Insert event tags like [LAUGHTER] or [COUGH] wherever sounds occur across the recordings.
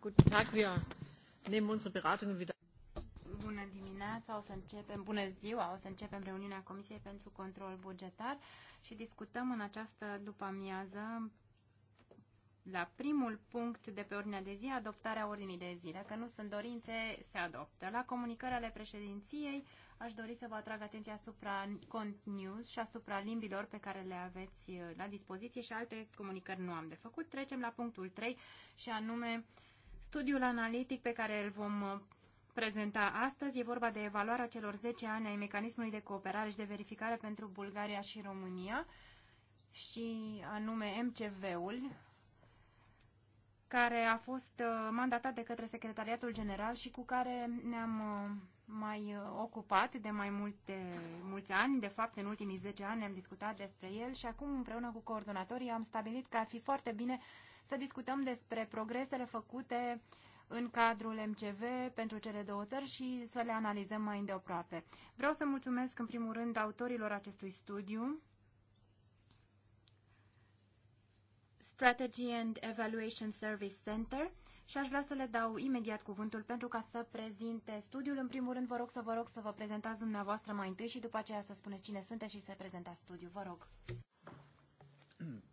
guten Tag, wir nehmen unsere Beratungen wieder. Bună dimineața, o să începem, bună ziua, o să începem reuniunea Comisiei pentru Control Bugetar și discutăm în această după-amiază la primul punct de pe ordinea de zi, adoptarea ordinii de zi. Dacă nu sunt dorințe, se adoptă. La comunicări ale președinției, aș dori să vă atrag atenția asupra cont news și asupra limbilor pe care le aveți uh, la dispoziție și alte comunicări nu am de făcut. Trecem la punctul 3 și anume Studiul analitic pe care îl vom uh, prezenta astăzi e vorba de evaluarea celor 10 ani ai mecanismului de cooperare și de verificare pentru Bulgaria și România și anume MCV-ul, care a fost uh, mandatat de către Secretariatul General și cu care ne-am uh, mai ocupat de mai multe, mulți ani. De fapt, în ultimii 10 ani ne-am discutat despre el și acum, împreună cu coordonatorii, am stabilit că ar fi foarte bine să discutăm despre progresele făcute în cadrul MCV pentru cele două țări și să le analizăm mai îndeaproape. Vreau să mulțumesc în primul rând autorilor acestui studiu, Strategy and Evaluation Service Center și aș vrea să le dau imediat cuvântul pentru ca să prezinte studiul. În primul rând, vă rog să vă rog să vă prezentați dumneavoastră mai întâi și după aceea să spuneți cine sunteți și să prezentați studiul. Vă rog. [CLEARS THROAT]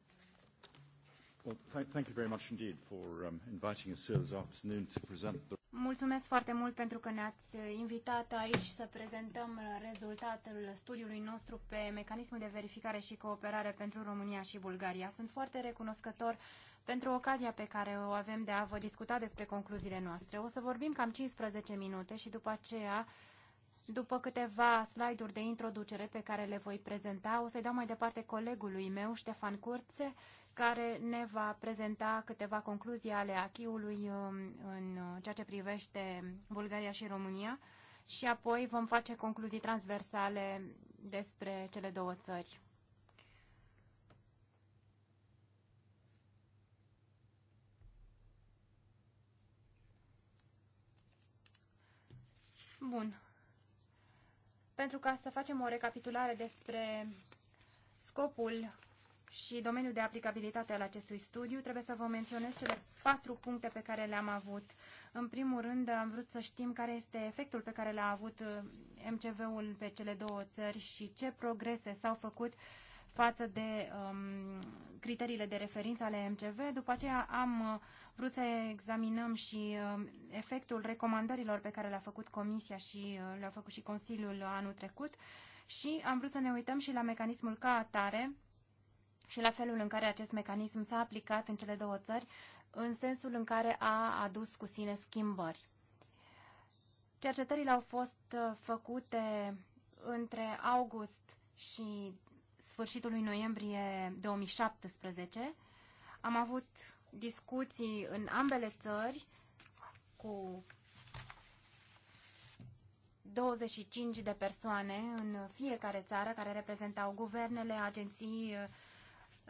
Mulțumesc foarte mult pentru că ne-ați invitat aici să prezentăm uh, rezultatul studiului nostru pe mecanismul de verificare și cooperare pentru România și Bulgaria. Sunt foarte recunoscător pentru ocazia pe care o avem de a vă discuta despre concluziile noastre. O să vorbim cam 15 minute și după aceea, după câteva slide-uri de introducere pe care le voi prezenta, o să-i dau mai departe colegului meu, Ștefan Curțe, care ne va prezenta câteva concluzii ale achiului um, în ceea ce privește Bulgaria și România și apoi vom face concluzii transversale despre cele două țări. Bun. Pentru ca să facem o recapitulare despre scopul și domeniul de aplicabilitate al acestui studiu, trebuie să vă menționez cele patru puncte pe care le-am avut. În primul rând, am vrut să știm care este efectul pe care l-a avut uh, MCV-ul pe cele două țări și ce progrese s-au făcut față de um, criteriile de referință ale MCV. După aceea am uh, vrut să examinăm și um, efectul recomandărilor pe care le-a făcut Comisia și uh, le-a făcut și Consiliul anul trecut și am vrut să ne uităm și la mecanismul ca atare, și la felul în care acest mecanism s-a aplicat în cele două țări, în sensul în care a adus cu sine schimbări. Cercetările au fost uh, făcute între august și sfârșitul lui noiembrie 2017. Am avut discuții în ambele țări cu 25 de persoane în fiecare țară care reprezentau guvernele, agenții uh,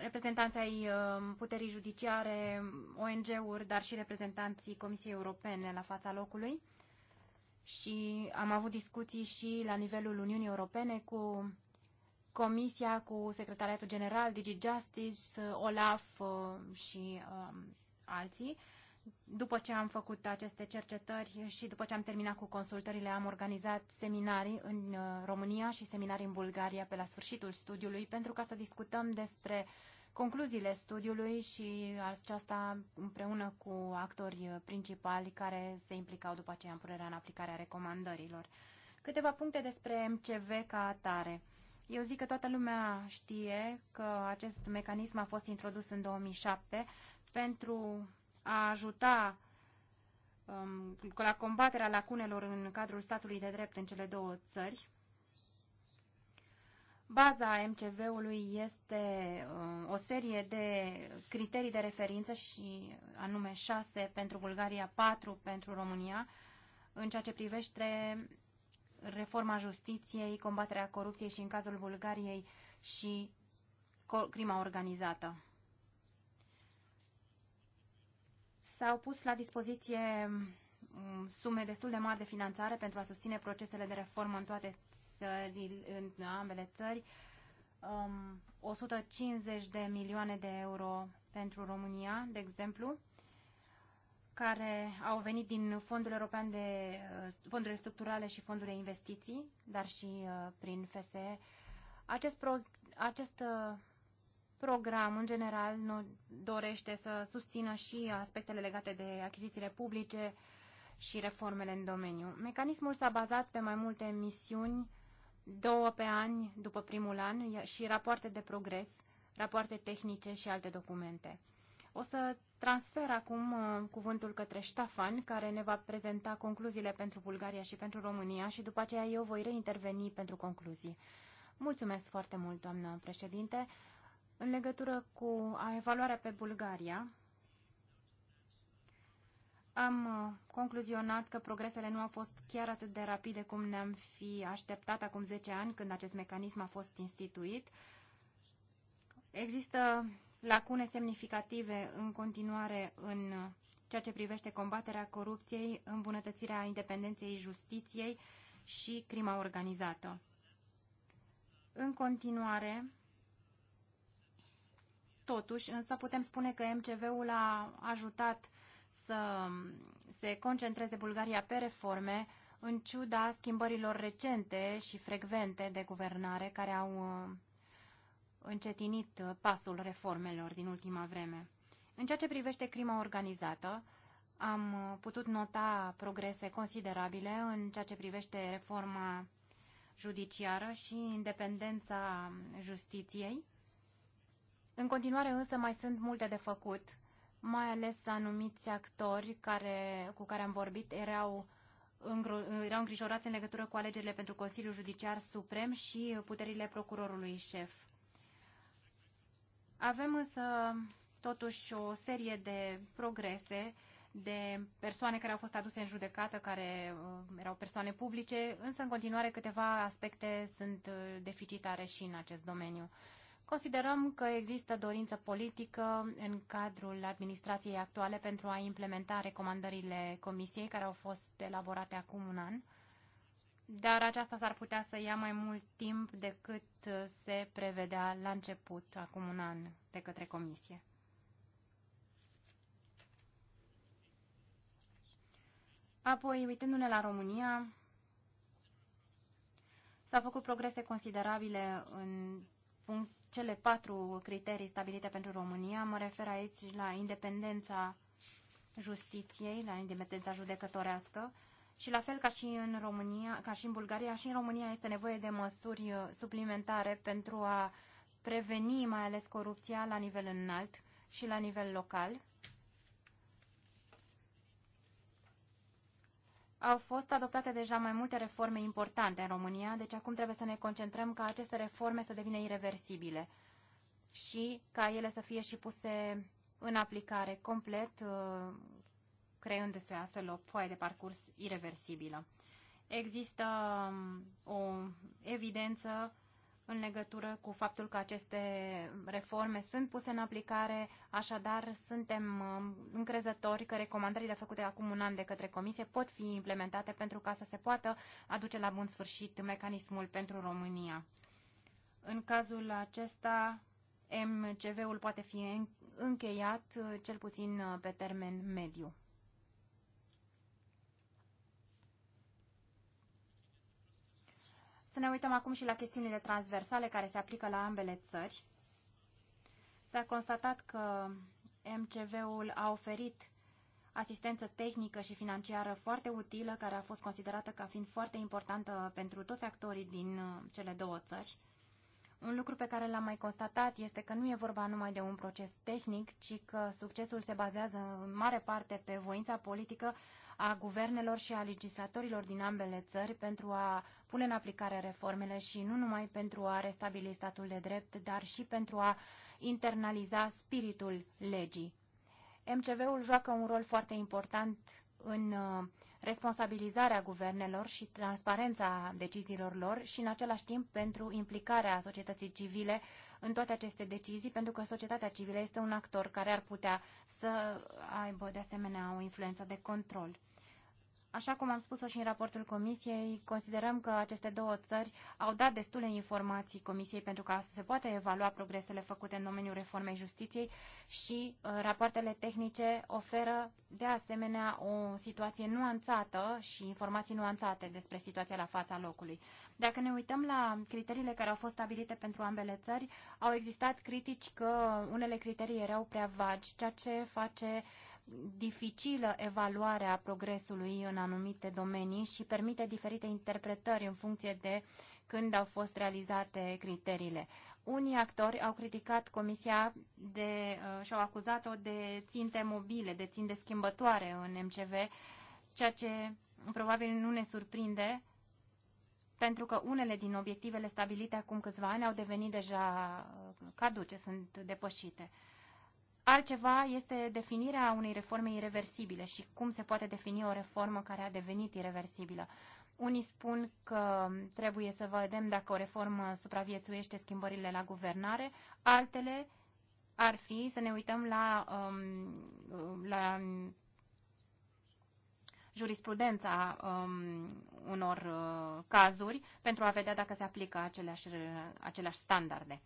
reprezentanții ai um, puterii judiciare, ONG-uri, dar și reprezentanții Comisiei Europene la fața locului. Și am avut discuții și la nivelul Uniunii Europene cu Comisia, cu Secretariatul General, DigiJustice, OLAF uh, și um, alții după ce am făcut aceste cercetări și după ce am terminat cu consultările, am organizat seminarii în uh, România și seminarii în Bulgaria pe la sfârșitul studiului pentru ca să discutăm despre concluziile studiului și aceasta împreună cu actori principali care se implicau după aceea în punerea în aplicare a recomandărilor. Câteva puncte despre MCV ca atare. Eu zic că toată lumea știe că acest mecanism a fost introdus în 2007 pentru a ajuta um, la combaterea lacunelor în cadrul statului de drept în cele două țări. Baza MCV-ului este um, o serie de criterii de referință și anume 6 pentru Bulgaria, 4 pentru România, în ceea ce privește reforma justiției, combaterea corupției și în cazul Bulgariei și crima organizată. S-au pus la dispoziție mm, sume destul de mari de finanțare pentru a susține procesele de reformă în toate țări, în ambele țări. 150 um, de milioane de euro pentru România, de exemplu, care au venit din fondul european de uh, fondurile structurale și fondul de investiții, dar și uh, prin FSE. Acest, pro, acest uh, program, în general, nu dorește să susțină și aspectele legate de achizițiile publice și reformele în domeniu. Mecanismul s-a bazat pe mai multe misiuni, două pe ani după primul an și rapoarte de progres, rapoarte tehnice și alte documente. O să transfer acum uh, cuvântul către Ștafan, care ne va prezenta concluziile pentru Bulgaria și pentru România și după aceea eu voi reinterveni pentru concluzii. Mulțumesc foarte mult, doamnă președinte. În legătură cu evaluarea pe Bulgaria, am concluzionat că progresele nu au fost chiar atât de rapide cum ne-am fi așteptat acum 10 ani când acest mecanism a fost instituit. Există lacune semnificative în continuare în ceea ce privește combaterea corupției, îmbunătățirea independenței justiției și crima organizată. În continuare, Totuși, însă putem spune că MCV-ul a ajutat să se concentreze Bulgaria pe reforme, în ciuda schimbărilor recente și frecvente de guvernare care au uh, încetinit pasul reformelor din ultima vreme. În ceea ce privește crima organizată, am putut nota progrese considerabile în ceea ce privește reforma judiciară și independența justiției, în continuare însă mai sunt multe de făcut, mai ales anumiți actori care, cu care am vorbit erau, îngru, erau îngrijorați în legătură cu alegerile pentru Consiliul Judiciar Suprem și puterile procurorului șef. Avem însă totuși o serie de progrese de persoane care au fost aduse în judecată, care uh, erau persoane publice, însă în continuare câteva aspecte sunt uh, deficitare și în acest domeniu. Considerăm că există dorință politică în cadrul administrației actuale pentru a implementa recomandările Comisiei care au fost elaborate acum un an, dar aceasta s-ar putea să ia mai mult timp decât se prevedea la început, acum un an, de către Comisie. Apoi, uitându-ne la România, s-au făcut progrese considerabile în punct cele patru criterii stabilite pentru România. Mă refer aici la independența justiției, la independența judecătorească și la fel ca și în România, ca și în Bulgaria, și în România este nevoie de măsuri uh, suplimentare pentru a preveni mai ales corupția la nivel înalt și la nivel local Au fost adoptate deja mai multe reforme importante în România, deci acum trebuie să ne concentrăm ca aceste reforme să devină irreversibile și ca ele să fie și puse în aplicare complet, uh, creându-se astfel o foaie de parcurs irreversibilă. Există um, o evidență în legătură cu faptul că aceste reforme sunt puse în aplicare, așadar suntem um, încrezători că recomandările făcute acum un an de către Comisie pot fi implementate pentru ca să se poată aduce la bun sfârșit mecanismul pentru România. În cazul acesta, MCV-ul poate fi încheiat cel puțin uh, pe termen mediu. Să ne uităm acum și la chestiunile transversale care se aplică la ambele țări. S-a constatat că MCV-ul a oferit asistență tehnică și financiară foarte utilă, care a fost considerată ca fiind foarte importantă pentru toți actorii din uh, cele două țări. Un lucru pe care l-am mai constatat este că nu e vorba numai de un proces tehnic, ci că succesul se bazează în mare parte pe voința politică a guvernelor și a legislatorilor din ambele țări pentru a pune în aplicare reformele și nu numai pentru a restabili statul de drept, dar și pentru a internaliza spiritul legii. MCV-ul joacă un rol foarte important în uh, responsabilizarea guvernelor și transparența deciziilor lor și în același timp pentru implicarea societății civile în toate aceste decizii, pentru că societatea civilă este un actor care ar putea să aibă de asemenea o influență de control. Așa cum am spus-o și în raportul Comisiei, considerăm că aceste două țări au dat destule informații Comisiei pentru ca să se poate evalua progresele făcute în domeniul reformei justiției și uh, rapoartele tehnice oferă de asemenea o situație nuanțată și informații nuanțate despre situația la fața locului. Dacă ne uităm la criteriile care au fost stabilite pentru ambele țări, au existat critici că unele criterii erau prea vagi, ceea ce face uh, dificilă evaluarea progresului în anumite domenii și permite diferite interpretări în funcție de când au fost realizate criteriile. Unii actori au criticat comisia de, uh, și-au acuzat-o de ținte mobile, de ținte schimbătoare în MCV, ceea ce probabil nu ne surprinde, pentru că unele din obiectivele stabilite acum câțiva ani au devenit deja uh, caduce, sunt depășite. Altceva este definirea unei reforme irreversibile și cum se poate defini o reformă care a devenit irreversibilă. Unii spun că trebuie să vedem dacă o reformă supraviețuiește schimbările la guvernare, altele ar fi să ne uităm la, um, la jurisprudența um, unor uh, cazuri pentru a vedea dacă se aplică aceleași, aceleași standarde.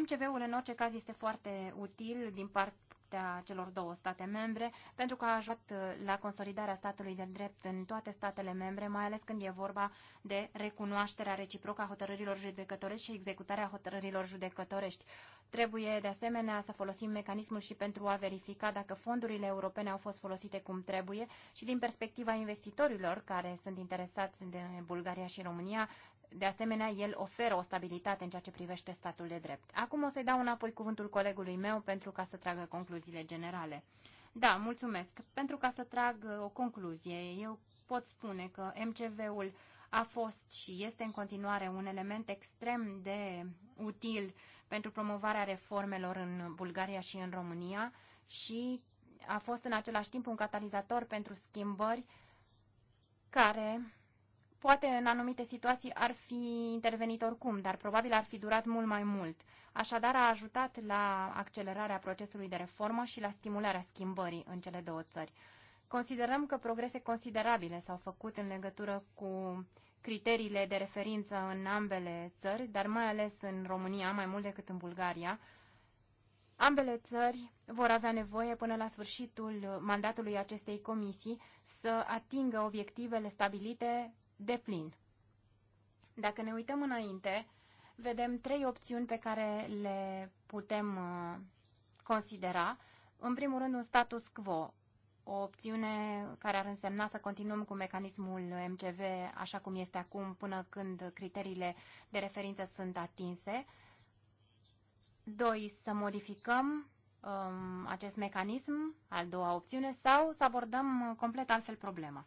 MCV-ul în orice caz este foarte util din part, partea celor două state membre pentru că a ajutat uh, la consolidarea statului de drept în toate statele membre, mai ales când e vorba de recunoașterea reciprocă a hotărârilor judecătorești și executarea hotărârilor judecătorești. Trebuie de asemenea să folosim mecanismul și pentru a verifica dacă fondurile europene au fost folosite cum trebuie și din perspectiva investitorilor care sunt interesați de Bulgaria și România, de asemenea, el oferă o stabilitate în ceea ce privește statul de drept. Acum o să-i dau înapoi cuvântul colegului meu pentru ca să tragă concluziile generale. Da, mulțumesc. Pentru ca să trag uh, o concluzie, eu pot spune că MCV-ul a fost și este în continuare un element extrem de util pentru promovarea reformelor în Bulgaria și în România și a fost în același timp un catalizator pentru schimbări care Poate în anumite situații ar fi intervenit oricum, dar probabil ar fi durat mult mai mult. Așadar a ajutat la accelerarea procesului de reformă și la stimularea schimbării în cele două țări. Considerăm că progrese considerabile s-au făcut în legătură cu criteriile de referință în ambele țări, dar mai ales în România, mai mult decât în Bulgaria. Ambele țări vor avea nevoie până la sfârșitul mandatului acestei comisii să atingă obiectivele stabilite deplin. Dacă ne uităm înainte, vedem trei opțiuni pe care le putem uh, considera. În primul rând, un status quo, o opțiune care ar însemna să continuăm cu mecanismul MCV așa cum este acum până când criteriile de referință sunt atinse. Doi, să modificăm um, acest mecanism, al doua opțiune, sau să abordăm uh, complet altfel problema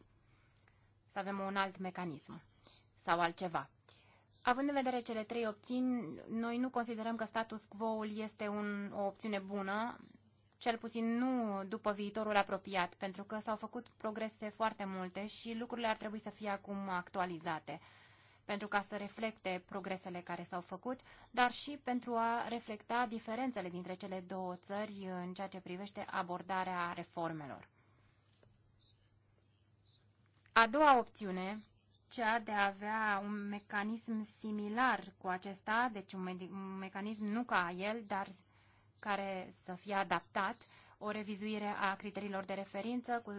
să avem un alt mecanism sau altceva. Având în vedere cele trei opțiuni, noi nu considerăm că status quo-ul este un, o opțiune bună, cel puțin nu după viitorul apropiat, pentru că s-au făcut progrese foarte multe și lucrurile ar trebui să fie acum actualizate pentru ca să reflecte progresele care s-au făcut, dar și pentru a reflecta diferențele dintre cele două țări în ceea ce privește abordarea reformelor. A doua opțiune, cea de a avea un mecanism similar cu acesta, deci un, un mecanism nu ca el, dar care să fie adaptat, o revizuire a criteriilor de referință cu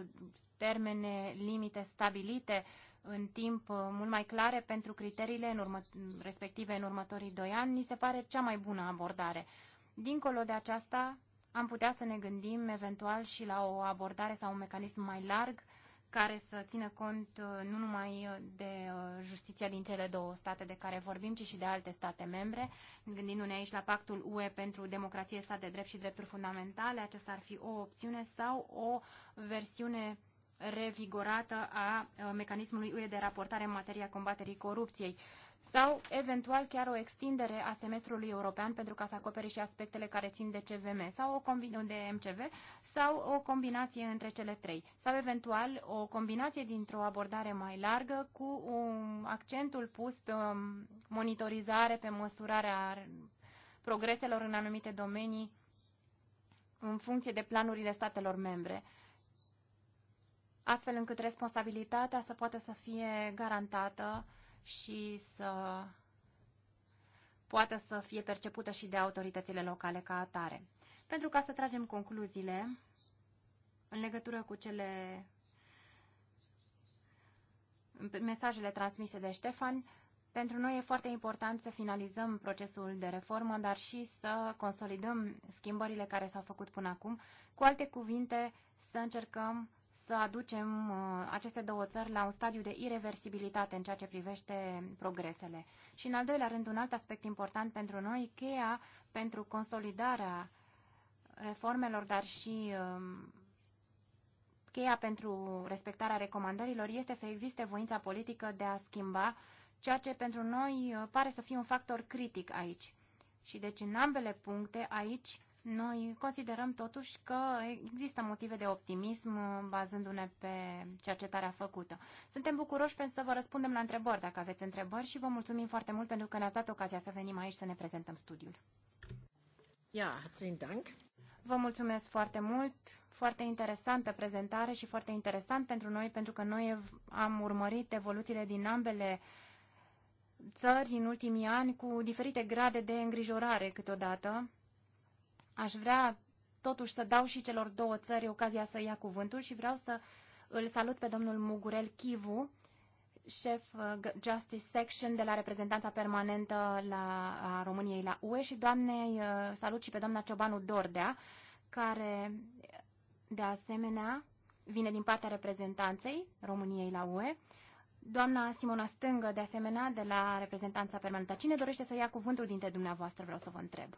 termene limite stabilite în timp uh, mult mai clare pentru criteriile în urmă, respective în următorii doi ani, ni se pare cea mai bună abordare. Dincolo de aceasta, am putea să ne gândim eventual și la o abordare sau un mecanism mai larg care să țină cont uh, nu numai uh, de uh, justiția din cele două state de care vorbim, ci și de alte state membre. Gândindu-ne aici la pactul UE pentru democrație, stat de drept și drepturi fundamentale, acesta ar fi o opțiune sau o versiune revigorată a uh, mecanismului UE de raportare în materia combaterii corupției sau eventual chiar o extindere a semestrului european pentru ca să acopere și aspectele care țin de CVM sau o combinație de MCV sau o combinație între cele trei sau eventual o combinație dintr-o abordare mai largă cu un accentul pus pe um, monitorizare, pe măsurarea progreselor în anumite domenii în funcție de planurile statelor membre astfel încât responsabilitatea să poată să fie garantată și să poată să fie percepută și de autoritățile locale ca atare. Pentru ca să tragem concluziile în legătură cu cele mesajele transmise de Ștefan, pentru noi e foarte important să finalizăm procesul de reformă, dar și să consolidăm schimbările care s-au făcut până acum. Cu alte cuvinte, să încercăm să aducem uh, aceste două țări la un stadiu de irreversibilitate în ceea ce privește progresele. Și în al doilea rând, un alt aspect important pentru noi, cheia pentru consolidarea reformelor, dar și um, cheia pentru respectarea recomandărilor este să existe voința politică de a schimba ceea ce pentru noi uh, pare să fie un factor critic aici. Și deci în ambele puncte aici noi considerăm totuși că există motive de optimism uh, bazându-ne pe cercetarea făcută. Suntem bucuroși pentru să vă răspundem la întrebări dacă aveți întrebări și vă mulțumim foarte mult pentru că ne-ați dat ocazia să venim aici să ne prezentăm studiul. Ja, herzlichen Dank. Vă mulțumesc foarte mult, foarte interesantă prezentare și foarte interesant pentru noi, pentru că noi am urmărit evoluțiile din ambele țări în ultimii ani cu diferite grade de îngrijorare câteodată Aș vrea totuși să dau și celor două țări ocazia să ia cuvântul și vreau să îl salut pe domnul Mugurel Chivu, șef uh, Justice Section de la reprezentanța permanentă la, a României la UE și doamnei uh, salut și pe doamna Ciobanu Dordea, care de asemenea vine din partea reprezentanței României la UE. Doamna Simona Stângă, de asemenea, de la reprezentanța permanentă. Cine dorește să ia cuvântul dintre dumneavoastră, vreau să vă întreb.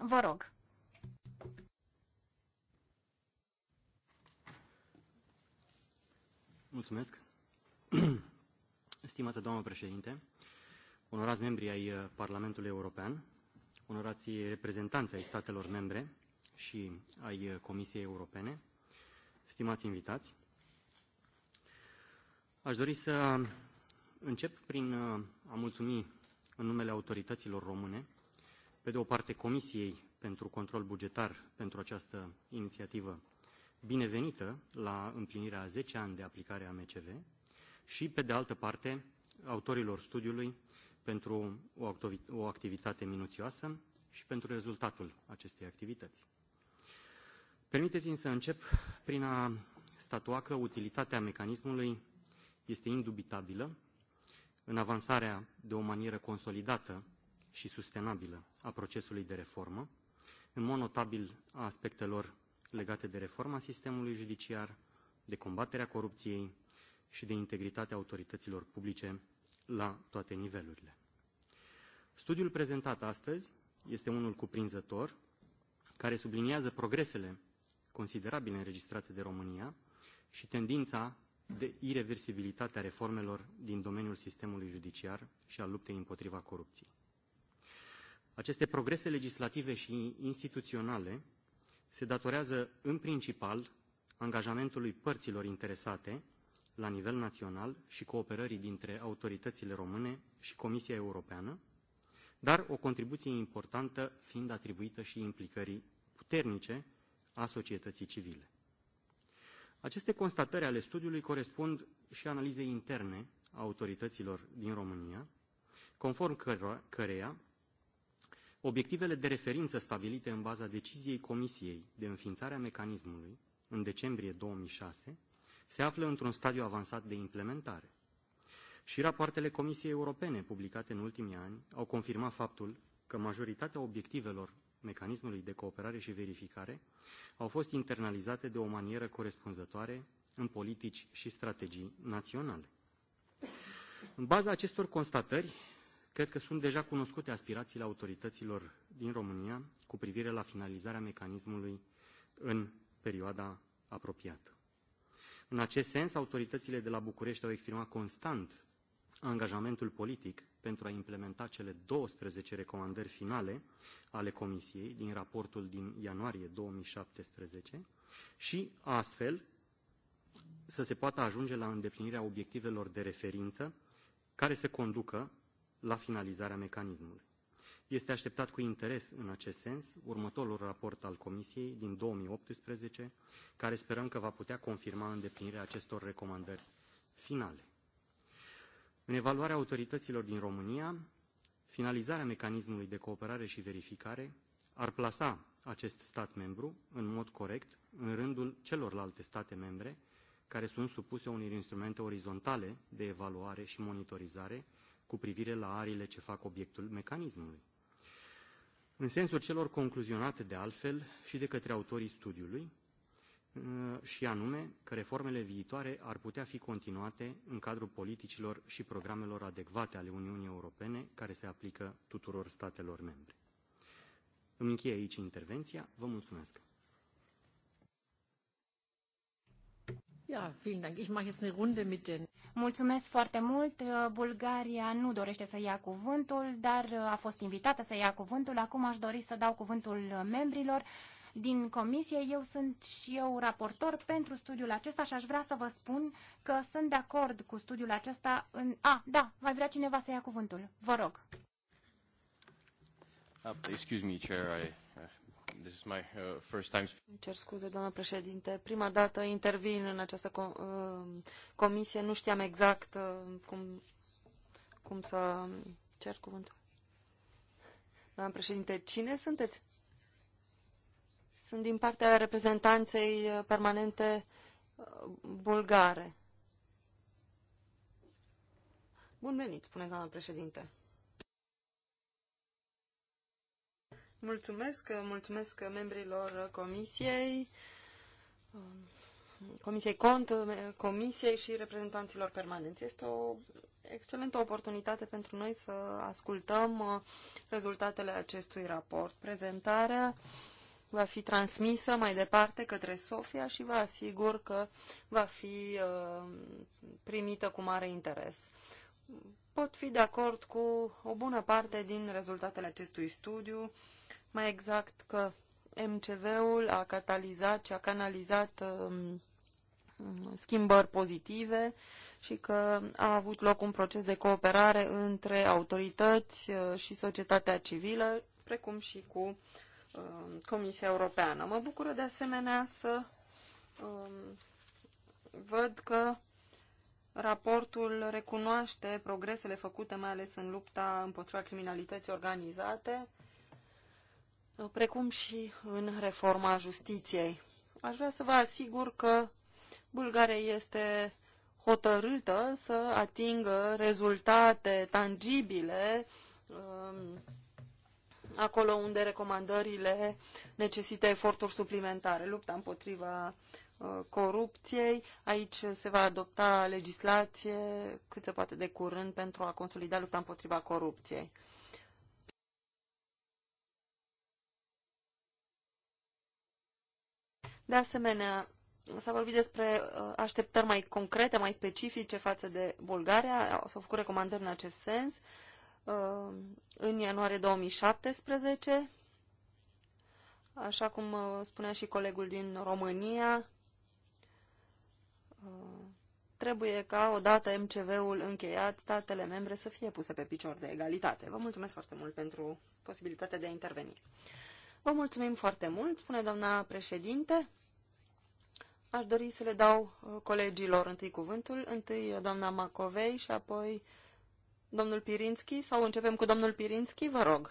Vă rog. Mulțumesc. [CLEARS THROAT] Stimată doamnă președinte, onorați membri ai uh, Parlamentului European, onorați reprezentanți ai statelor membre și ai uh, Comisiei Europene, stimați invitați, aș dori să uh, încep prin a mulțumi în numele autorităților române pe de o parte, Comisiei pentru Control Bugetar pentru această inițiativă binevenită la împlinirea a 10 ani de aplicare a MCV și, pe de altă parte, autorilor studiului pentru o, activitate minuțioasă și pentru rezultatul acestei activități. Permiteți-mi să încep prin a statua că utilitatea mecanismului este indubitabilă în avansarea de o manieră consolidată și sustenabilă a procesului de reformă, în mod notabil a aspectelor legate de reforma sistemului judiciar, de combaterea corupției și de integritatea autorităților publice la toate nivelurile. Studiul prezentat astăzi este unul cuprinzător care subliniază progresele considerabile înregistrate de România și tendința de irreversibilitate a reformelor din domeniul sistemului judiciar și al luptei împotriva corupției. Aceste progrese legislative și instituționale se datorează în principal angajamentului părților interesate la nivel național și cooperării dintre autoritățile române și Comisia Europeană, dar o contribuție importantă fiind atribuită și implicării puternice a societății civile. Aceste constatări ale studiului corespund și analizei interne a autorităților din România, conform căreia Obiectivele de referință stabilite în baza deciziei Comisiei de înființare a mecanismului în decembrie 2006 se află într-un stadiu avansat de implementare. Și rapoartele Comisiei Europene publicate în ultimii ani au confirmat faptul că majoritatea obiectivelor mecanismului de cooperare și verificare au fost internalizate de o manieră corespunzătoare în politici și strategii naționale. În baza acestor constatări, Cred că sunt deja cunoscute aspirațiile autorităților din România cu privire la finalizarea mecanismului în perioada apropiată. În acest sens, autoritățile de la București au exprimat constant angajamentul politic pentru a implementa cele 12 recomandări finale ale Comisiei din raportul din ianuarie 2017 și, astfel, să se poată ajunge la îndeplinirea obiectivelor de referință care să conducă la finalizarea mecanismului. Este așteptat cu interes în acest sens următorul raport al Comisiei din 2018, care sperăm că va putea confirma îndeplinirea acestor recomandări finale. În evaluarea autorităților din România, finalizarea mecanismului de cooperare și verificare ar plasa acest stat membru, în mod corect, în rândul celorlalte state membre care sunt supuse unor instrumente orizontale de evaluare și monitorizare, cu privire la ariile ce fac obiectul mecanismului. În sensul celor concluzionate de altfel și de către autorii studiului, uh, și anume că reformele viitoare ar putea fi continuate în cadrul politicilor și programelor adecvate ale Uniunii Europene care se aplică tuturor statelor membre. Îmi încheie aici intervenția. Vă mulțumesc! Mulțumesc foarte mult. Uh, Bulgaria nu dorește să ia cuvântul, dar uh, a fost invitată să ia cuvântul. Acum aș dori să dau cuvântul uh, membrilor din comisie. Eu sunt și eu raportor pentru studiul acesta și aș vrea să vă spun că sunt de acord cu studiul acesta în... A, ah, da, mai vrea cineva să ia cuvântul. Vă rog. Uh, excuse me, Chair, I, Uh, cer scuze, doamnă președinte. Prima dată intervin în această uh, comisie. Nu știam exact uh, cum, cum să cer cuvântul. Doamnă președinte, cine sunteți? Sunt din partea reprezentanței permanente bulgare. Bun venit, spune doamna președinte. Mulțumesc, mulțumesc membrilor comisiei, comisiei cont, comisiei și reprezentanților permanenți. Este o excelentă oportunitate pentru noi să ascultăm rezultatele acestui raport. Prezentarea va fi transmisă mai departe către Sofia și vă asigur că va fi uh, primită cu mare interes pot fi de acord cu o bună parte din rezultatele acestui studiu mai exact că MCV-ul a catalizat și a canalizat um, schimbări pozitive și că a avut loc un proces de cooperare între autorități uh, și societatea civilă, precum și cu um, Comisia Europeană. Mă bucură de asemenea să um, văd că raportul recunoaște progresele făcute mai ales în lupta împotriva criminalității organizate, precum și în reforma justiției. Aș vrea să vă asigur că Bulgaria este hotărâtă să atingă rezultate tangibile um, acolo unde recomandările necesită eforturi suplimentare. Lupta împotriva uh, corupției. Aici se va adopta legislație cât se poate de curând pentru a consolida lupta împotriva corupției. De asemenea, s-a vorbit despre uh, așteptări mai concrete, mai specifice față de Bulgaria. S-au făcut recomandări în acest sens uh, în ianuarie 2017. Așa cum uh, spunea și colegul din România, trebuie ca odată MCV-ul încheiat, statele membre să fie puse pe picior de egalitate. Vă mulțumesc foarte mult pentru posibilitatea de a interveni. Vă mulțumim foarte mult, spune doamna președinte. Aș dori să le dau uh, colegilor întâi cuvântul, întâi uh, doamna Macovei și apoi domnul Pirinski, sau începem cu domnul Pirinski, vă rog.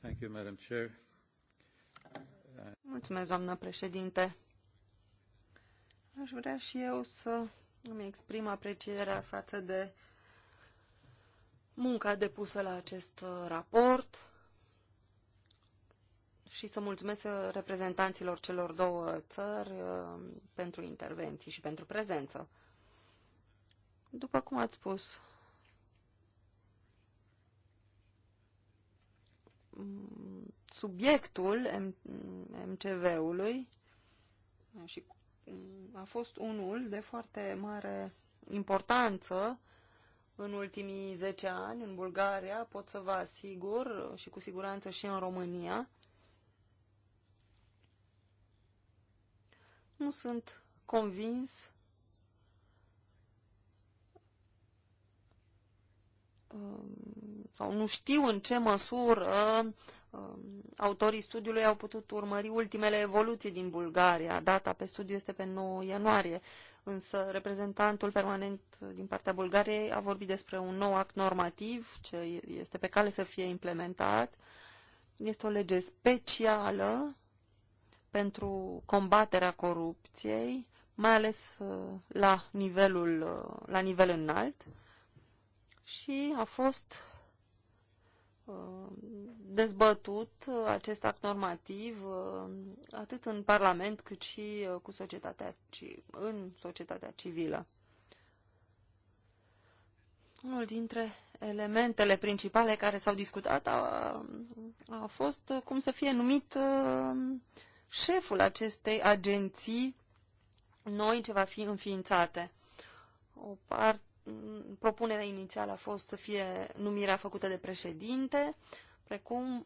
Thank you, Madam Chair. Mulțumesc, doamnă președinte. Aș vrea și eu să îmi exprim aprecierea față de uh, munca depusă la acest uh, raport și să mulțumesc uh, reprezentanților celor două țări uh, pentru intervenții și pentru prezență. După cum ați spus, subiectul MCV-ului și mm, a fost unul de foarte mare importanță în ultimii 10 ani în Bulgaria, pot să vă asigur și cu siguranță și în România. Nu sunt convins um, sau nu știu în ce măsură um, autorii studiului au putut urmări ultimele evoluții din Bulgaria. Data pe studiu este pe 9 ianuarie. Însă reprezentantul permanent din partea Bulgariei a vorbit despre un nou act normativ ce este pe cale să fie implementat. Este o lege specială pentru combaterea corupției, mai ales uh, la, nivelul, uh, la nivel înalt și a fost Uh, dezbătut acest act normativ uh, atât în Parlament cât și uh, cu societatea, în societatea civilă. Unul dintre elementele principale care s-au discutat a, a fost cum să fie numit șeful acestei agenții noi ce va fi înființate. O parte propunerea inițială a fost să fie numirea făcută de președinte, precum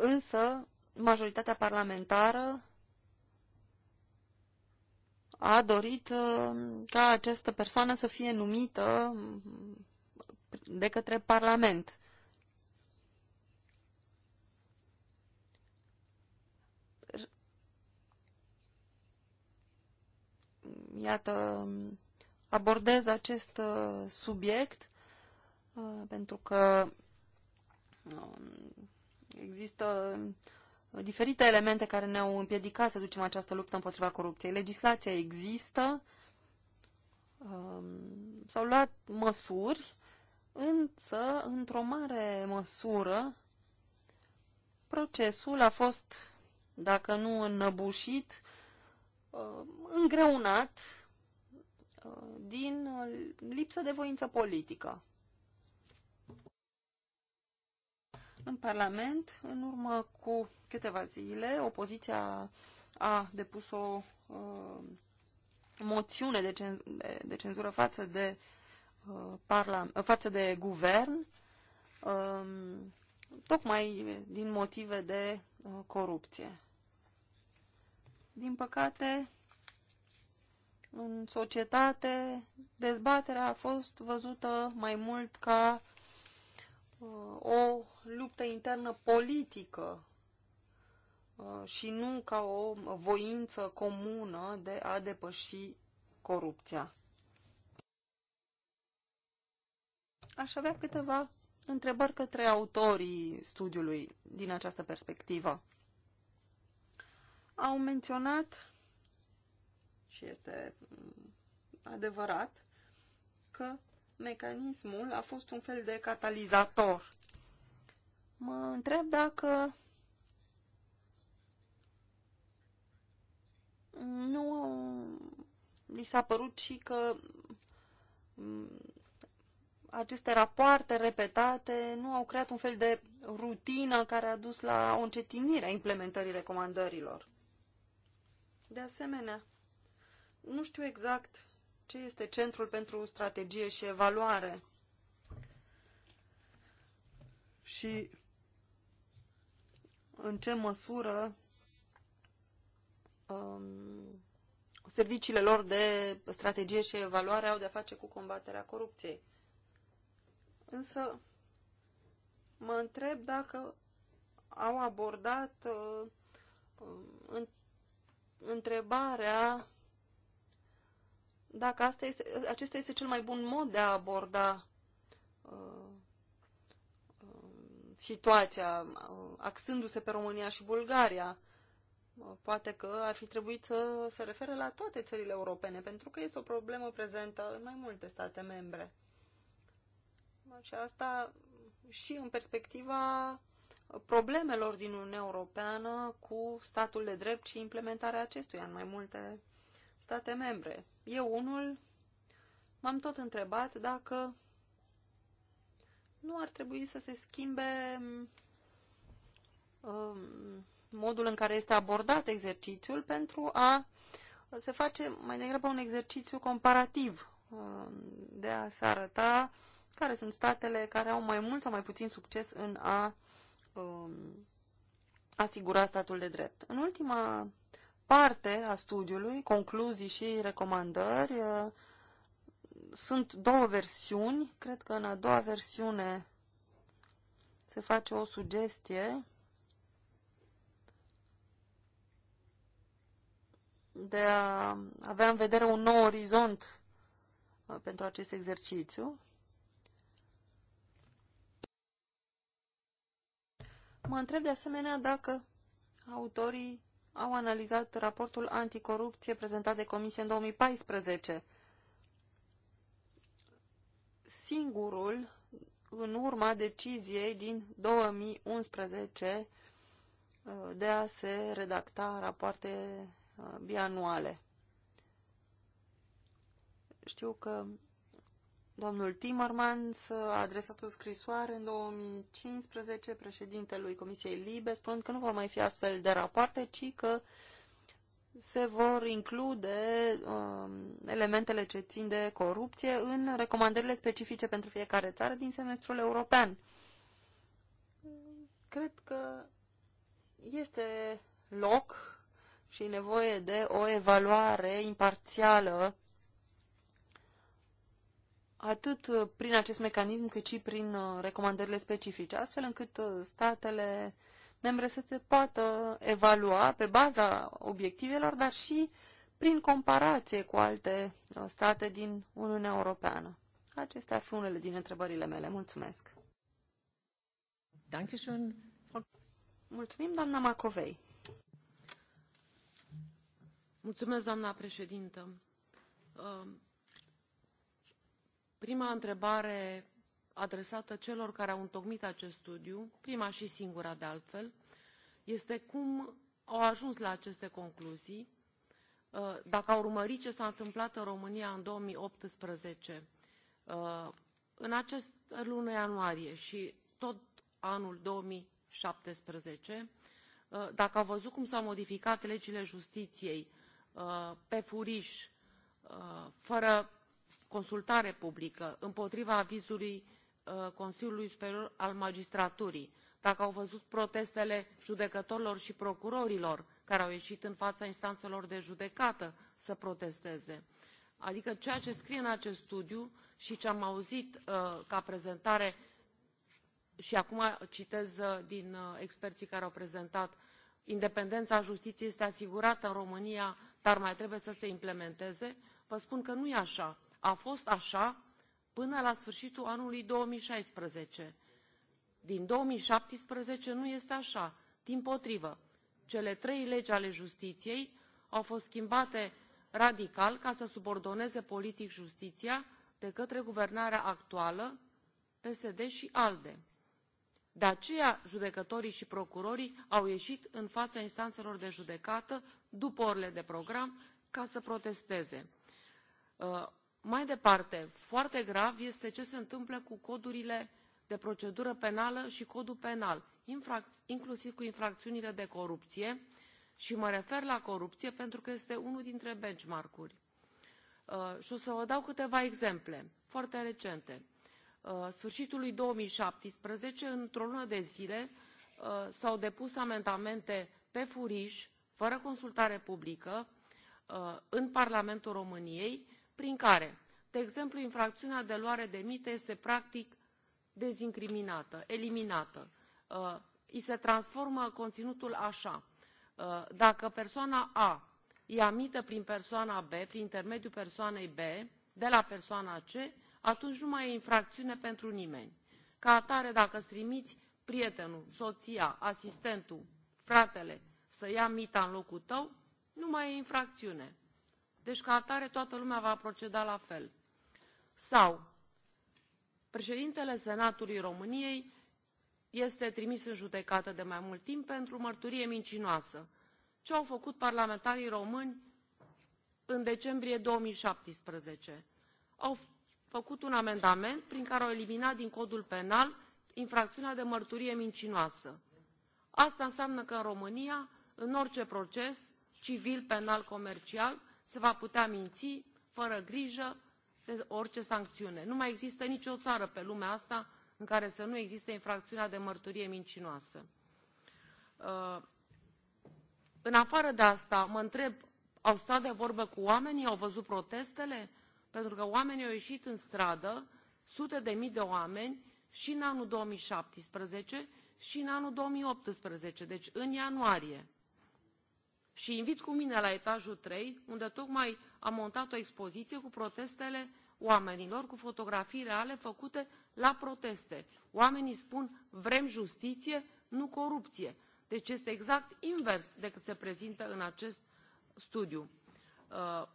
însă majoritatea parlamentară a dorit uh, ca această persoană să fie numită de către Parlament. Iată, abordez acest uh, subiect uh, pentru că um, există uh, diferite elemente care ne-au împiedicat să ducem această luptă împotriva corupției. Legislația există, um, s-au luat măsuri, însă, într-o mare măsură, procesul a fost, dacă nu înăbușit, îngreunat din uh, lipsă de voință politică. În Parlament, în urmă cu câteva zile, opoziția a depus o uh, moțiune de, cen de, de cenzură față de, uh, față de guvern, uh, tocmai din motive de uh, corupție. Din păcate, în societate, dezbaterea a fost văzută mai mult ca uh, o luptă internă politică uh, și nu ca o voință comună de a depăși corupția. Aș avea câteva întrebări către autorii studiului din această perspectivă. Au menționat și este mm, adevărat că mecanismul a fost un fel de catalizator. Mă întreb dacă nu li s-a părut și că mm, aceste rapoarte repetate nu au creat un fel de rutină care a dus la o încetinire a implementării recomandărilor. De asemenea, nu știu exact ce este Centrul pentru Strategie și Evaluare. Și în ce măsură um, serviciile lor de strategie și evaluare au de-a face cu combaterea corupției. Însă mă întreb dacă au abordat uh, um, întrebarea dacă asta este, acesta este cel mai bun mod de a aborda uh, uh, situația, uh, axându-se pe România și Bulgaria. Uh, poate că ar fi trebuit să se refere la toate țările europene, pentru că este o problemă prezentă în mai multe state membre. Și asta și în perspectiva problemelor din Uniunea Europeană cu statul de drept și implementarea acestuia în mai multe state membre. Eu unul m-am tot întrebat dacă nu ar trebui să se schimbe um, modul în care este abordat exercițiul pentru a se face mai degrabă un exercițiu comparativ um, de a se arăta care sunt statele care au mai mult sau mai puțin succes în a um, asigura statul de drept. În ultima parte a studiului, concluzii și recomandări. Uh, sunt două versiuni. Cred că în a doua versiune se face o sugestie de a avea în vedere un nou orizont uh, pentru acest exercițiu. Mă întreb de asemenea dacă autorii au analizat raportul anticorupție prezentat de comisie în 2014. Singurul în urma deciziei din 2011 uh, de a se redacta rapoarte uh, bianuale. Știu că Domnul Timmermans a adresat o scrisoare în 2015 președintelui Comisiei Libe, spunând că nu vor mai fi astfel de rapoarte, ci că se vor include um, elementele ce țin de corupție în recomandările specifice pentru fiecare țară din semestrul european. Cred că este loc și nevoie de o evaluare imparțială atât uh, prin acest mecanism, cât și prin uh, recomandările specifice, astfel încât uh, statele membre să se poată evalua pe baza obiectivelor, dar și prin comparație cu alte state din Uniunea Europeană. Acestea ar fi unele din întrebările mele. Mulțumesc! Mulțumim, doamna Macovei! Mulțumesc, doamna președintă! prima întrebare adresată celor care au întocmit acest studiu prima și singura de altfel este cum au ajuns la aceste concluzii uh, dacă au urmărit ce s a întâmplat în românia în două mii optsprezece uh, în această lună ianuarie și tot anul două mii șaptesprezece uh, dacă au văzut cum s au modificat legile justiției pe furiș fără consultare publică împotriva avizului uh, consiliului superior al magistraturii dacă au văzut protestele judecătorilor și procurorilor care au ieșit în fața instanțelor de judecată să protesteze adică ceea ce scrie în acest studiu și ce am auzit uh, ca prezentare și acum citez uh, din experții care au prezentat independența justiției este asigurată în românia dar mai trebuie să se implementeze vă spun că nu e așa a fost așa până la sfârșitul anului 2016. din 2017 nu este așa potrivă, cele trei legi ale justiției au fost schimbate radical ca să subordoneze politic justiția de către guvernarea actuală psd și alde. de aceea judecătorii și procurorii au ieșit în fața instanțelor de judecată după orele de program ca să protesteze. Uh, mai departe foarte grav este ce se întâmplă cu codurile de procedură penală și codul penal inclusiv cu infracțiunile de corupție și mă refer la corupție pentru că este unul dintre benchmark uri uh, și o să vă dau câteva exemple foarte recente uh, sfârșitul lui două mii șaptesprezece într o lună de zile uh, s au depus amendamente pe furiș fără consultare publică în parlamentul româniei prin care de exemplu infracțiunea de luare de mită este practic dezincriminată eliminată uh, i se transformă conținutul așa uh, dacă persoana a ia mită prin persoana b prin intermediul persoanei b de la persoana c atunci nu mai e infracțiune pentru nimeni. ca atare dacă îți trimiți prietenul soția asistentul fratele să ia mita în locul tău nu mai e infracțiune. Deci, ca atare, toată lumea va proceda la fel. Sau, președintele Senatului României este trimis în judecată de mai mult timp pentru mărturie mincinoasă. Ce au făcut parlamentarii români în decembrie 2017? Au făcut un amendament prin care au eliminat din codul penal infracțiunea de mărturie mincinoasă. Asta înseamnă că în România, în orice proces, civil, penal, comercial, se va putea minți fără grijă de orice sancțiune. nu mai există nicio țară pe lumea asta în care să nu existe infracțiunea de mărturie mincinoasă. Uh, în afară de asta mă întreb au stat de vorbă cu oamenii au văzut protestele? pentru că oamenii au ieșit în stradă sute de mii de oameni și în anul 2017 și în anul 2018. deci în ianuarie și invit cu mine la etajul trei unde tocmai am montat o expoziție cu protestele oamenilor cu fotografii reale făcute la proteste. oamenii spun vrem justiție nu corupție deci este exact invers decât se prezintă în acest studiu. Uh,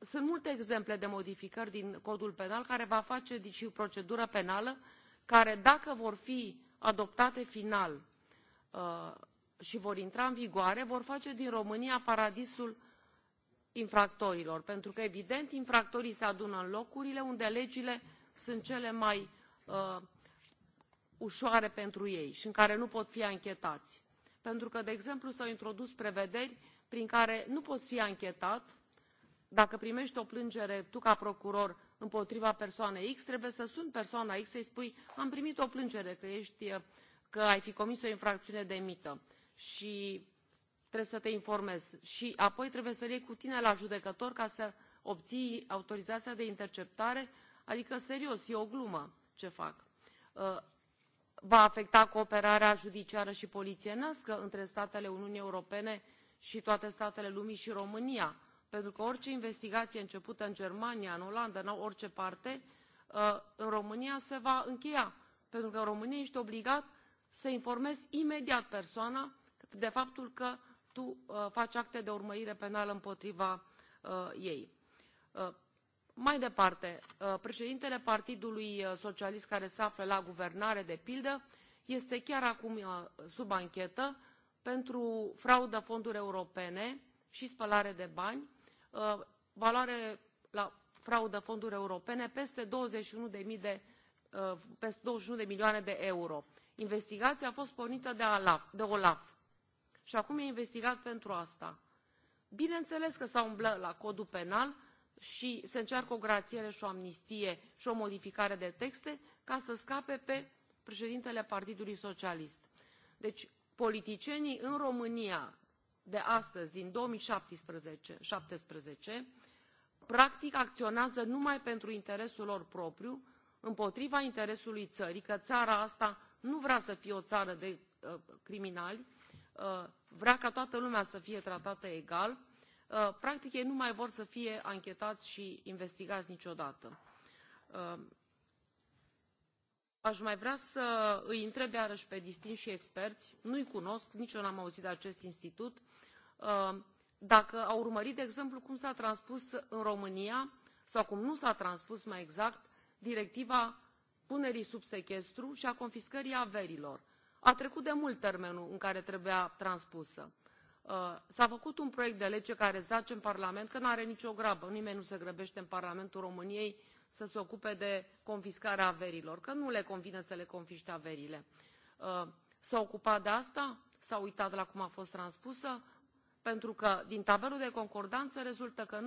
sunt multe exemple de modificări din codul penal care va face și procedură penală care dacă vor fi adoptate final uh, și vor intra în vigoare vor face din românia paradisul infractorilor pentru că evident infractorii se adună în locurile unde legile sunt cele mai uh, ușoare pentru ei și în care nu pot fi anchetați pentru că de exemplu s au introdus prevederi prin care nu poți fi anchetat dacă primești o plângere tu ca procuror împotriva persoanei x trebuie să suni persoana x să i spui am primit o plângere că, ești, că ai fi comis o infracțiune de mită și trebuie să te informezi și apoi trebuie să l iei cu tine la judecător ca să obții autorizația de interceptare adică serios e o glumă ce fac. Uh, va afecta cooperarea judiciară și polițienească între statele uniunii europene și toate statele lumii și românia pentru că orice investigație începută în germania în olanda în orice parte uh, în românia se va încheia pentru că în românia ești obligat să informezi imediat persoana de faptul că tu uh, faci acte de urmărire penală împotriva uh, ei. Uh, mai departe președintele partidului socialist care se află la guvernare de pildă este chiar acum sub anchetă pentru fraudă fonduri europene și spălare de bani valoare la fraudă fonduri europene peste 21 de, mii de, de milioane de euro. investigația a fost pornită de, de olaf și acum e investigat pentru asta. bineînțeles că s s-a umblat la codul penal și se încearcă o grațiere și o amnistie și o modificare de texte ca să scape pe președintele partidului socialist. deci politicienii în românia de astăzi din 2017, 17 practic acționează numai pentru interesul lor propriu împotriva interesului țării că țara asta nu vrea să fie o țară de uh, criminali Uh, vrea ca toată lumea să fie tratată egal uh, practic ei nu mai vor să fie anchetați și investigați niciodată. Uh, aș mai vrea să îi întreb iarăși pe distinși experți, nu-i cunosc, nici eu n-am auzit de acest institut, dacă au urmărit, de exemplu, cum s-a transpus în România sau cum nu s-a transpus mai exact directiva punerii sub sechestru și a confiscării averilor a trecut de mult termenul în care trebuia transpusă. Uh, s a făcut un proiect de lege care zace în parlament că nu are nicio grabă nimeni nu se grăbește în parlamentul româniei să se ocupe de confiscarea averilor că nu le convine să le confiște averile. Uh, s a ocupat de asta? s a uitat la cum a fost transpusă? pentru că din tabelul de concordanță rezultă că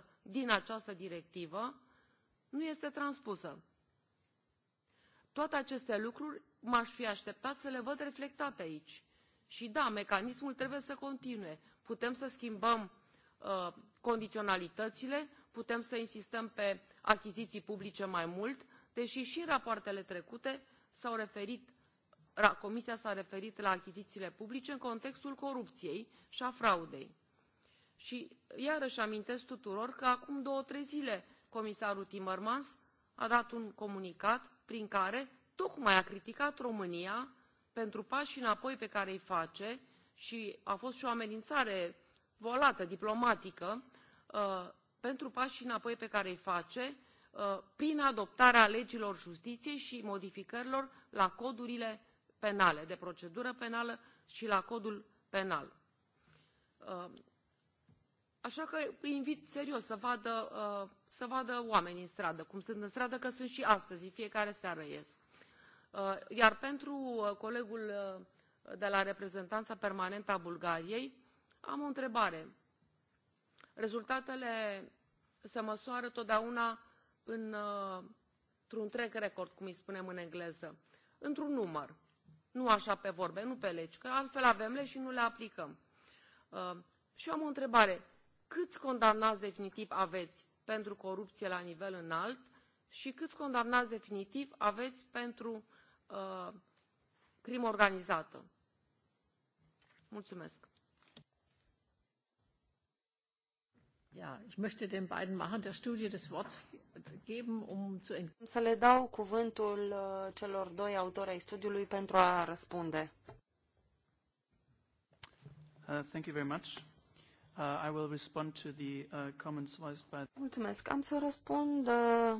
99% din această directivă nu este transpusă. Toate aceste lucruri m-aș fi așteptat să le văd reflectate aici. Și da, mecanismul trebuie să continue. Putem să schimbăm uh, condiționalitățile, putem să insistăm pe achiziții publice mai mult, deși și în rapoartele trecute s-au referit comisia s a referit la achizițiile publice în contextul corupției și a fraudei. Și iarăși amintesc tuturor că acum două, trei zile comisarul Timmermans a dat un comunicat prin care tocmai a criticat România pentru pașii înapoi pe care îi face și a fost și o amenințare volată, diplomatică, uh, pentru pașii înapoi pe care îi face uh, prin adoptarea legilor justiției și modificărilor la codurile penale, de procedură penală și la codul penal. Uh, așa că îi invit serios să vadă să vadă oameni în stradă, cum sunt în stradă, că sunt și astăzi, în fiecare seară ies. Uh, iar pentru uh, colegul uh, de la reprezentanța permanentă a Bulgariei, am o întrebare. Rezultatele se măsoară totdeauna în, într-un track record, cum îi spunem în engleză, într-un număr. Nu așa pe vorbe, nu pe legi, că altfel avem legi și nu le aplicăm. Uh, și eu am o întrebare. Câți condamnați definitiv aveți pentru corupție la nivel înalt și câți condamnați definitiv aveți pentru uh, crimă organizată? Mulțumesc. Ja, ich möchte den beiden machen der Studie das Wort geben, um zu Să le dau cuvântul uh, celor doi autori ai studiului pentru a răspunde. Uh, thank you very much. Uh, I will respond to the uh, comments voiced by... Mulțumesc. Am să răspund uh,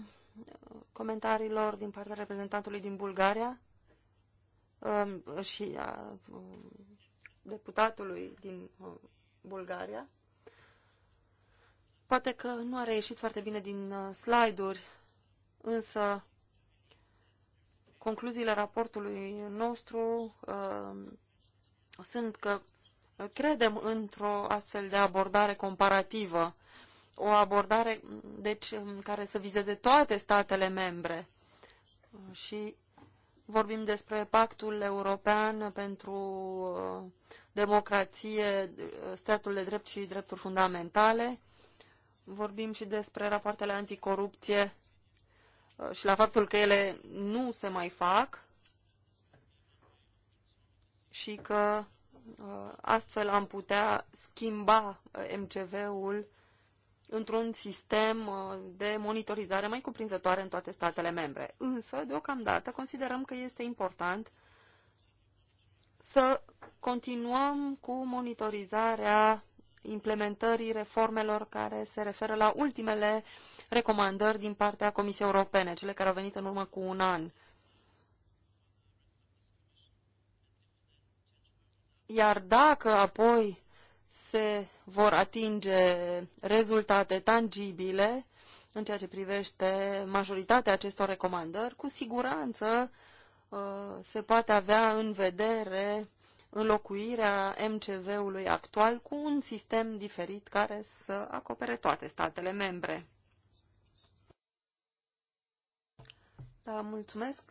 comentariilor din partea reprezentantului din Bulgaria um, uh, și a uh, deputatului din uh, Bulgaria. Poate că nu a reieșit foarte bine din uh, slide-uri, însă concluziile raportului nostru uh, sunt că credem într-o astfel de abordare comparativă, o abordare deci, în care să vizeze toate statele membre. Și vorbim despre pactul european pentru uh, democrație, statul de drept și drepturi fundamentale. Vorbim și despre rapoartele anticorupție uh, și la faptul că ele nu se mai fac și că Uh, astfel am putea schimba uh, MCV-ul într-un sistem uh, de monitorizare mai cuprinzătoare în toate statele membre. Însă, deocamdată, considerăm că este important să continuăm cu monitorizarea implementării reformelor care se referă la ultimele recomandări din partea Comisiei Europene, cele care au venit în urmă cu un an. iar dacă apoi se vor atinge rezultate tangibile în ceea ce privește majoritatea acestor recomandări, cu siguranță uh, se poate avea în vedere înlocuirea MCV-ului actual cu un sistem diferit care să acopere toate statele membre. Da, mulțumesc.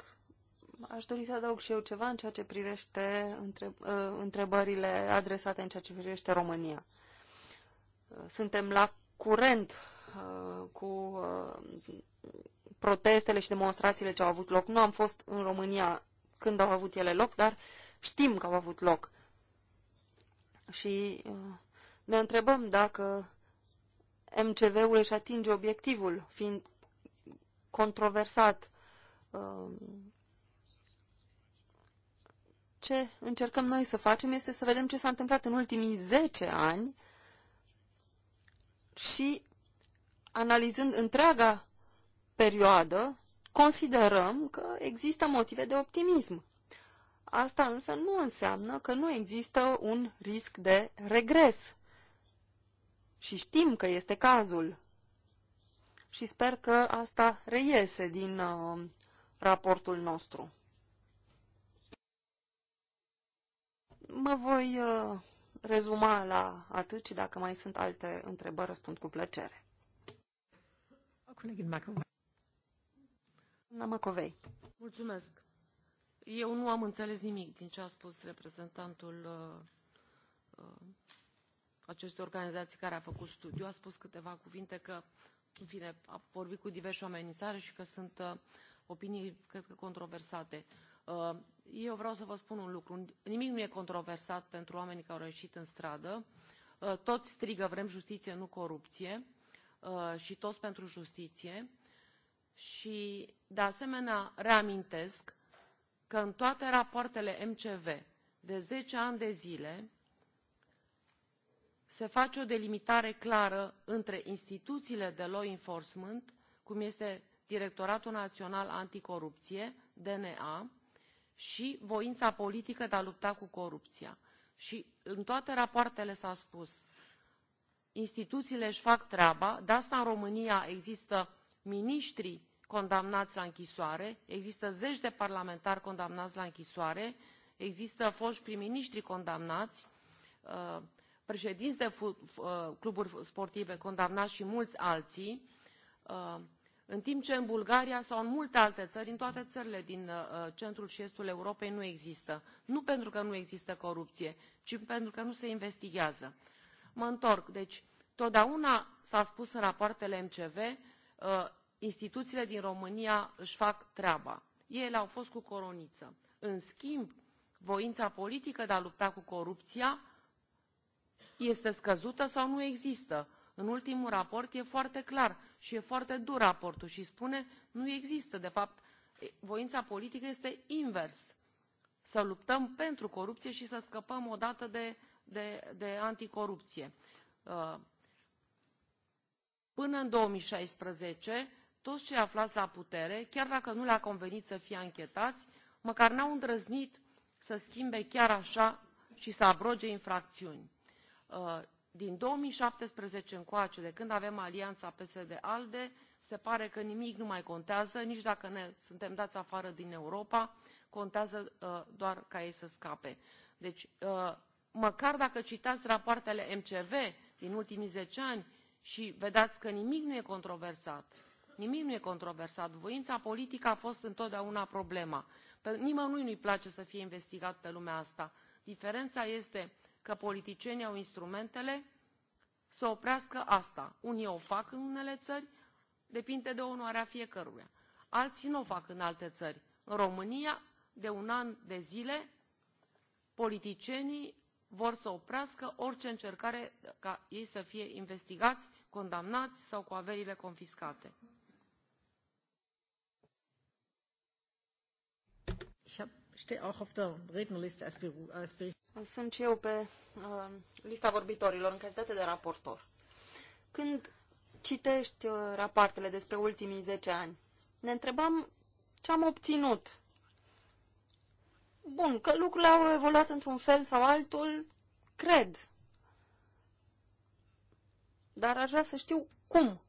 Aș dori să adaug și eu ceva în ceea ce privește ă, întrebările adresate în ceea ce privește România. Suntem la curent ă, cu ă, protestele și demonstrațiile ce au avut loc. Nu am fost în România când au avut ele loc, dar știm că au avut loc. Și ne întrebăm dacă MCV-ul își atinge obiectivul, fiind controversat ce încercăm noi să facem este să vedem ce s-a întâmplat în ultimii 10 ani și analizând întreaga perioadă, considerăm că există motive de optimism. Asta însă nu înseamnă că nu există un risc de regres. Și știm că este cazul. Și sper că asta reiese din uh, raportul nostru. Mă voi uh, rezuma la atât și dacă mai sunt alte întrebări, răspund cu plăcere. Doamna Macovei. Mulțumesc. Eu nu am înțeles nimic din ce a spus reprezentantul uh, uh, acestei organizații care a făcut studiu. A spus câteva cuvinte că, în fine, a vorbit cu diversi oameni în țară și că sunt uh, opinii, cred că, controversate. Uh, Uh, eu vreau să vă spun un lucru nimic nu e controversat pentru oamenii care au ieșit în stradă uh, toți strigă vrem justiție nu corupție uh, și toți pentru justiție și de asemenea reamintesc că în toate rapoartele mcv de zece ani de zile se face o delimitare clară între instituțiile de law enforcement cum este directoratul național anticorupție dna și voința politică de a lupta cu corupția. Și în toate rapoartele s-a spus, instituțiile își fac treaba, de asta în România există miniștri condamnați la închisoare, există zeci de parlamentari condamnați la închisoare, există foști prim miniștri condamnați, uh, președinți de uh, cluburi sportive condamnați și mulți alții uh, în timp ce în bulgaria sau în multe alte țări în toate țările din uh, centrul și estul europei nu există nu pentru că nu există corupție ci pentru că nu se investighează. mă întorc deci totdeauna s a spus în rapoartele mcv uh, instituțiile din românia își fac treaba ele au fost cu coroniță. în schimb voința politică de a lupta cu corupția este scăzută sau nu există. în ultimul raport e foarte clar și e foarte dur raportul și spune nu există de fapt voința politică este invers să luptăm pentru corupție și să scăpăm odată de, de, de anticorupție. Uh, până în 2016, toți cei aflați la putere, chiar dacă nu le-a convenit să fie anchetați, măcar n-au îndrăznit să schimbe chiar așa și să abroge infracțiuni. Uh, din două mii șaptesprezece încoace de când avem alianța psd alde se pare că nimic nu mai contează nici dacă ne suntem dați afară din europa contează uh, doar ca ei să scape. deci uh, măcar dacă citați rapoartele mcv din ultimii zece ani și vedeți că nimic nu e controversat nimic nu e controversat voința politică a fost întotdeauna problema. Pe nimănui nu i place să fie investigat pe lumea asta. diferența este că politicienii au instrumentele să oprească asta. Unii o fac în unele țări, depinde de onoarea fiecăruia. Alții nu o fac în alte țări. În România, de un an de zile, politicienii vor să oprească orice încercare ca ei să fie investigați, condamnați sau cu averile confiscate. Ich stehe auch auf der Rednerliste als, Beru als Bericht sunt și eu pe uh, lista vorbitorilor în calitate de raportor. Când citești uh, rapoartele despre ultimii 10 ani, ne întrebam ce am obținut. Bun, că lucrurile au evoluat într-un fel sau altul, cred. Dar aș vrea să știu cum.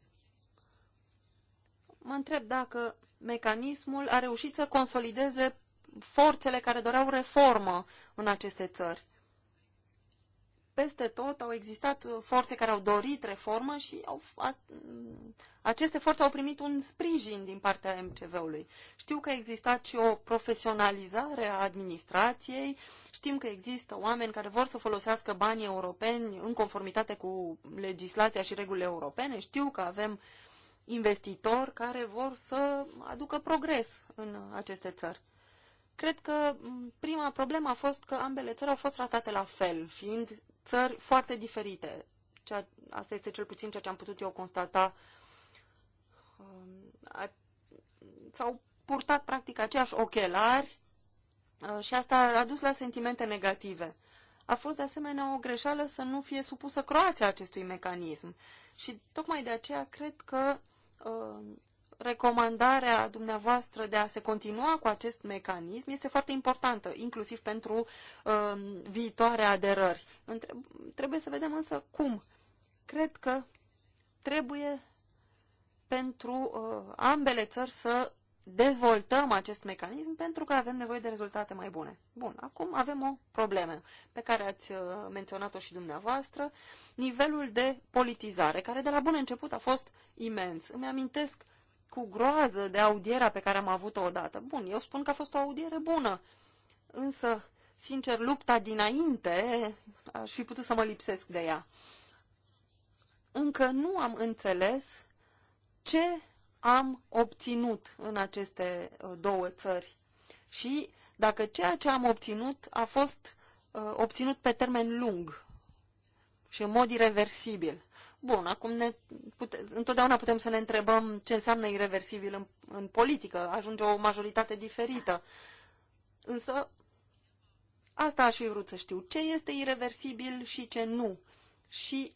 Mă întreb dacă mecanismul a reușit să consolideze forțele care doreau reformă în aceste țări. Peste tot au existat forțe care au dorit reformă și au, a, aceste forțe au primit un sprijin din partea MCV-ului. Știu că a existat și o profesionalizare a administrației, știm că există oameni care vor să folosească banii europeni în conformitate cu legislația și regulile europene, știu că avem investitori care vor să aducă progres în aceste țări. Cred că prima problemă a fost că ambele țări au fost tratate la fel, fiind țări foarte diferite. Ceea, asta este cel puțin ceea ce am putut eu constata. Um, s-au purtat practic aceiași ochelari uh, și asta a dus la sentimente negative. A fost de asemenea o greșeală să nu fie supusă Croația acestui mecanism. Și tocmai de aceea cred că uh, recomandarea dumneavoastră de a se continua cu acest mecanism este foarte importantă, inclusiv pentru uh, viitoare aderări. Între trebuie să vedem însă cum. Cred că trebuie pentru uh, ambele țări să dezvoltăm acest mecanism pentru că avem nevoie de rezultate mai bune. Bun, acum avem o problemă pe care ați uh, menționat-o și dumneavoastră, nivelul de politizare, care de la bun început a fost imens. Îmi amintesc cu groază de audierea pe care am avut-o odată. Bun, eu spun că a fost o audiere bună, însă, sincer, lupta dinainte aș fi putut să mă lipsesc de ea. Încă nu am înțeles ce am obținut în aceste uh, două țări și dacă ceea ce am obținut a fost uh, obținut pe termen lung și în mod irreversibil. Bun, acum ne pute- întotdeauna putem să ne întrebăm ce înseamnă irreversibil în, în politică. Ajunge o majoritate diferită. Însă, asta aș fi vrut să știu. Ce este irreversibil și ce nu? Și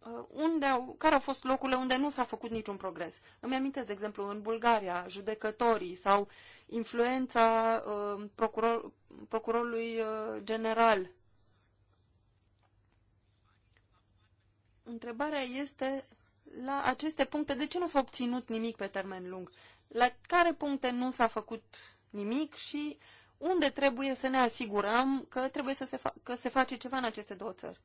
uh, unde au, care au fost locurile unde nu s-a făcut niciun progres. Îmi amintesc, de exemplu, în Bulgaria, judecătorii sau influența uh, procuror, procurorului uh, general întrebarea este la aceste puncte, de ce nu s-a obținut nimic pe termen lung? La care puncte nu s-a făcut nimic și unde trebuie să ne asigurăm că trebuie să se, fa- că se face ceva în aceste două țări?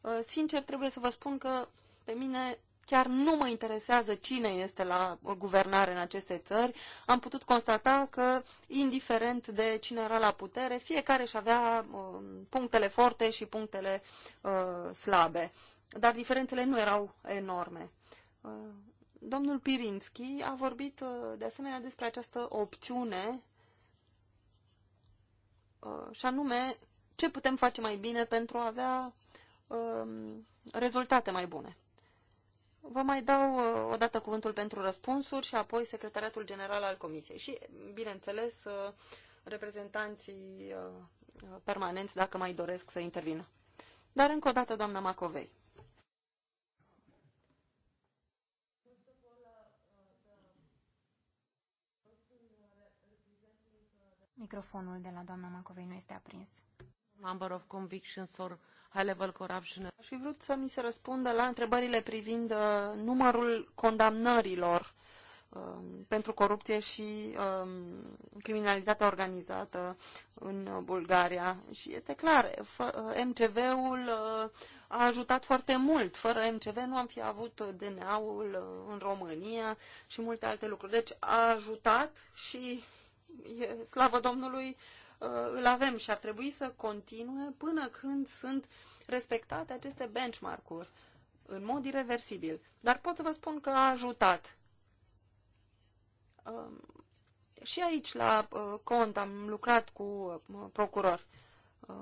Uh, sincer, trebuie să vă spun că pe mine chiar nu mă interesează cine este la guvernare în aceste țări. Am putut constata că, indiferent de cine era la putere, fiecare își avea um, punctele forte și punctele uh, slabe dar diferențele nu erau enorme. Uh, domnul Pirinski a vorbit uh, de asemenea despre această opțiune uh, și anume ce putem face mai bine pentru a avea um, rezultate mai bune. Vă mai dau o dată cuvântul pentru răspunsuri și apoi Secretariatul General al Comisiei și, bineînțeles, reprezentanții permanenți, dacă mai doresc să intervină. Dar încă o dată, doamna Macovei. Microfonul de la doamna Macovei nu este aprins. Number of convictions for high-level corruption. Aș fi vrut să mi se răspundă la întrebările privind uh, numărul condamnărilor uh, pentru corupție și um, criminalitatea organizată în Bulgaria. Și este clar, uh, MCV-ul uh, a ajutat foarte mult. Fără MCV nu am fi avut DNA-ul uh, în România și multe alte lucruri. Deci a ajutat și e, slavă Domnului, uh, îl avem și ar trebui să continue până când sunt respectate aceste benchmark-uri în mod irreversibil. Dar pot să vă spun că a ajutat. Um, și aici la uh, cont am lucrat cu uh, procuror.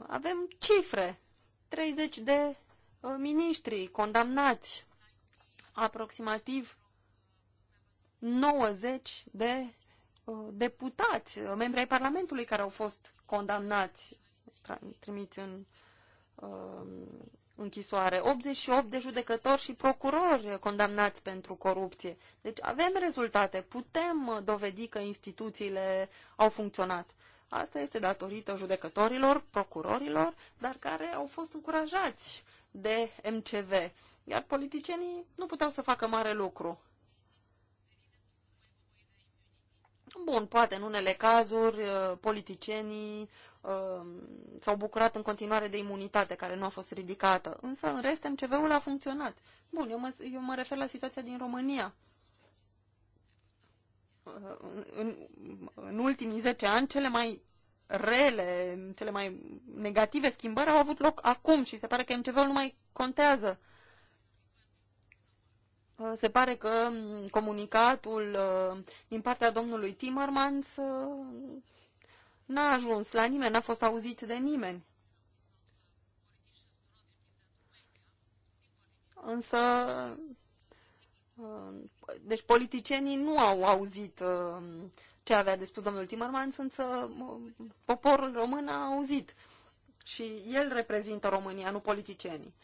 Avem cifre, 30 de miniștri condamnați, aproximativ 90 de Uh, deputați, uh, membri ai Parlamentului care au fost condamnați, trimiți în uh, închisoare, 88 de judecători și procurori condamnați pentru corupție. Deci avem rezultate, putem dovedi că instituțiile au funcționat. Asta este datorită judecătorilor, procurorilor, dar care au fost încurajați de MCV, iar politicienii nu puteau să facă mare lucru. Bun, poate în unele cazuri uh, politicienii uh, s-au bucurat în continuare de imunitate care nu a fost ridicată, însă în rest MCV-ul a funcționat. Bun, eu mă, eu mă refer la situația din România. Uh, în, în ultimii 10 ani, cele mai rele, cele mai negative schimbări au avut loc acum și se pare că MCV-ul nu mai contează. Uh, se pare că mm, comunicatul uh, din partea domnului Timmermans uh, n-a ajuns la nimeni, n-a fost auzit de nimeni. Însă, deci politicienii nu au auzit ce avea de spus domnul Timmermans, însă poporul român a auzit. Și el reprezintă România, nu politicienii.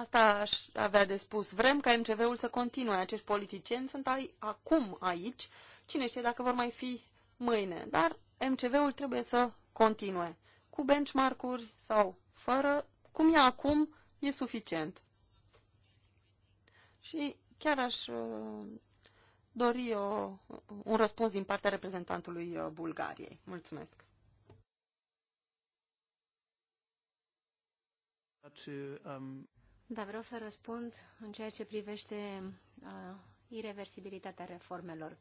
Asta aș avea de spus. Vrem ca MCV-ul să continue. Acești politicieni sunt ai, acum aici. Cine știe dacă vor mai fi mâine. Dar MCV-ul trebuie să continue. Cu benchmark-uri sau fără, cum e acum, e suficient. Și chiar aș uh, dori o, un răspuns din partea reprezentantului uh, Bulgariei. Mulțumesc. To, um... Da, vreau să răspund în ceea ce privește uh, ireversibilitatea reformelor.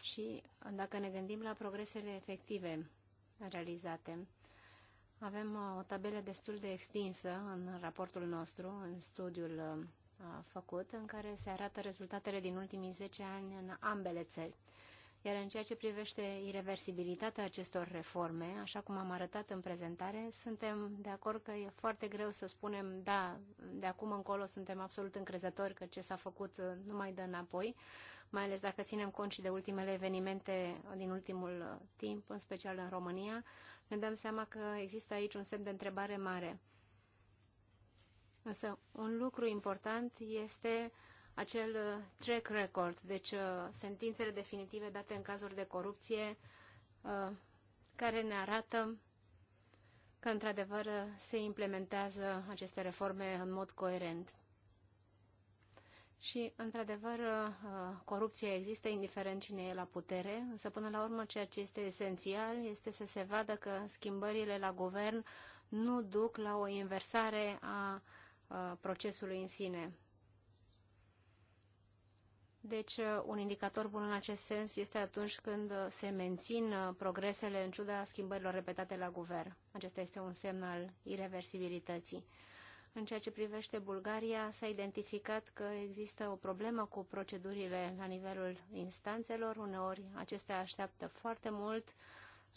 Și dacă ne gândim la progresele efective realizate, avem uh, o tabelă destul de extinsă în raportul nostru, în studiul uh, făcut, în care se arată rezultatele din ultimii 10 ani în ambele țări. Iar în ceea ce privește irreversibilitatea acestor reforme, așa cum am arătat în prezentare, suntem de acord că e foarte greu să spunem, da, de acum încolo suntem absolut încrezători că ce s-a făcut uh, nu mai dă înapoi, mai ales dacă ținem cont și de ultimele evenimente din ultimul uh, timp, în special în România, ne dăm seama că există aici un semn de întrebare mare. Însă, un lucru important este acel uh, track record, deci uh, sentințele definitive date în cazuri de corupție uh, care ne arată că într-adevăr se implementează aceste reforme în mod coerent. Și, într-adevăr, corupția există indiferent cine e la putere, însă până la urmă ceea ce este esențial este să se vadă că schimbările la guvern nu duc la o inversare a procesului în sine. Deci, uh, un indicator bun în acest sens este atunci când uh, se mențin uh, progresele în ciuda schimbărilor repetate la guvern. Acesta este un semn al irreversibilității. În ceea ce privește Bulgaria, s-a identificat că există o problemă cu procedurile la nivelul instanțelor. Uneori acestea așteaptă foarte mult,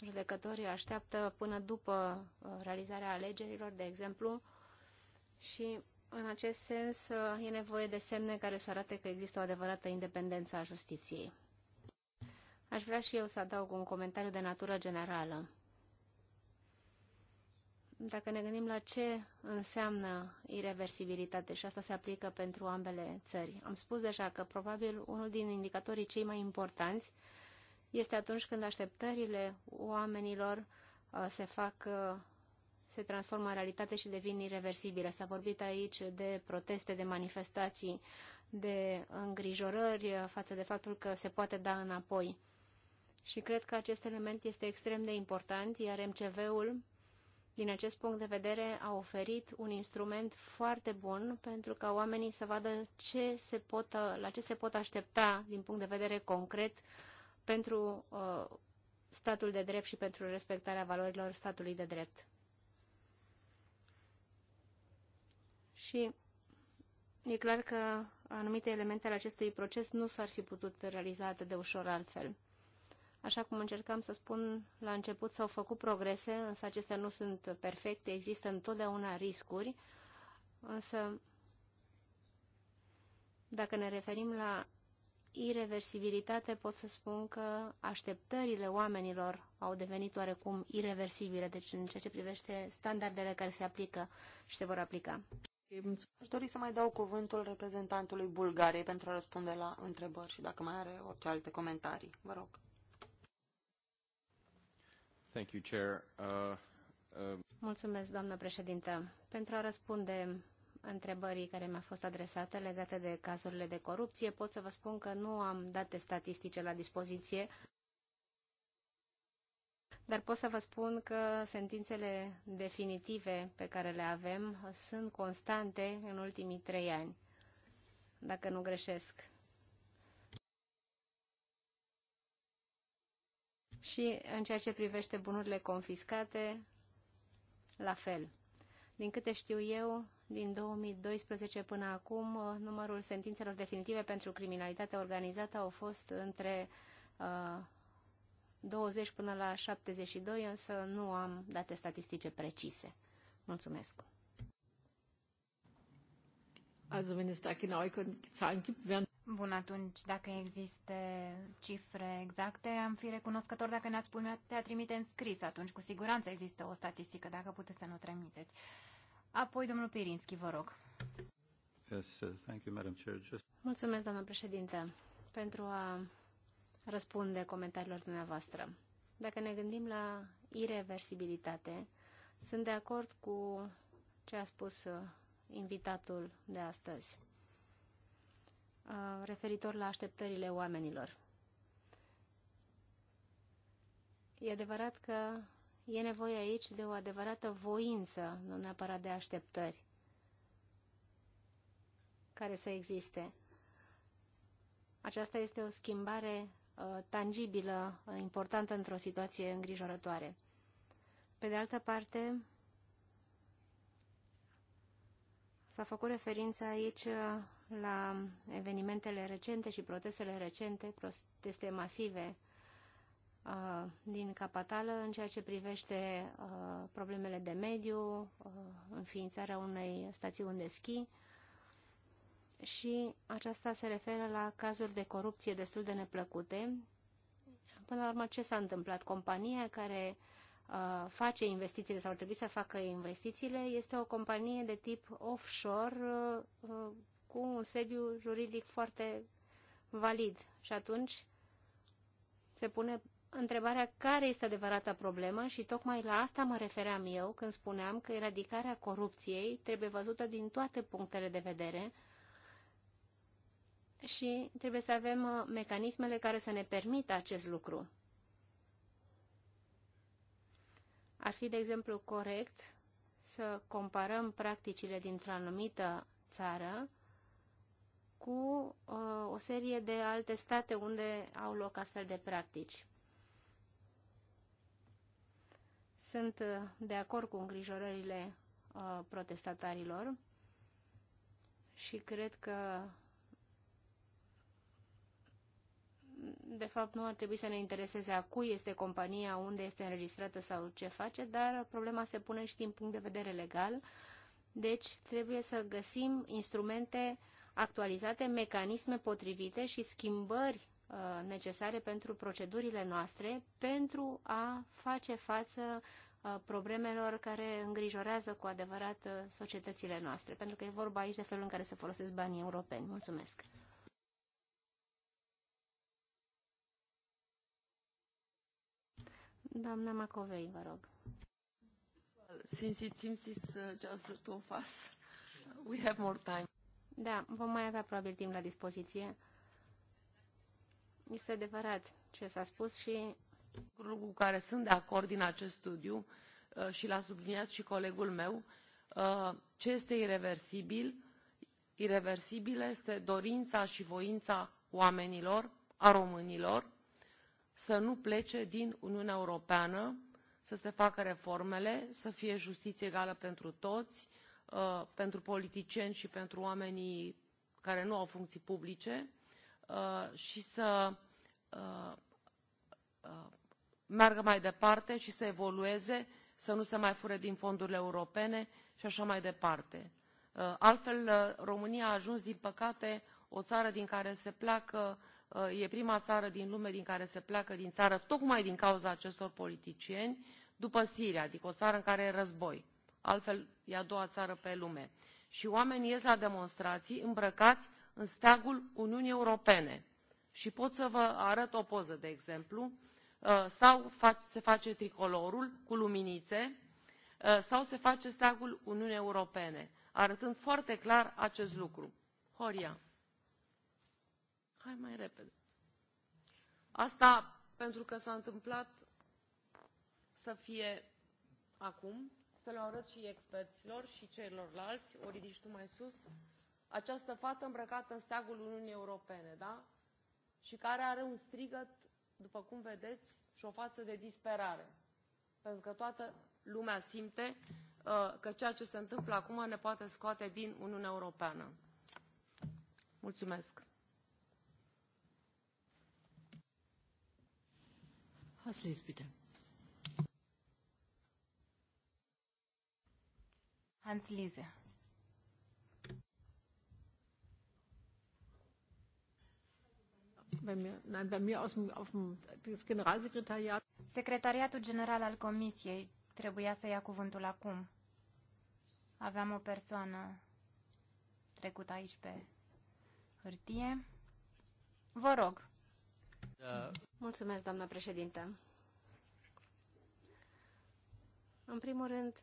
judecătorii așteaptă până după realizarea alegerilor, de exemplu, și în acest sens, uh, e nevoie de semne care să arate că există o adevărată independență a justiției. Aș vrea și eu să adaug un comentariu de natură generală. Dacă ne gândim la ce înseamnă irreversibilitate și asta se aplică pentru ambele țări, am spus deja că probabil unul din indicatorii cei mai importanți este atunci când așteptările oamenilor uh, se fac uh, se transformă în realitate și devin irreversibile. S-a vorbit aici de proteste, de manifestații, de îngrijorări față de faptul că se poate da înapoi. Și cred că acest element este extrem de important, iar MCV-ul, din acest punct de vedere, a oferit un instrument foarte bun pentru ca oamenii să vadă ce se pot, la ce se pot aștepta din punct de vedere concret pentru uh, statul de drept și pentru respectarea valorilor statului de drept. Și e clar că anumite elemente ale acestui proces nu s-ar fi putut realiza atât de ușor altfel. Așa cum încercam să spun la început, s-au făcut progrese, însă acestea nu sunt perfecte, există întotdeauna riscuri, însă dacă ne referim la ireversibilitate, pot să spun că așteptările oamenilor au devenit oarecum ireversibile, deci în ceea ce privește standardele care se aplică și se vor aplica. Aș dori să mai dau cuvântul reprezentantului Bulgariei pentru a răspunde la întrebări și dacă mai are orice alte comentarii. Vă rog. Thank you, Chair. Uh, uh... Mulțumesc, doamnă președintă. Pentru a răspunde întrebării care mi-a fost adresată legate de cazurile de corupție, pot să vă spun că nu am date statistice la dispoziție dar pot să vă spun că sentințele definitive pe care le avem sunt constante în ultimii trei ani, dacă nu greșesc. Și în ceea ce privește bunurile confiscate, la fel. Din câte știu eu, din 2012 până acum, numărul sentințelor definitive pentru criminalitatea organizată au fost între uh, 20 până la 72, însă nu am date statistice precise. Mulțumesc. Da Bun, atunci, dacă există cifre exacte, am fi recunoscător dacă ne-ați putea trimite în scris. Atunci, cu siguranță există o statistică, dacă puteți să nu trimiteți. Apoi, domnul Pirinski, vă rog. Yes, thank you, Madam Chair. Just... Mulțumesc, doamnă președinte, pentru a răspunde comentariilor dumneavoastră. Dacă ne gândim la irreversibilitate, sunt de acord cu ce a spus uh, invitatul de astăzi uh, referitor la așteptările oamenilor. E adevărat că e nevoie aici de o adevărată voință, nu neapărat de așteptări care să existe. Aceasta este o schimbare Uh, tangibilă, importantă într-o situație îngrijorătoare. Pe de altă parte, s-a făcut referință aici uh, la evenimentele recente și protestele recente, proteste masive uh, din capatală în ceea ce privește problemele de mediu, înființarea unei stațiuni de schi, și aceasta se referă la cazuri de corupție destul de neplăcute. Până la urmă, ce s-a întâmplat? Compania care uh, face investițiile sau trebuie să facă investițiile este o companie de tip offshore uh, uh, cu un sediu juridic foarte valid. Și atunci se pune întrebarea care este adevărata problemă și tocmai la asta mă refeream eu când spuneam că eradicarea corupției trebuie văzută din toate punctele de vedere, și trebuie să avem uh, mecanismele care să ne permită acest lucru. Ar fi, de exemplu, corect să comparăm practicile dintr-o anumită țară cu uh, o serie de alte state unde au loc astfel de practici. Sunt uh, de acord cu îngrijorările uh, protestatarilor și cred că de fapt nu ar trebui să ne intereseze a cui este compania, unde este înregistrată sau ce face, dar problema se pune și din punct de vedere legal. Deci trebuie să găsim instrumente actualizate, mecanisme potrivite și schimbări uh, necesare pentru procedurile noastre pentru a face față uh, problemelor care îngrijorează cu adevărat uh, societățile noastre, pentru că e vorba aici de felul în care se folosesc banii europeni. Mulțumesc! Doamna Macovei, vă rog. Since it seems it's uh, just the two of us, we have more time. Da, vom mai avea probabil timp la dispoziție. Este adevărat ce s-a spus și lucrul cu care sunt de acord din acest studiu uh, și l-a subliniat și colegul meu, uh, ce este irreversibil? Irreversibil este dorința și voința oamenilor, a românilor, să nu plece din uniunea europeană să se facă reformele să fie justiție egală pentru toți uh, pentru politicieni și pentru oamenii care nu au funcții publice uh, și să uh, meargă mai departe și să evolueze să nu se mai fure din fondurile europene și așa mai departe. altfel românia a ajuns din păcate o țară din care se pleacă Uh, e prima țară din lume din care se pleacă din țară tocmai din cauza acestor politicieni după siria adică o țară în care e război altfel e a doua țară pe lume și oamenii ies la demonstrații îmbrăcați în steagul uniunii europene și pot să vă arăt o poză de exemplu uh, sau se face tricolorul cu luminițe uh, sau se face steagul uniunii europene arătând foarte clar acest lucru. horia hai mai repede. Asta pentru că s a întâmplat să fie acum, să le arăt și experților și celorlalți, o ridici tu mai sus, această fată îmbrăcată în steagul Uniunii Europene, da? Și care are un strigăt, după cum vedeți, și o față de disperare. Pentru că toată lumea simte uh, că ceea ce se întâmplă acum ne poate scoate din Uniunea Europeană. Mulțumesc! Haslis, bitte. Hans Liese. Bei mir, nein, bei mir aus dem, auf dem, das Generalsekretariat. Secretariatul General al Comisiei trebuia să ia cuvântul acum. Aveam o persoană trecută aici pe hârtie. Vă rog. Mulțumesc, doamnă președintă. În primul rând,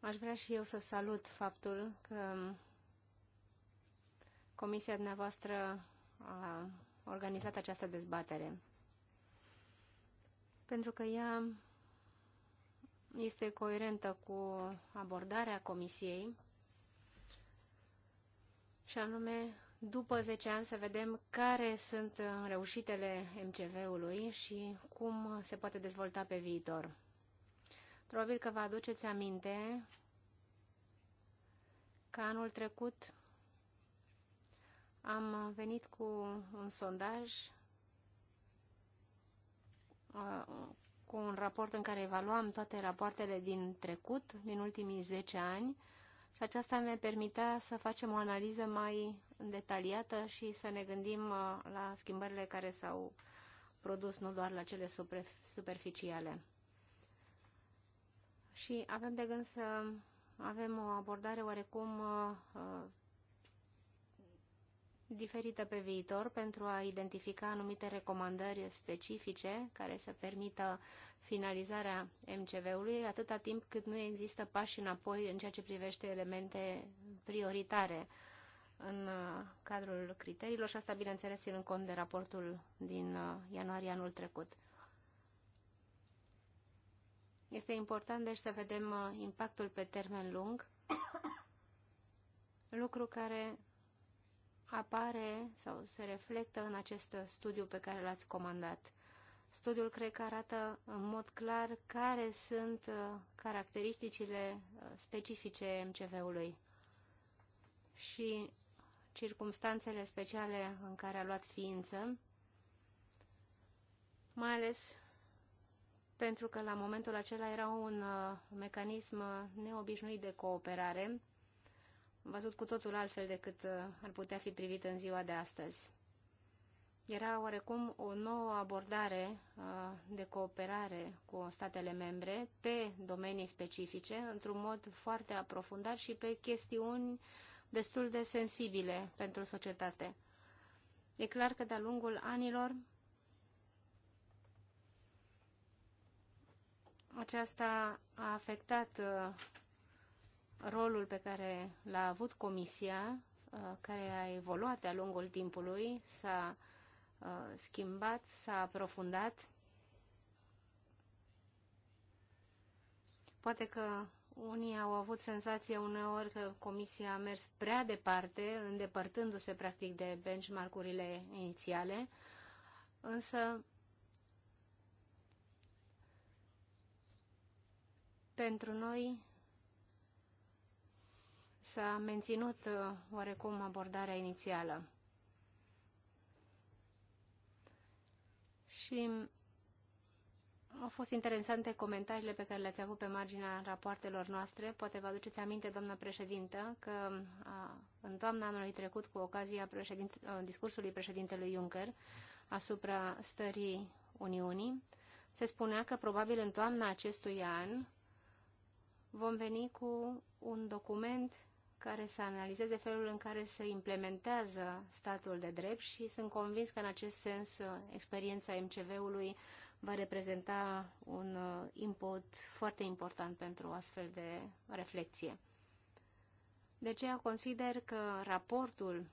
aș vrea și eu să salut faptul că comisia dumneavoastră a organizat această dezbatere. Pentru că ea este coerentă cu abordarea comisiei și anume după 10 ani să vedem care sunt uh, reușitele MCV-ului și cum se poate dezvolta pe viitor. Probabil că vă aduceți aminte că anul trecut am venit cu un sondaj, uh, cu un raport în care evaluam toate rapoartele din trecut, din ultimii 10 ani, și aceasta ne permitea să facem o analiză mai detaliată și să ne gândim uh, la schimbările care s-au produs, nu doar la cele superficiale. Și avem de gând să avem o abordare oarecum uh, uh, diferită pe viitor pentru a identifica anumite recomandări specifice care să permită finalizarea MCV-ului atâta timp cât nu există pași înapoi în ceea ce privește elemente prioritare în uh, cadrul criteriilor și asta, bineînțeles, în cont de raportul din uh, ianuarie anul trecut. Este important, deci, să vedem uh, impactul pe termen lung, [COUGHS] lucru care apare sau se reflectă în acest studiu pe care l-ați comandat. Studiul cred că arată în mod clar care sunt caracteristicile specifice MCV-ului. Și circumstanțele speciale în care a luat ființă, mai ales pentru că la momentul acela era un uh, mecanism uh, neobișnuit de cooperare, văzut cu totul altfel decât uh, ar putea fi privit în ziua de astăzi. Era oarecum o nouă abordare de cooperare cu statele membre pe domenii specifice, într-un mod foarte aprofundat și pe chestiuni uh, destul de sensibile pentru societate. E clar că de-a lungul anilor aceasta a afectat uh, rolul pe care l-a avut Comisia, uh, care a evoluat de-a lungul timpului, s-a uh, schimbat, s-a aprofundat. Poate că unii au avut senzația uneori că Comisia a mers prea departe, îndepărtându-se practic de benchmark-urile inițiale, însă pentru noi s-a menținut uh, oarecum abordarea inițială. Și au fost interesante comentariile pe care le-ați avut pe marginea rapoartelor noastre. Poate vă aduceți aminte, doamnă președintă, că a, în toamna anului trecut, cu ocazia președinte, a, discursului președintelui Juncker asupra stării Uniunii, se spunea că probabil în toamna acestui an vom veni cu un document care să analizeze felul în care se implementează statul de drept și sunt convins că în acest sens experiența MCV-ului va reprezenta un uh, input foarte important pentru o astfel de reflexie. De aceea consider că raportul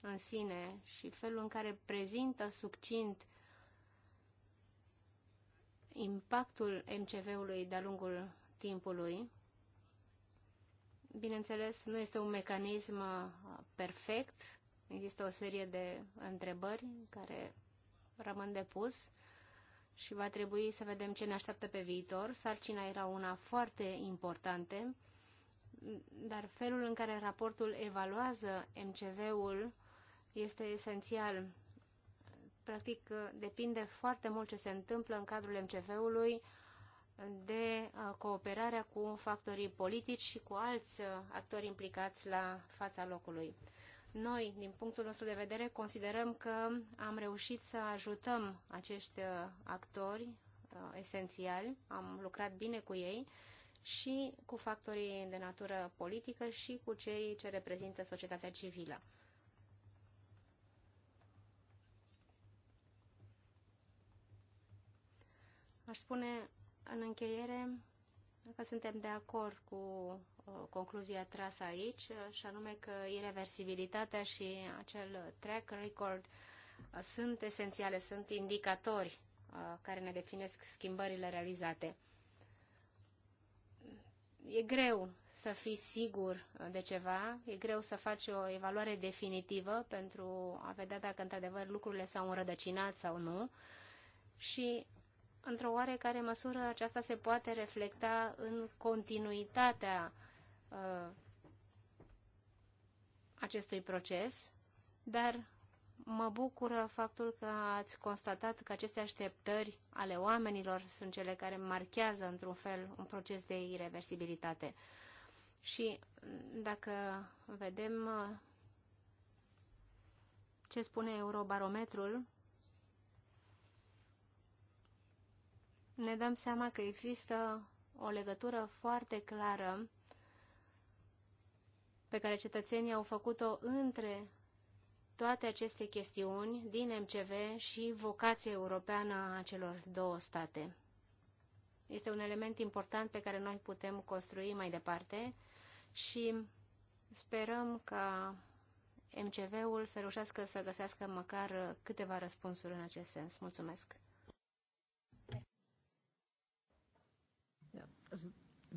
în sine și felul în care prezintă succint impactul MCV-ului de-a lungul timpului, bineînțeles, nu este un mecanism uh, perfect, există o serie de întrebări care rămân de pus, și va trebui să vedem ce ne așteaptă pe viitor. Sarcina era una foarte importantă, dar felul în care raportul evaluează MCV-ul este esențial. Practic, depinde foarte mult ce se întâmplă în cadrul MCV-ului de uh, cooperarea cu factorii politici și cu alți uh, actori implicați la fața locului. Noi, din punctul nostru de vedere, considerăm că am reușit să ajutăm acești uh, actori uh, esențiali, am lucrat bine cu ei și cu factorii de natură politică și cu cei ce reprezintă societatea civilă. Aș spune în încheiere că suntem de acord cu concluzia trasă aici, și anume că irreversibilitatea și acel track record uh, sunt esențiale, sunt indicatori uh, care ne definesc schimbările realizate. E greu să fii sigur de ceva, e greu să faci o evaluare definitivă pentru a vedea dacă într-adevăr lucrurile s-au înrădăcinat sau nu și într-o oarecare măsură aceasta se poate reflecta în continuitatea uh, Uh, acestui proces, dar mă bucură faptul că ați constatat că aceste așteptări ale oamenilor sunt cele care marchează într-un fel un proces de irreversibilitate. Și dacă vedem uh, ce spune Eurobarometrul, ne dăm seama că există o legătură foarte clară pe care cetățenii au făcut-o între toate aceste chestiuni din MCV și vocația europeană a celor două state. Este un element important pe care noi putem construi mai departe și sperăm ca MCV-ul să reușească să găsească măcar câteva răspunsuri în acest sens. Mulțumesc!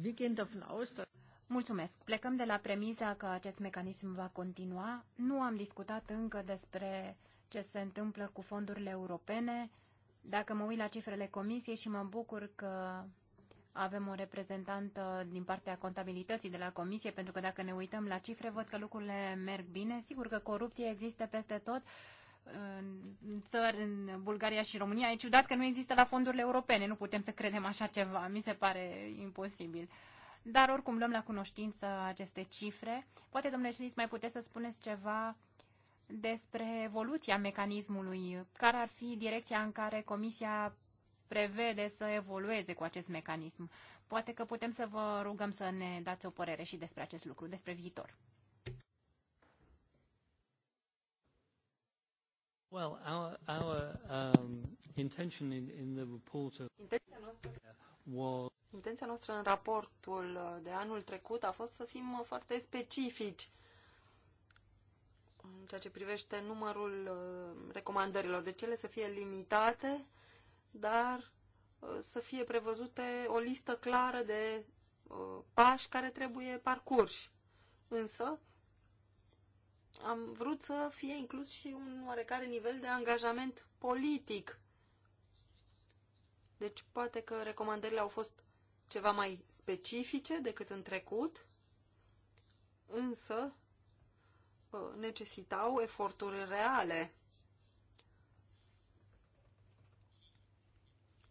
Wir gehen davon aus, dass Mulțumesc. Plecăm de la premisa că acest mecanism va continua. Nu am discutat încă despre ce se întâmplă cu fondurile europene. Dacă mă uit la cifrele comisiei și mă bucur că avem o reprezentantă din partea contabilității de la comisie, pentru că dacă ne uităm la cifre, văd că lucrurile merg bine. Sigur că corupție există peste tot, în țări, în Bulgaria și România. E ciudat că nu există la fondurile europene. Nu putem să credem așa ceva. Mi se pare imposibil. Dar oricum luăm la cunoștință aceste cifre. Poate, domnule Șlis, mai puteți să spuneți ceva despre evoluția mecanismului, care ar fi direcția în care Comisia prevede să evolueze cu acest mecanism. Poate că putem să vă rugăm să ne dați o părere și despre acest lucru, despre viitor. Well, our, our um, intention in, in the report of, was Intenția noastră în raportul uh, de anul trecut a fost să fim uh, foarte specifici în ceea ce privește numărul uh, recomandărilor. Deci ele să fie limitate, dar să fie prevăzute o listă clară de pași care trebuie parcurși. Însă, am vrut să fie inclus și un oarecare nivel de angajament politic. Deci poate că recomandările au fost ceva mai specifice decât în trecut, însă uh, necesitau eforturi reale.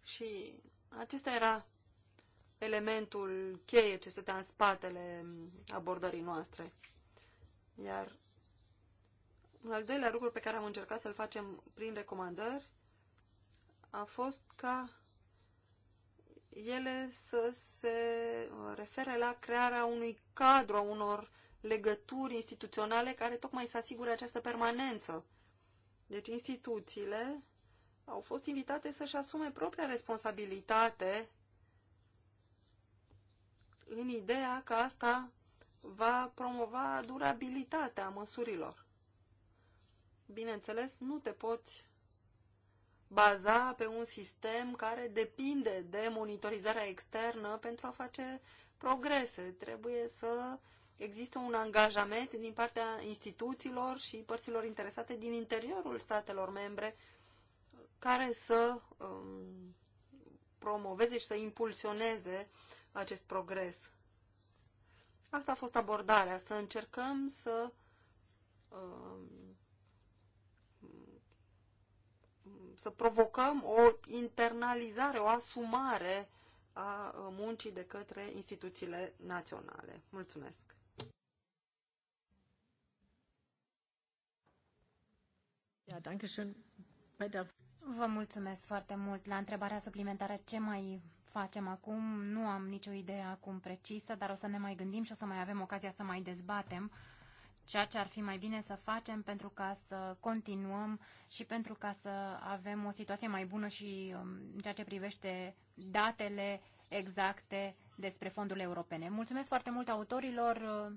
Și acesta era elementul cheie ce stătea în spatele abordării noastre. Iar un al doilea lucru pe care am încercat să-l facem prin recomandări a fost ca ele să se uh, refere la crearea unui cadru, a unor legături instituționale care tocmai să asigure această permanență. Deci instituțiile au fost invitate să-și asume propria responsabilitate în ideea că asta va promova durabilitatea măsurilor. Bineînțeles, nu te poți baza pe un sistem care depinde de monitorizarea externă pentru a face progrese. Trebuie să există un angajament din partea instituțiilor și părților interesate din interiorul statelor membre care să um, promoveze și să impulsioneze acest progres. Asta a fost abordarea, să încercăm să um, să provocăm o internalizare, o asumare a muncii de către instituțiile naționale. Mulțumesc! Vă mulțumesc foarte mult. La întrebarea suplimentară ce mai facem acum, nu am nicio idee acum precisă, dar o să ne mai gândim și o să mai avem ocazia să mai dezbatem ceea ce ar fi mai bine să facem pentru ca să continuăm și pentru ca să avem o situație mai bună și um, în ceea ce privește datele exacte despre fondurile europene. Mulțumesc foarte mult autorilor uh,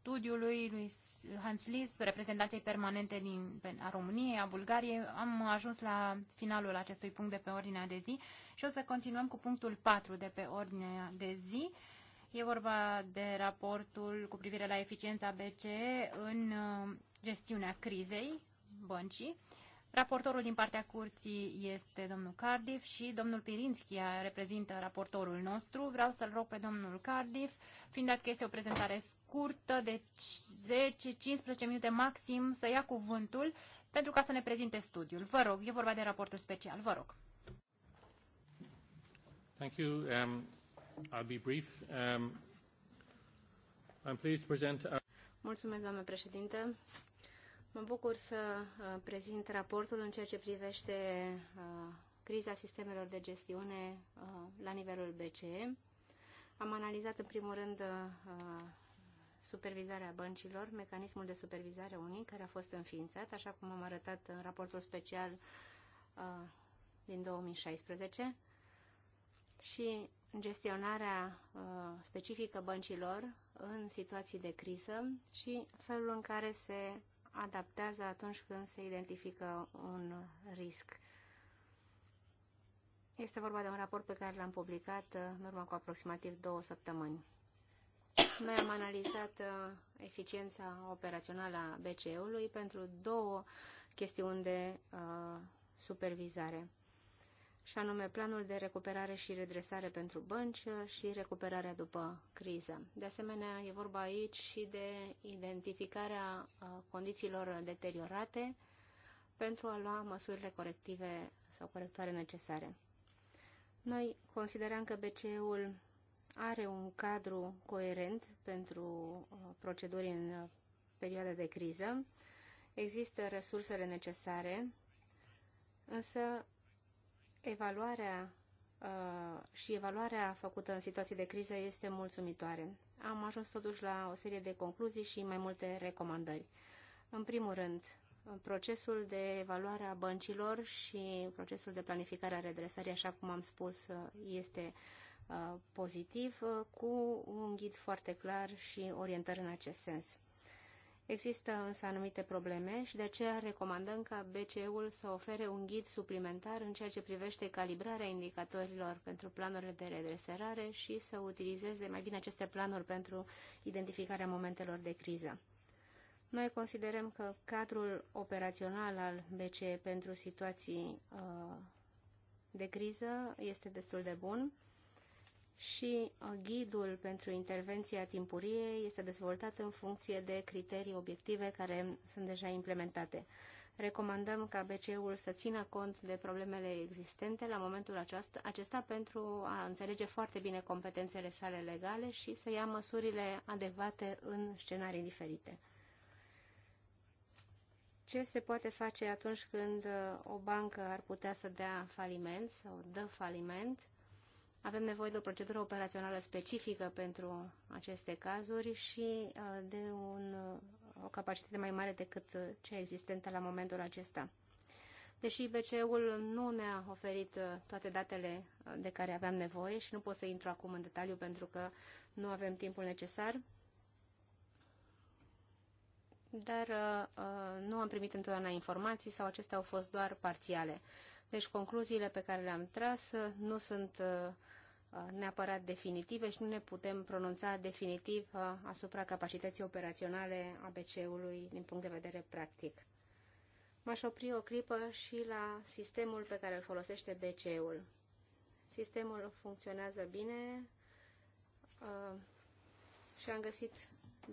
studiului lui Hans Lis, reprezentanței permanente din, a României, a Bulgariei. Am ajuns la finalul acestui punct de pe ordinea de zi și o să continuăm cu punctul 4 de pe ordinea de zi. E vorba de raportul cu privire la eficiența BCE în uh, gestiunea crizei băncii. Raportorul din partea curții este domnul Cardiff și domnul Pirinski reprezintă raportorul nostru. Vreau să-l rog pe domnul Cardiff, fiind dat că este o prezentare scurtă de 10-15 minute maxim, să ia cuvântul pentru ca să ne prezinte studiul. Vă rog, e vorba de raportul special. Vă rog. Thank you. Um... I'll be brief. Um, I'm pleased to present our... Uh, Mulțumesc, doamnă președinte. Mă bucur să uh, prezint raportul în ceea ce privește uh, criza sistemelor de gestiune uh, la nivelul BCE. Am analizat în primul rând uh, uh, supervizarea băncilor, mecanismul de supervizare unic care a fost înființat, așa cum am arătat în raportul special din 2016 și gestionarea uh, specifică băncilor în situații de criză și felul în care se adaptează atunci când se identifică un risc. Este vorba de un raport pe care l-am publicat uh, în urmă cu aproximativ două săptămâni. Noi am analizat uh, eficiența operațională a BCE-ului pentru două chestiuni de uh, supervizare și anume planul de recuperare și redresare pentru bănci și recuperarea după criză. De asemenea, e vorba aici și de identificarea condițiilor deteriorate pentru a lua măsurile corective sau corectoare necesare. Noi considerăm că BCE-ul are un cadru coerent pentru proceduri în perioada de criză, există resursele necesare, însă evaluarea uh, și evaluarea făcută în situații de criză este mulțumitoare. Am ajuns totuși la o serie de concluzii și mai multe recomandări. În primul rând, procesul de evaluare a băncilor și procesul de planificare a redresării, așa cum am spus, uh, este uh, pozitiv, uh, cu un ghid foarte clar și orientări în acest sens. Există însă anumite probleme și de aceea recomandăm ca BCE-ul să ofere un ghid suplimentar în ceea ce privește calibrarea indicatorilor pentru planurile de redreserare și să utilizeze mai bine aceste planuri pentru identificarea momentelor de criză. Noi considerăm că cadrul operațional al BCE pentru situații uh, de criză este destul de bun și uh, ghidul pentru intervenția timpurie este dezvoltat în funcție de criterii obiective care sunt deja implementate. Recomandăm ca BCE-ul să țină cont de problemele existente la momentul aceasta, acesta pentru a înțelege foarte bine competențele sale legale și să ia măsurile adecvate în scenarii diferite. Ce se poate face atunci când uh, o bancă ar putea să dea faliment sau dă faliment? Avem nevoie de o procedură operațională specifică pentru aceste cazuri și uh, de un, uh, o capacitate mai mare decât cea existentă la momentul acesta. Deși BCE-ul nu ne-a oferit uh, toate datele de care aveam nevoie și nu pot să intru acum în detaliu pentru că nu avem timpul necesar, dar uh, nu am primit întotdeauna informații sau acestea au fost doar parțiale. Uh, deci concluziile pe care le-am tras uh, nu sunt uh, uh, neapărat definitive și nu ne putem pronunța definitiv asupra capacității operaționale a bc ului din punct de vedere practic. M-aș opri o clipă și la sistemul pe care îl folosește bc ul Sistemul funcționează bine și am găsit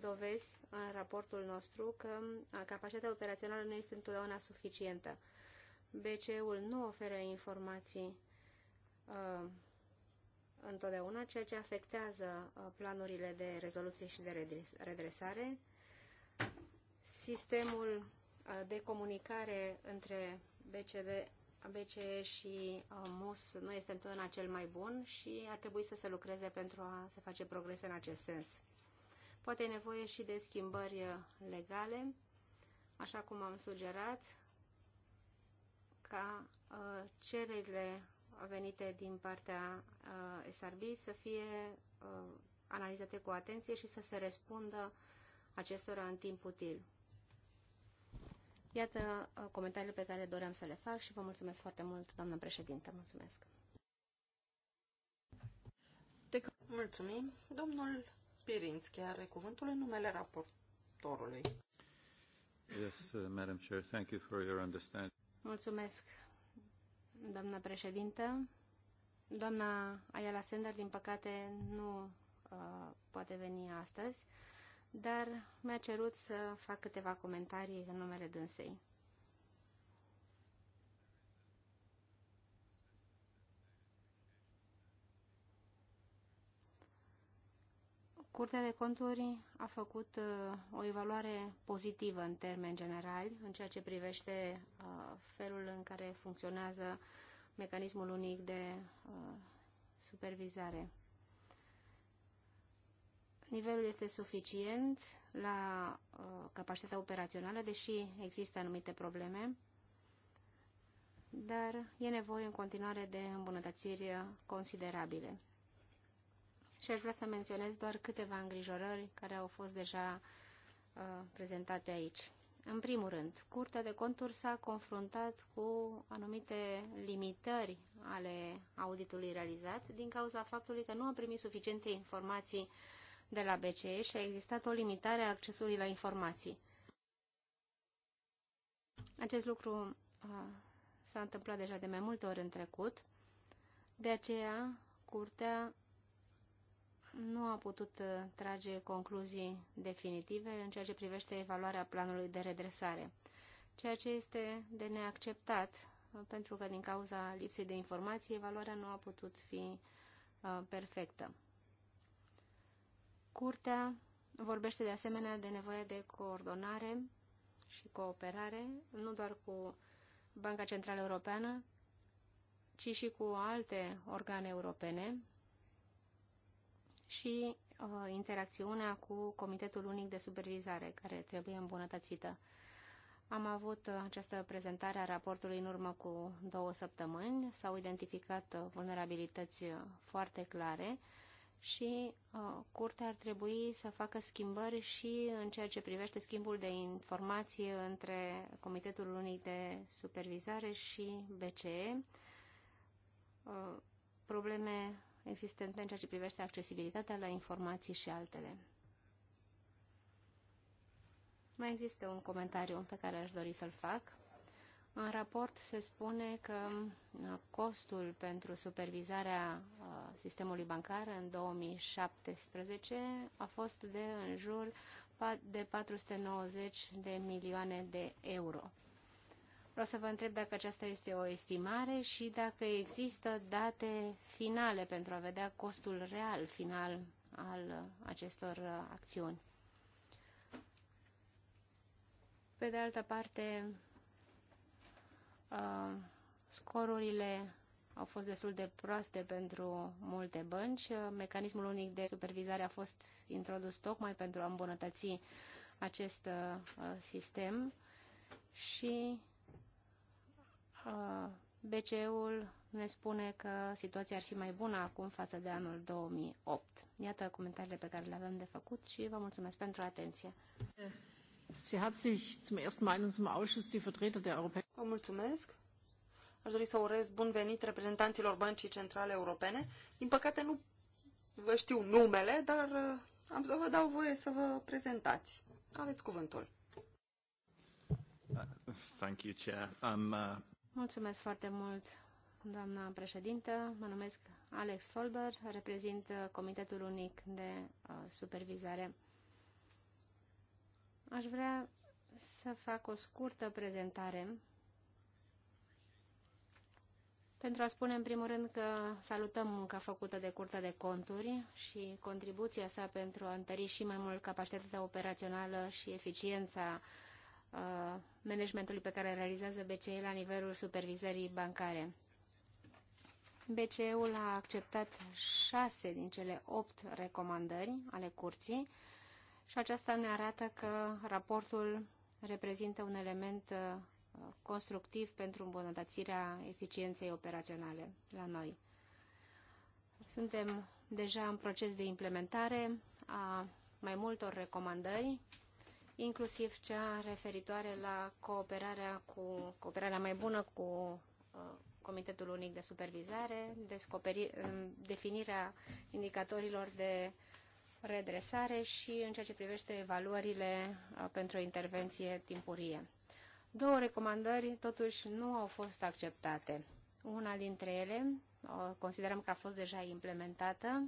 dovezi în raportul nostru că capacitatea operațională nu este întotdeauna suficientă. BCE-ul nu oferă informații uh, întotdeauna, ceea ce afectează uh, planurile de rezoluție și de redresare. Sistemul uh, de comunicare între BCB, BCE și uh, MUS nu este întotdeauna cel mai bun și ar trebui să se lucreze pentru a se face progrese în acest sens. Poate e nevoie și de schimbări uh, legale, așa cum am sugerat, ca uh, cererile venite din partea uh, SRB să fie uh, analizate cu atenție și să se răspundă acestora în timp util. Iată uh, comentariile pe care doream să le fac și vă mulțumesc foarte mult, doamnă președintă, Mulțumesc. Mulțumim. Domnul Pirinski are cuvântul în numele raportorului. Yes, uh, Madam Chair, thank you for your understanding. Mulțumesc, doamna președintă. Doamna Ayala Sender, din păcate, nu uh, poate veni astăzi, dar mi-a cerut să fac câteva comentarii în numele dânsei. Curtea de conturi a făcut uh, o evaluare pozitivă în termeni generali în ceea ce privește uh, felul în care funcționează mecanismul unic de uh, supervizare. Nivelul este suficient la capacitatea operațională, deși există anumite probleme, dar e nevoie în continuare de îmbunătățiri considerabile și aș vrea să menționez doar câteva îngrijorări care au fost deja uh, prezentate aici. În primul rând, Curtea de Conturi s-a confruntat cu anumite limitări ale auditului realizat din cauza faptului că nu a primit suficiente informații de la BCE și a existat o limitare a accesului la informații. Acest lucru uh, s-a întâmplat deja de mai multe ori în trecut, de aceea Curtea nu a putut uh, trage concluzii definitive în ceea ce privește evaluarea planului de redresare, ceea ce este de neacceptat, uh, pentru că din cauza lipsei de informații, evaluarea nu a putut fi uh, perfectă. Curtea vorbește de asemenea de nevoia de coordonare și cooperare, nu doar cu Banca Centrală Europeană, ci și cu alte organe europene, și uh, interacțiunea cu Comitetul Unic de Supervizare, care trebuie îmbunătățită. Am avut uh, această prezentare a raportului în urmă cu două săptămâni. S-au identificat uh, vulnerabilități uh, foarte clare și uh, curtea ar trebui să facă schimbări și în ceea ce privește schimbul de informații între Comitetul Unic de Supervizare și BCE, uh, probleme existente în ceea ce privește accesibilitatea la informații și altele. Mai există un comentariu pe care aș dori să-l fac. În raport se spune că uh, costul pentru supervizarea uh, sistemului bancar în 2017 a fost de în jur de 490 de milioane de euro. Vreau să vă întreb dacă aceasta este o estimare și dacă există date finale pentru a vedea costul real final al acestor acțiuni. Pe de altă parte, uh, scorurile au fost destul de proaste pentru multe bănci. Mecanismul unic de supervizare a fost introdus tocmai pentru a îmbunătăți acest uh, sistem și Uh, BCE-ul ne spune că situația ar fi mai bună acum față de anul 2008. Iată comentariile pe care le avem de făcut și vă mulțumesc pentru atenție. Sie hat sich zum ersten Mal in unserem Ausschuss die Vertreter der Europäischen Vă mulțumesc. Aș dori să urez bun venit reprezentanților Băncii Centrale Europene. Din păcate nu vă știu numele, dar uh, am să vă dau voie să vă prezentați. Aveți cuvântul. Uh, thank you, Chair. Um, uh... Mulțumesc foarte mult, doamna președintă. Mă numesc Alex Folber, reprezint uh, Comitetul Unic de uh, Supervizare. Aș vrea să fac o scurtă prezentare pentru a spune în primul rând că salutăm munca făcută de Curtea de Conturi și contribuția sa pentru a întări și mai mult capacitatea operațională și eficiența uh, managementului pe care realizează BCE la nivelul supervizării bancare. BCE-ul a acceptat șase din cele opt recomandări ale curții și aceasta ne arată că raportul reprezintă un element uh, constructiv pentru îmbunătățirea eficienței operaționale la noi. Suntem deja în proces de implementare a mai multor recomandări inclusiv cea referitoare la cooperarea, cu, cooperarea mai bună cu uh, Comitetul Unic de Supervizare, descoperi, um, definirea indicatorilor de redresare și în ceea ce privește evaluările uh, pentru o intervenție timpurie. Două recomandări totuși nu au fost acceptate. Una dintre ele o considerăm că a fost deja implementată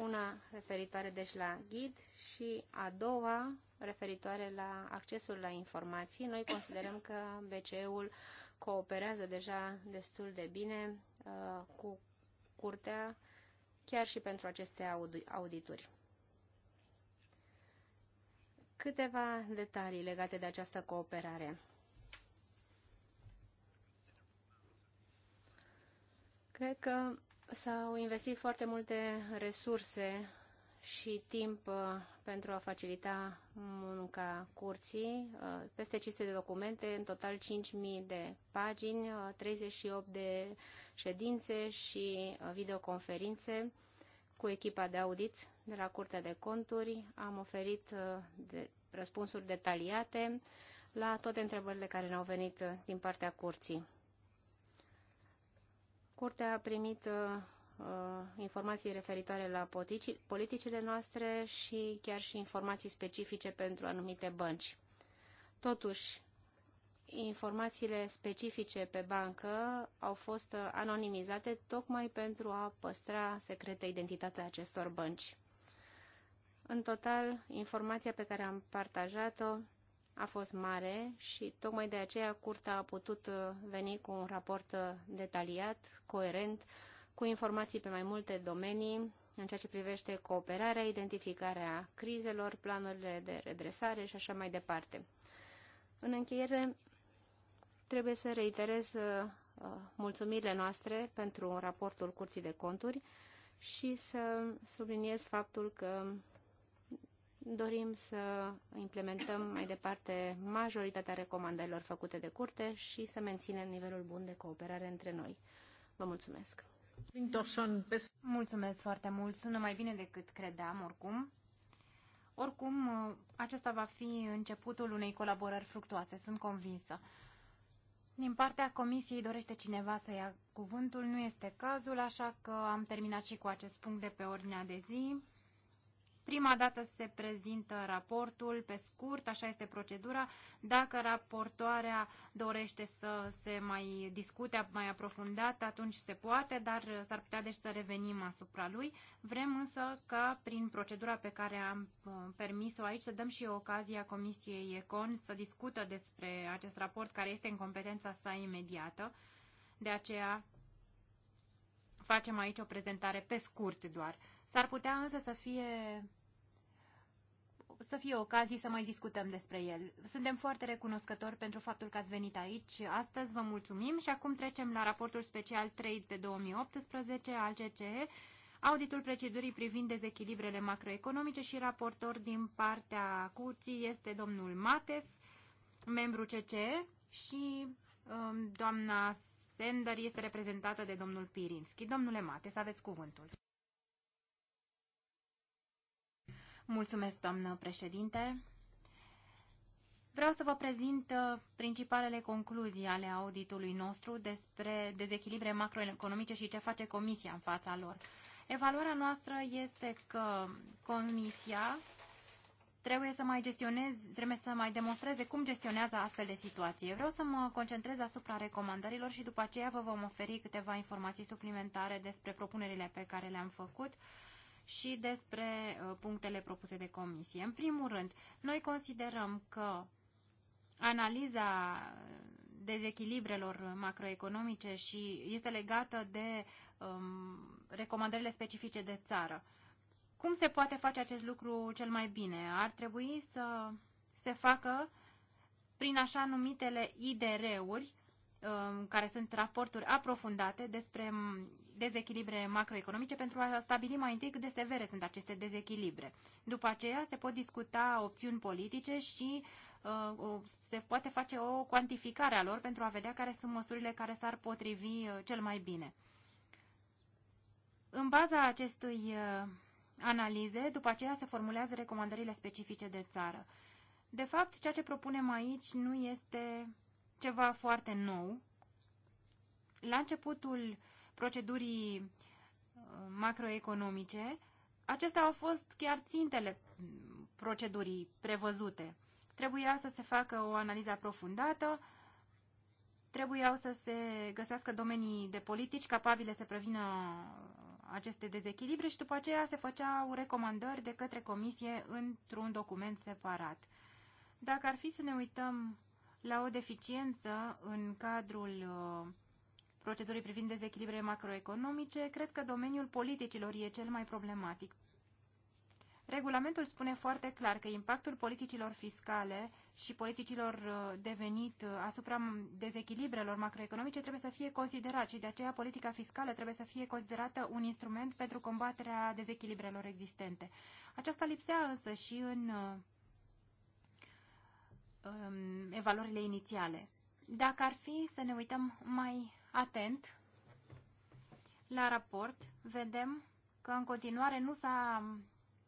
una referitoare deci la ghid și a doua referitoare la accesul la informații. Noi considerăm că BCE-ul cooperează deja destul de bine uh, cu curtea, chiar și pentru aceste aud audituri. Câteva detalii legate de această cooperare. Cred că S-au investit foarte multe resurse și timp uh, pentru a facilita munca curții, uh, peste 500 de documente, în total 5.000 de pagini, 38 uh, de ședințe și videoconferințe cu echipa de audit de la Curtea de Conturi. Am oferit de răspunsuri detaliate la toate întrebările care ne-au venit din partea curții. Curtea a primit uh, uh informații referitoare la politici, politicile noastre și chiar și informații specifice pentru anumite bănci. Totuși, informațiile specifice pe bancă au fost uh, anonimizate tocmai pentru a păstra secretă identitatea acestor bănci. În total, informația pe care am partajat-o a fost mare și tocmai de aceea Curtea a putut uh, veni cu un raport uh, detaliat, coerent, cu informații pe mai multe domenii în ceea ce privește cooperarea, identificarea crizelor, planurile de redresare și așa mai departe. În încheiere, trebuie să reiterez uh, mulțumirile noastre pentru raportul Curții de Conturi și să subliniez faptul că dorim să implementăm mai departe majoritatea recomandărilor făcute de curte și să menținem nivelul bun de cooperare între noi. Vă mulțumesc! Mulțumesc foarte mult! Sună mai bine decât credeam, oricum. Oricum, acesta va fi începutul unei colaborări fructuoase, sunt convinsă. Din partea comisiei dorește cineva să ia cuvântul, nu este cazul, așa că am terminat și cu acest punct de pe ordinea de zi. Prima dată se prezintă raportul pe scurt, așa este procedura. Dacă raportoarea dorește să se mai discute mai aprofundat, atunci se poate, dar s-ar putea deci să revenim asupra lui. Vrem însă ca prin procedura pe care am uh, permis-o aici să dăm și ocazia Comisiei Econ să discută despre acest raport care este în competența sa imediată. De aceea facem aici o prezentare pe scurt doar. S-ar putea însă să fie să fie ocazii să mai discutăm despre el. Suntem foarte recunoscători pentru faptul că ați venit aici astăzi, vă mulțumim și acum trecem la raportul special 3 pe 2018 al CCE, auditul procedurii privind dezechilibrele macroeconomice și raportor din partea curții este domnul Mates, membru CCE și um, doamna Sender este reprezentată de domnul Pirinski. Domnule Mates, aveți cuvântul. Mulțumesc, doamnă președinte. Vreau să vă prezint uh, principalele concluzii ale auditului nostru despre dezechilibre macroeconomice și ce face Comisia în fața lor. Evaluarea noastră este că Comisia trebuie să mai gestioneze, trebuie să mai demonstreze cum gestionează astfel de situații. Vreau să mă concentrez asupra recomandărilor și după aceea vă vom oferi câteva informații suplimentare despre propunerile pe care le-am făcut și despre uh, punctele propuse de comisie. În primul rând, noi considerăm că analiza dezechilibrelor macroeconomice și este legată de um, recomandările specifice de țară. Cum se poate face acest lucru cel mai bine? Ar trebui să se facă prin așa numitele IDR-uri, um, care sunt raporturi aprofundate despre um, dezechilibre macroeconomice pentru a stabili mai întâi cât de severe sunt aceste dezechilibre. După aceea se pot discuta opțiuni politice și uh, se poate face o cuantificare a lor pentru a vedea care sunt măsurile care s-ar potrivi uh, cel mai bine. În baza acestui uh, analize, după aceea se formulează recomandările specifice de țară. De fapt, ceea ce propunem aici nu este ceva foarte nou. La începutul procedurii uh, macroeconomice, acestea au fost chiar țintele procedurii prevăzute. Trebuia să se facă o analiză aprofundată, trebuiau să se găsească domenii de politici capabile să prevină aceste dezechilibre și după aceea se făceau recomandări de către comisie într-un document separat. Dacă ar fi să ne uităm la o deficiență în cadrul uh, procedurii privind dezechilibre macroeconomice, cred că domeniul politicilor e cel mai problematic. Regulamentul spune foarte clar că impactul politicilor fiscale și politicilor uh, de venit uh, asupra dezechilibrelor macroeconomice trebuie să fie considerat și de aceea politica fiscală trebuie să fie considerată un instrument pentru combaterea dezechilibrelor existente. Aceasta lipsea însă și în uh, um, evaluările inițiale. Dacă ar fi să ne uităm mai atent la raport, vedem că în continuare nu s-a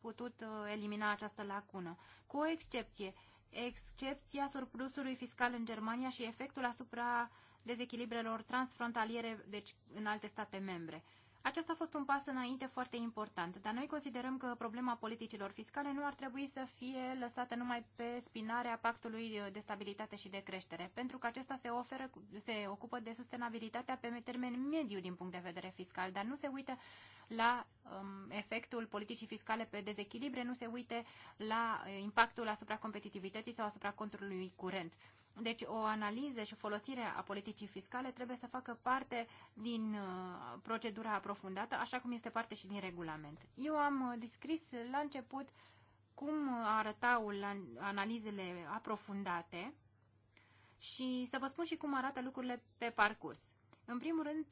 putut uh, elimina această lacună, cu o excepție, excepția surplusului fiscal în Germania și efectul asupra dezechilibrelor transfrontaliere, deci în alte state membre. Acesta a fost un pas înainte foarte important, dar noi considerăm că problema politicilor fiscale nu ar trebui să fie lăsată numai pe spinarea pactului de stabilitate și de creștere, pentru că acesta se, oferă, se ocupă de sustenabilitatea pe termen mediu din punct de vedere fiscal, dar nu se uită la um, efectul politicii fiscale pe dezechilibre, nu se uită la uh, impactul asupra competitivității sau asupra controlului curent. Deci o analiză și folosirea a politicii fiscale trebuie să facă parte din uh, procedura aprofundată, așa cum este parte și din regulament. Eu am uh, descris la început cum arătau analizele aprofundate și să vă spun și cum arată lucrurile pe parcurs. În primul rând,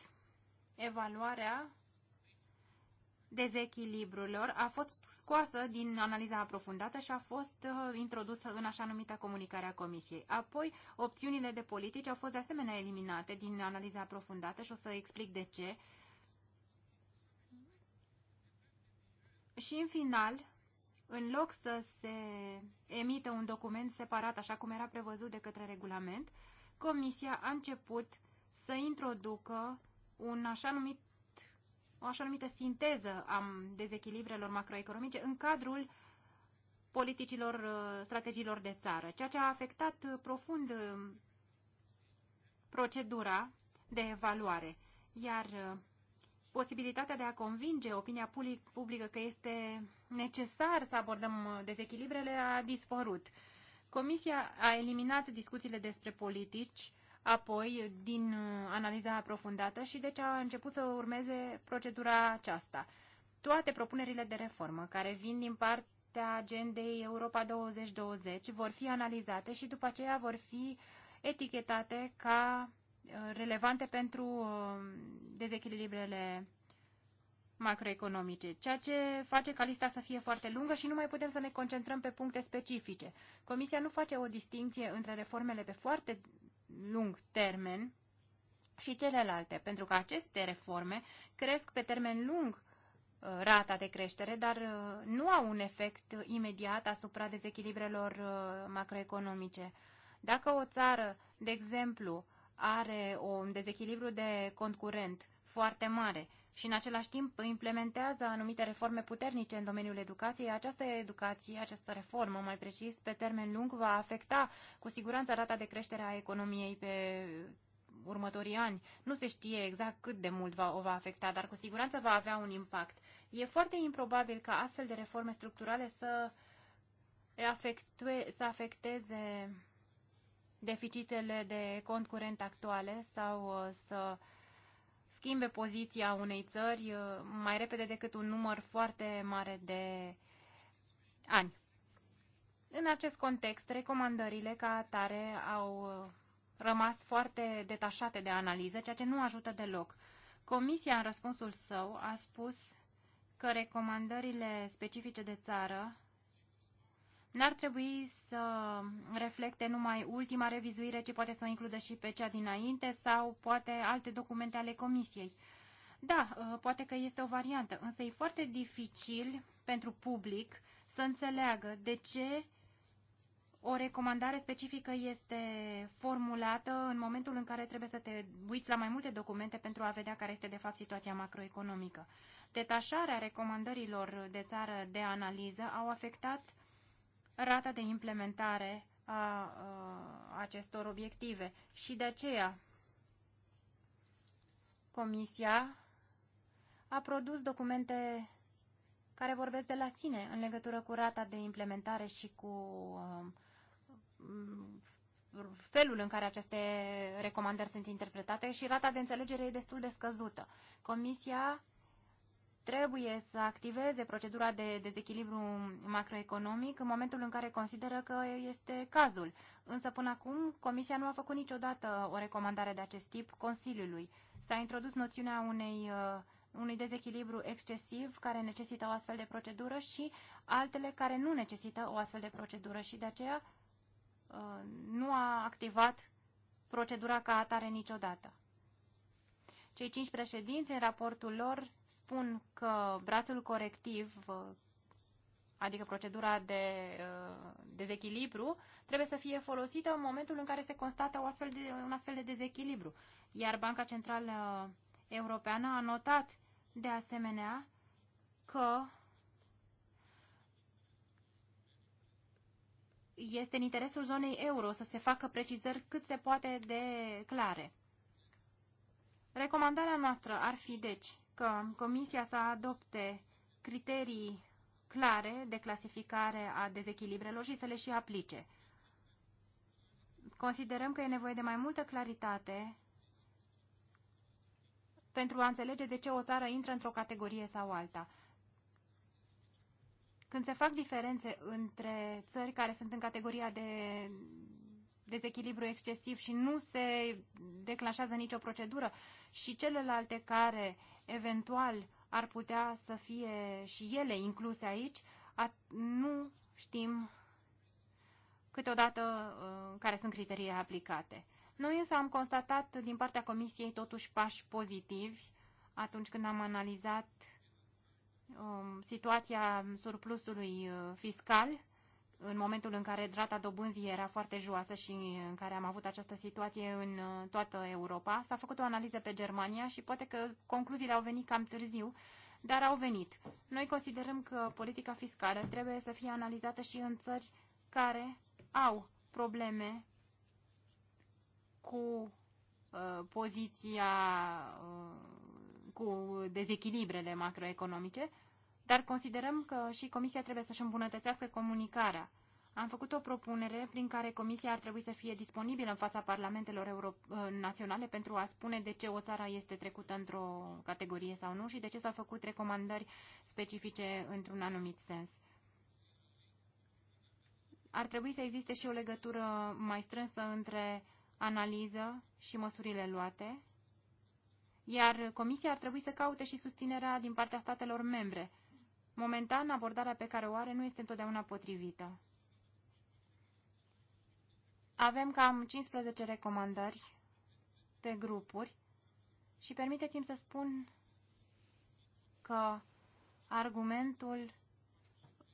evaluarea dezechilibrurilor a fost scoasă din analiza aprofundată și a fost uh, introdusă în așa numita comunicare a Comisiei. Apoi, opțiunile de politici au fost de asemenea eliminate din analiza aprofundată și o să explic de ce. Și în final, în loc să se emită un document separat, așa cum era prevăzut de către regulament, Comisia a început să introducă un așa numit o așa numită sinteză a dezechilibrelor macroeconomice în cadrul politicilor, uh, strategiilor de țară, ceea ce a afectat uh, profund uh, procedura de evaluare, iar posibilitatea de a convinge opinia publică că este necesar să abordăm dezechilibrele a dispărut. Comisia a eliminat discuțiile despre politici apoi din uh, analiza aprofundată și deci a început să urmeze procedura aceasta. Toate propunerile de reformă care vin din partea agendei Europa 2020 vor fi analizate și după aceea vor fi etichetate ca uh, relevante pentru uh, dezechilibrele macroeconomice, ceea ce face ca lista să fie foarte lungă și nu mai putem să ne concentrăm pe puncte specifice. Comisia nu face o distinție între reformele pe foarte lung termen și celelalte, pentru că aceste reforme cresc pe termen lung uh, rata de creștere, dar uh, nu au un efect imediat asupra dezechilibrelor uh, macroeconomice. Dacă o țară, de exemplu, are un dezechilibru de concurent foarte mare și în același timp implementează anumite reforme puternice în domeniul educației, această educație, această reformă, mai precis, pe termen lung, va afecta cu siguranță rata de creștere a economiei pe următorii ani. Nu se știe exact cât de mult va, o va afecta, dar cu siguranță va avea un impact. E foarte improbabil ca astfel de reforme structurale să, afectue, să afecteze deficitele de cont curent actuale sau uh, să uh, schimbe poziția unei țări uh, mai repede decât un număr foarte mare de ani. În acest context, recomandările ca atare au uh, rămas foarte detașate de analiză, ceea ce nu ajută deloc. Comisia, în răspunsul său, a spus că recomandările specifice de țară n-ar trebui să reflecte numai ultima revizuire, ci poate să o includă și pe cea dinainte sau poate alte documente ale comisiei. Da, ă, poate că este o variantă, însă e foarte dificil pentru public să înțeleagă de ce o recomandare specifică este formulată în momentul în care trebuie să te uiți la mai multe documente pentru a vedea care este de fapt situația macroeconomică. Detașarea recomandărilor de țară de analiză au afectat rata de implementare a, a acestor obiective. Și de aceea Comisia a produs documente care vorbesc de la sine în legătură cu rata de implementare și cu um, felul în care aceste recomandări sunt interpretate și rata de înțelegere e destul de scăzută. Comisia trebuie să activeze procedura de dezechilibru macroeconomic în momentul în care consideră că este cazul. Însă până acum Comisia nu a făcut niciodată o recomandare de acest tip Consiliului. S-a introdus noțiunea unei, uh, unui dezechilibru excesiv care necesită o astfel de procedură și altele care nu necesită o astfel de procedură și de aceea uh, nu a activat procedura ca atare niciodată. Cei cinci președinți, în raportul lor, spun că brațul corectiv, uh, adică procedura de uh, dezechilibru, trebuie să fie folosită în momentul în care se constată o astfel de, un astfel de dezechilibru. Iar Banca Centrală Europeană a notat de asemenea că este în interesul zonei euro să se facă precizări cât se poate de clare. Recomandarea noastră ar fi, deci, că Comisia să adopte criterii clare de clasificare a dezechilibrelor și să le și aplice. Considerăm că e nevoie de mai multă claritate pentru a înțelege de ce o țară intră într-o categorie sau alta. Când se fac diferențe între țări care sunt în categoria de dezechilibru excesiv și nu se declanșează nicio procedură și celelalte care eventual ar putea să fie și ele incluse aici, nu știm câteodată uh, care sunt criteriile aplicate. Noi însă am constatat din partea Comisiei totuși pași pozitivi atunci când am analizat um, situația surplusului uh, fiscal în momentul în care rata dobânzii era foarte joasă și în care am avut această situație în uh, toată Europa. S-a făcut o analiză pe Germania și poate că concluziile au venit cam târziu, dar au venit. Noi considerăm că politica fiscală trebuie să fie analizată și în țări care au probleme cu uh, poziția, uh, cu dezechilibrele macroeconomice, dar considerăm că și Comisia trebuie să-și îmbunătățească comunicarea. Am făcut o propunere prin care Comisia ar trebui să fie disponibilă în fața parlamentelor euro ă, naționale pentru a spune de ce o țară este trecută într-o categorie sau nu și de ce s-au făcut recomandări specifice într-un anumit sens. Ar trebui să existe și o legătură mai strânsă între analiză și măsurile luate, iar Comisia ar trebui să caute și susținerea din partea statelor membre Momentan, abordarea pe care o are nu este întotdeauna potrivită. Avem cam 15 recomandări pe grupuri și permiteți-mi să spun că argumentul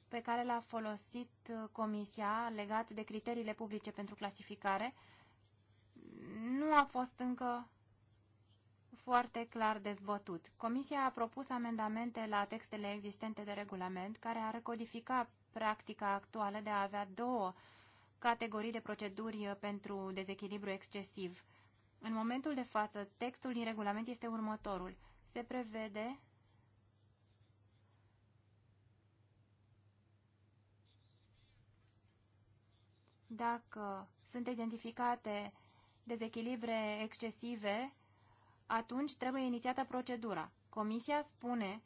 pe care l-a folosit Comisia legat de criteriile publice pentru clasificare nu a fost încă foarte clar dezbătut. Comisia a propus amendamente la textele existente de regulament care ar codifica practica actuală de a avea două categorii de proceduri pentru dezechilibru excesiv. În momentul de față, textul din regulament este următorul. Se prevede dacă sunt identificate dezechilibre excesive atunci trebuie inițiată procedura. Comisia spune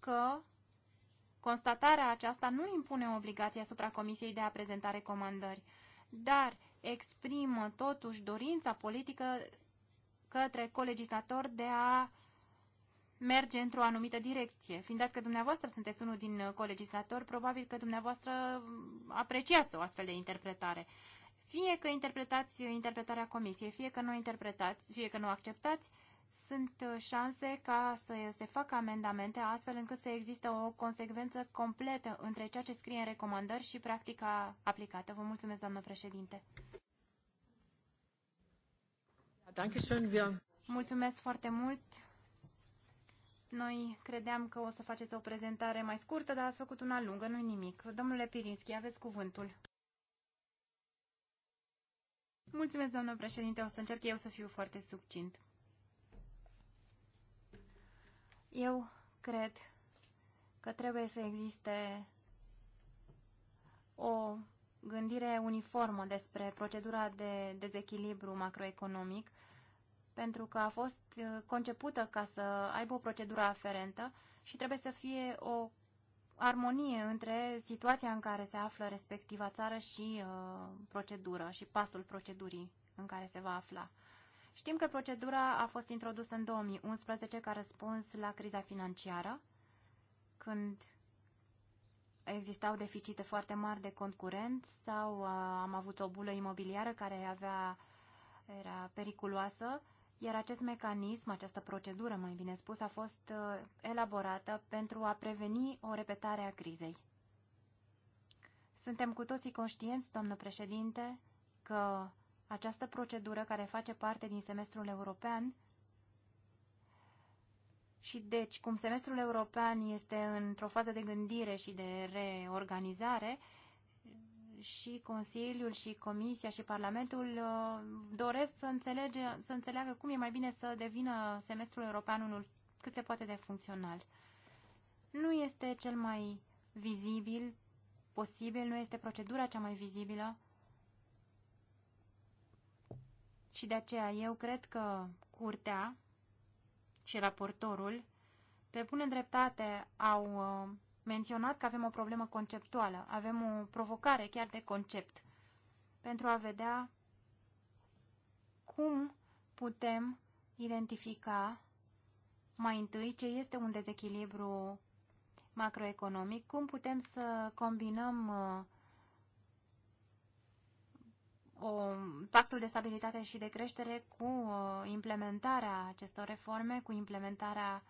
că constatarea aceasta nu impune obligația asupra Comisiei de a prezenta recomandări, dar exprimă totuși dorința politică către colegislator de a merge într-o anumită direcție. Fiind dat că dumneavoastră sunteți unul din colegislatori, probabil că dumneavoastră apreciați o astfel de interpretare. Fie că interpretați interpretarea comisiei, fie că nu interpretați, fie că nu acceptați, sunt uh, șanse ca să se facă amendamente astfel încât să există o consecvență completă între ceea ce scrie în recomandări și practica aplicată. Vă mulțumesc, doamnă președinte. Mulțumesc foarte mult. Noi credeam că o să faceți o prezentare mai scurtă, dar ați făcut una lungă, nu nimic. Domnule Pirinski, aveți cuvântul. Mulțumesc, doamnă președinte. O să încerc eu să fiu foarte succint. Eu cred că trebuie să existe o gândire uniformă despre procedura de dezechilibru macroeconomic, pentru că a fost concepută ca să aibă o procedură aferentă și trebuie să fie o armonie între situația în care se află respectiva țară și uh, procedură și pasul procedurii în care se va afla. Știm că procedura a fost introdusă în 2011 ca răspuns la criza financiară, când existau deficite foarte mari de concurent sau uh, am avut o bulă imobiliară care avea, era periculoasă iar acest mecanism, această procedură, mai bine spus, a fost uh, elaborată pentru a preveni o repetare a crizei. Suntem cu toții conștienți, doamnă președinte, că această procedură care face parte din semestrul european și deci, cum semestrul european este într-o fază de gândire și de reorganizare, și Consiliul și Comisia și Parlamentul uh, doresc să, înțelege, să înțeleagă cum e mai bine să devină semestrul european unul cât se poate de funcțional. Nu este cel mai vizibil posibil, nu este procedura cea mai vizibilă și de aceea eu cred că curtea și raportorul pe bună dreptate au uh, menționat că avem o problemă conceptuală, avem o provocare chiar de concept, pentru a vedea cum putem identifica mai întâi ce este un dezechilibru macroeconomic, cum putem să combinăm uh, o, pactul de stabilitate și de creștere cu uh, implementarea acestor reforme, cu implementarea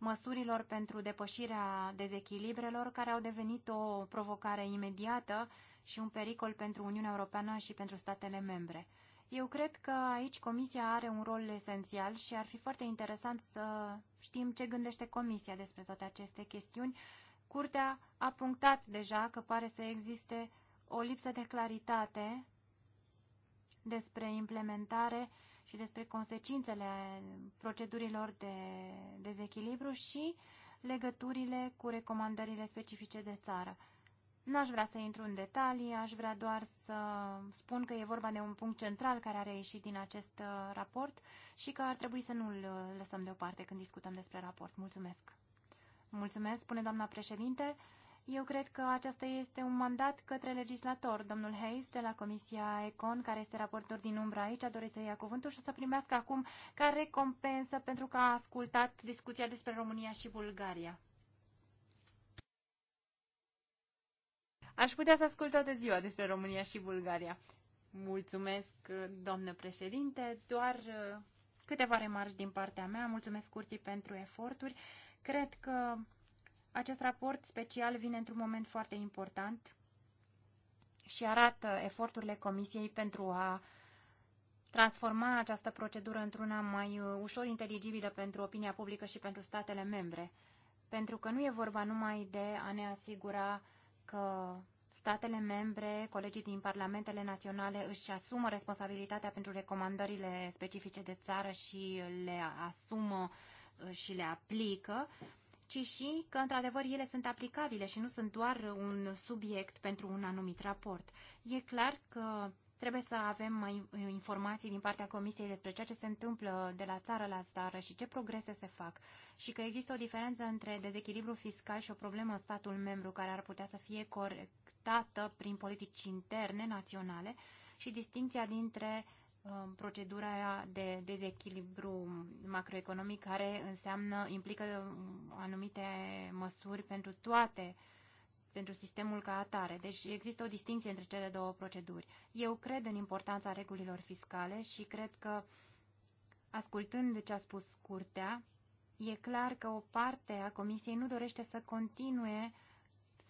măsurilor pentru depășirea dezechilibrelor care au devenit o provocare imediată și un pericol pentru Uniunea Europeană și pentru statele membre. Eu cred că aici Comisia are un rol esențial și ar fi foarte interesant să știm ce gândește Comisia despre toate aceste chestiuni. Curtea a punctat deja că pare să existe o lipsă de claritate despre implementare și despre consecințele procedurilor de dezechilibru și legăturile cu recomandările specifice de țară. N-aș vrea să intru în detalii, aș vrea doar să spun că e vorba de un punct central care a reieșit din acest uh, raport și că ar trebui să nu-l uh, lăsăm deoparte când discutăm despre raport. Mulțumesc! Mulțumesc, spune doamna președinte. Eu cred că aceasta este un mandat către legislator. Domnul Hayes de la Comisia Econ, care este raportor din umbră aici, a dorit să ia cuvântul și o să primească acum ca recompensă pentru că a ascultat discuția despre România și Bulgaria. Aș putea să ascult toată ziua despre România și Bulgaria. Mulțumesc, doamnă președinte, doar uh, câteva remarci din partea mea. Mulțumesc curții pentru eforturi. Cred că acest raport special vine într-un moment foarte important și arată eforturile Comisiei pentru a transforma această procedură într-una mai uh, ușor inteligibilă pentru opinia publică și pentru statele membre. Pentru că nu e vorba numai de a ne asigura că statele membre, colegii din parlamentele naționale își asumă responsabilitatea pentru recomandările specifice de țară și le asumă uh, și le aplică, ci și că, într-adevăr, ele sunt aplicabile și nu sunt doar un subiect pentru un anumit raport. E clar că trebuie să avem mai informații din partea Comisiei despre ceea ce se întâmplă de la țară la țară și ce progrese se fac și că există o diferență între dezechilibru fiscal și o problemă în statul membru care ar putea să fie corectată prin politici interne naționale și distinția dintre uh, Um, procedura de dezechilibru macroeconomic care înseamnă, implică um, anumite măsuri pentru toate pentru sistemul ca atare. Deci există o distinție între cele două proceduri. Eu cred în importanța regulilor fiscale și cred că, ascultând ce a spus curtea, e clar că o parte a Comisiei nu dorește să continue uh,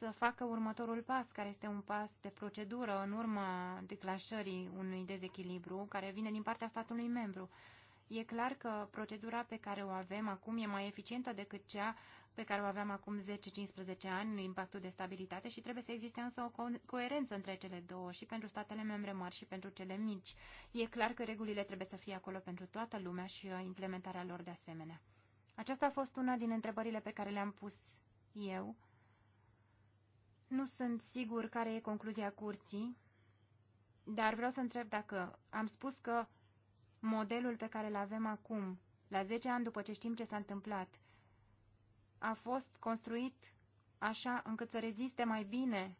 să facă următorul pas, care este un pas de procedură în urma declașării unui dezechilibru care vine din partea statului membru. E clar că procedura pe care o avem acum e mai eficientă decât cea pe care o aveam acum 10-15 ani, în impactul de stabilitate, și trebuie să existe însă o co- coerență între cele două, și pentru statele membre mari și pentru cele mici. E clar că regulile trebuie să fie acolo pentru toată lumea și uh, implementarea lor de asemenea. Aceasta a fost una din întrebările pe care le-am pus eu nu sunt sigur care e concluzia curții, dar vreau să întreb dacă am spus că modelul pe care îl avem acum, la 10 ani după ce știm ce s-a întâmplat, a fost construit așa încât să reziste mai bine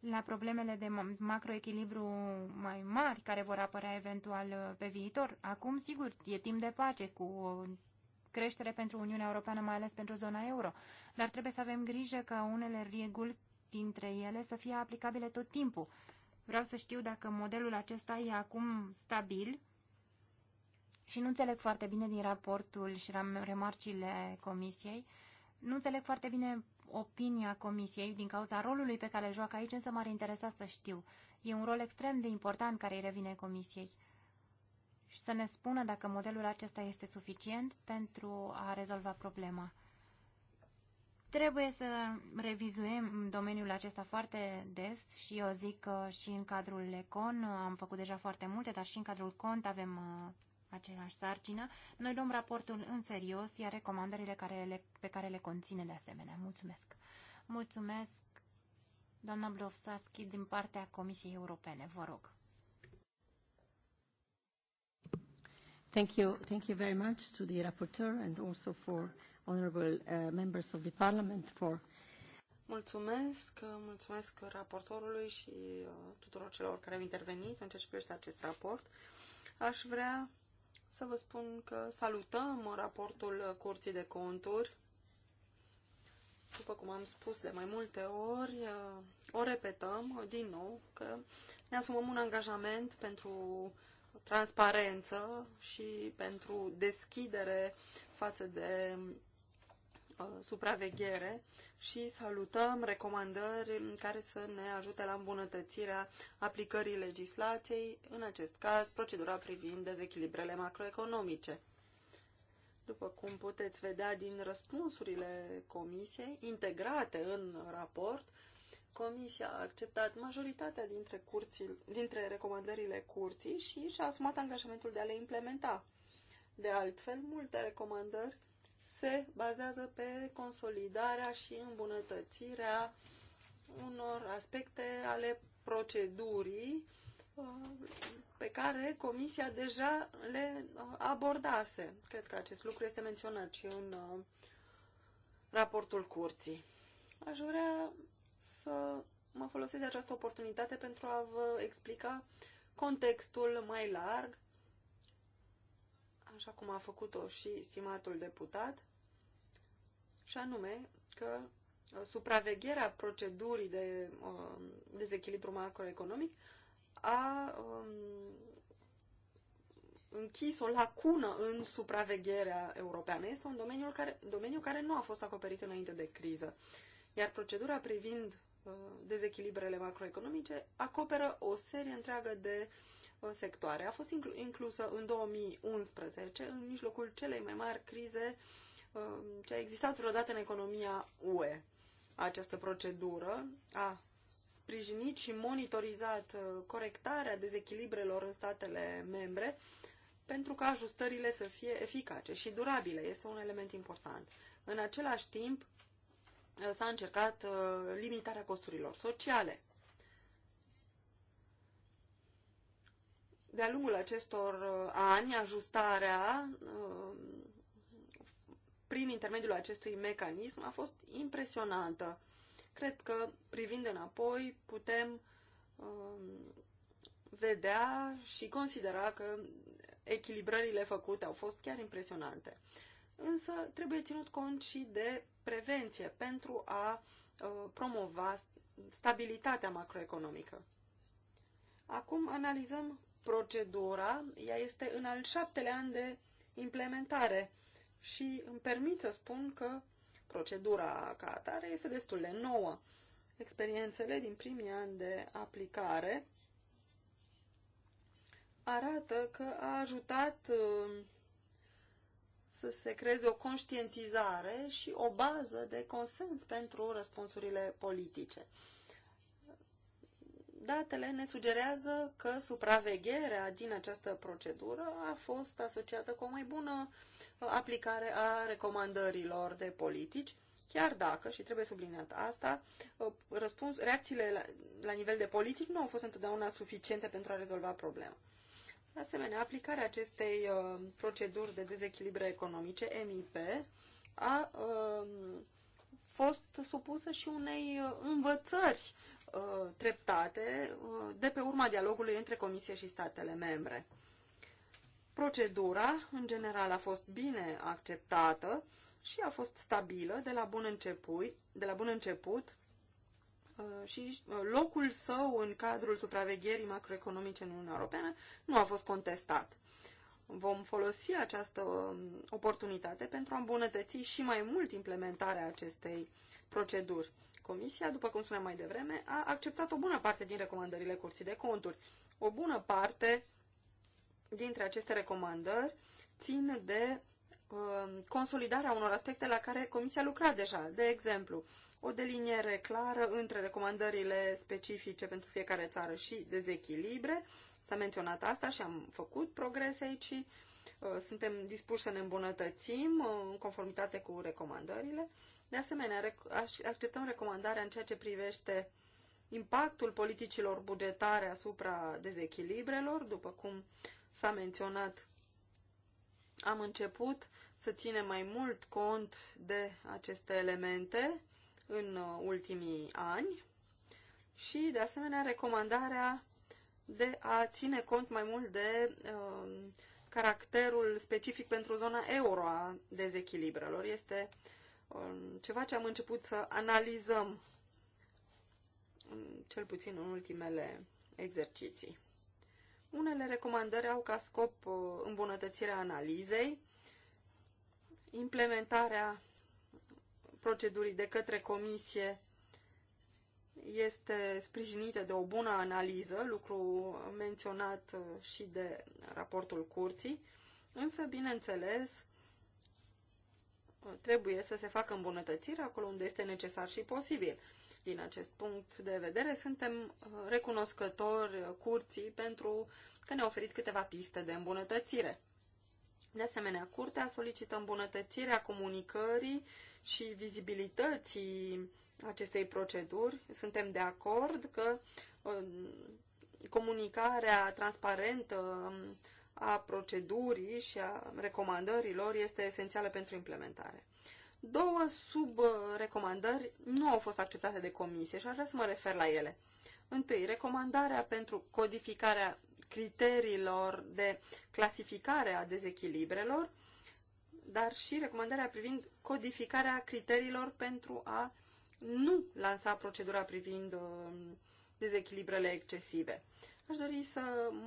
la problemele de macroechilibru mai mari care vor apărea eventual uh, pe viitor. Acum, sigur, e timp de pace cu uh, creștere pentru Uniunea Europeană, mai ales pentru zona euro, dar trebuie să avem grijă ca unele reguli dintre ele să fie aplicabile tot timpul. Vreau să știu dacă modelul acesta e acum stabil și nu înțeleg foarte bine din raportul și remarcile comisiei, nu înțeleg foarte bine opinia comisiei din cauza rolului pe care îl joacă aici, însă m-ar interesa să știu. E un rol extrem de important care îi revine comisiei și să ne spună dacă modelul acesta este suficient pentru a rezolva problema. Trebuie să revizuim domeniul acesta foarte des și eu zic că și în cadrul Econ uh, am făcut deja foarte multe, dar și în cadrul Cont avem uh, aceeași sarcină. Noi luăm raportul în serios, iar recomandările care le, pe care le conține de asemenea. Mulțumesc! Mulțumesc, doamna Blovsatski, din partea Comisiei Europene. Vă rog! Thank you, thank you very much to the rapporteur and also for Uh, mulțumesc, uh, mulțumesc raportorului și uh, tuturor celor care au intervenit în ceea ce privește acest raport. Aș vrea să vă spun că salutăm raportul Curții de Conturi. După cum am spus de mai multe ori, o repetăm din nou că ne asumăm un angajament pentru transparență și pentru deschidere față de Uh, supraveghere și salutăm recomandări care să ne ajute la îmbunătățirea aplicării legislației, în acest caz procedura privind dezechilibrele macroeconomice. După cum puteți vedea din răspunsurile comisiei integrate în raport, Comisia a acceptat majoritatea dintre, curții, dintre recomandările curții și și-a asumat angajamentul de a le implementa. De altfel, multe recomandări se bazează pe consolidarea și îmbunătățirea unor aspecte ale procedurii uh, pe care Comisia deja le uh, abordase. Cred că acest lucru este menționat și în uh, raportul curții. Aș vrea să mă folosesc de această oportunitate pentru a vă explica contextul mai larg, așa cum a făcut-o și stimatul deputat, și anume că uh, supravegherea procedurii de uh, dezechilibru macroeconomic a um, închis o lacună în supravegherea europeană. Este un domeniu care, domeniu care nu a fost acoperit înainte de criză. Iar procedura privind uh, dezechilibrele macroeconomice acoperă o serie întreagă de sectoare. A fost inclusă în 2011, în mijlocul celei mai mari crize uh, Um, ce a existat vreodată în economia UE. Această procedură a sprijinit și monitorizat uh, corectarea dezechilibrelor în statele membre pentru ca ajustările să fie eficace și durabile. Este un element important. În același timp, uh, s-a încercat uh, limitarea costurilor sociale. De-a lungul acestor ani, ajustarea prin intermediul acestui mecanism a fost impresionantă. Cred că, privind înapoi, putem um, vedea și considera că echilibrările făcute au fost chiar impresionante. Însă trebuie ținut cont și de prevenție pentru a uh, promova stabilitatea macroeconomică. Acum analizăm procedura. Ea este în al șaptelea an de implementare și îmi permit să spun că procedura ca atare este destul de nouă. Experiențele din primii ani de aplicare arată că a ajutat uh, să se creeze o conștientizare și o bază de consens pentru răspunsurile politice. Datele ne sugerează că supravegherea din această procedură a fost asociată cu o mai bună uh, aplicare a recomandărilor de politici, chiar dacă, și trebuie subliniat asta, uh, răspuns, reacțiile la, la nivel de politic nu au fost întotdeauna suficiente pentru a rezolva problema. De asemenea, aplicarea acestei uh, proceduri de dezechilibre economice, MIP, a uh, fost supusă și unei uh, învățări Uh, treptate uh, de pe urma dialogului între Comisie și statele membre. Procedura, în general, a fost bine acceptată și a fost stabilă de la bun început, de la bun început uh, și locul său în cadrul supravegherii macroeconomice în Uniunea Europeană nu a fost contestat. Vom folosi această um, oportunitate pentru a îmbunătăți și mai mult implementarea acestei proceduri. Comisia, după cum spuneam mai devreme, a acceptat o bună parte din recomandările Curții de Conturi. O bună parte dintre aceste recomandări țin de uh, consolidarea unor aspecte la care Comisia lucra deja. De exemplu, o deliniere clară între recomandările specifice pentru fiecare țară și dezechilibre. S-a menționat asta și am făcut progrese aici. Uh, suntem dispuși să ne îmbunătățim uh, în conformitate cu recomandările de asemenea, acceptăm recomandarea în ceea ce privește impactul politicilor bugetare asupra dezechilibrelor, după cum s-a menționat. Am început să ținem mai mult cont de aceste elemente în uh, ultimii ani și, de asemenea, recomandarea de a ține cont mai mult de uh, caracterul specific pentru zona euro a dezechilibrelor. Este uh, Um, ceva ce am început să analizăm, cel puțin în ultimele exerciții. Unele recomandări au ca scop uh, îmbunătățirea analizei, implementarea procedurii de către comisie este sprijinită de o bună analiză, lucru menționat uh, și de raportul curții, însă, bineînțeles, trebuie să se facă îmbunătățiri acolo unde este necesar și posibil. Din acest punct de vedere, suntem uh, recunoscători curții pentru că ne-a oferit câteva piste de îmbunătățire. De asemenea, Curtea solicită îmbunătățirea comunicării și vizibilității acestei proceduri. Suntem de acord că uh, comunicarea transparentă um, a procedurii și a recomandărilor este esențială pentru implementare. Două sub-recomandări nu au fost acceptate de comisie și aș vrea să mă refer la ele. Întâi, recomandarea pentru codificarea criteriilor de clasificare a dezechilibrelor, dar și recomandarea privind codificarea criteriilor pentru a nu lansa procedura privind uh, dezechilibrele excesive. Aș dori să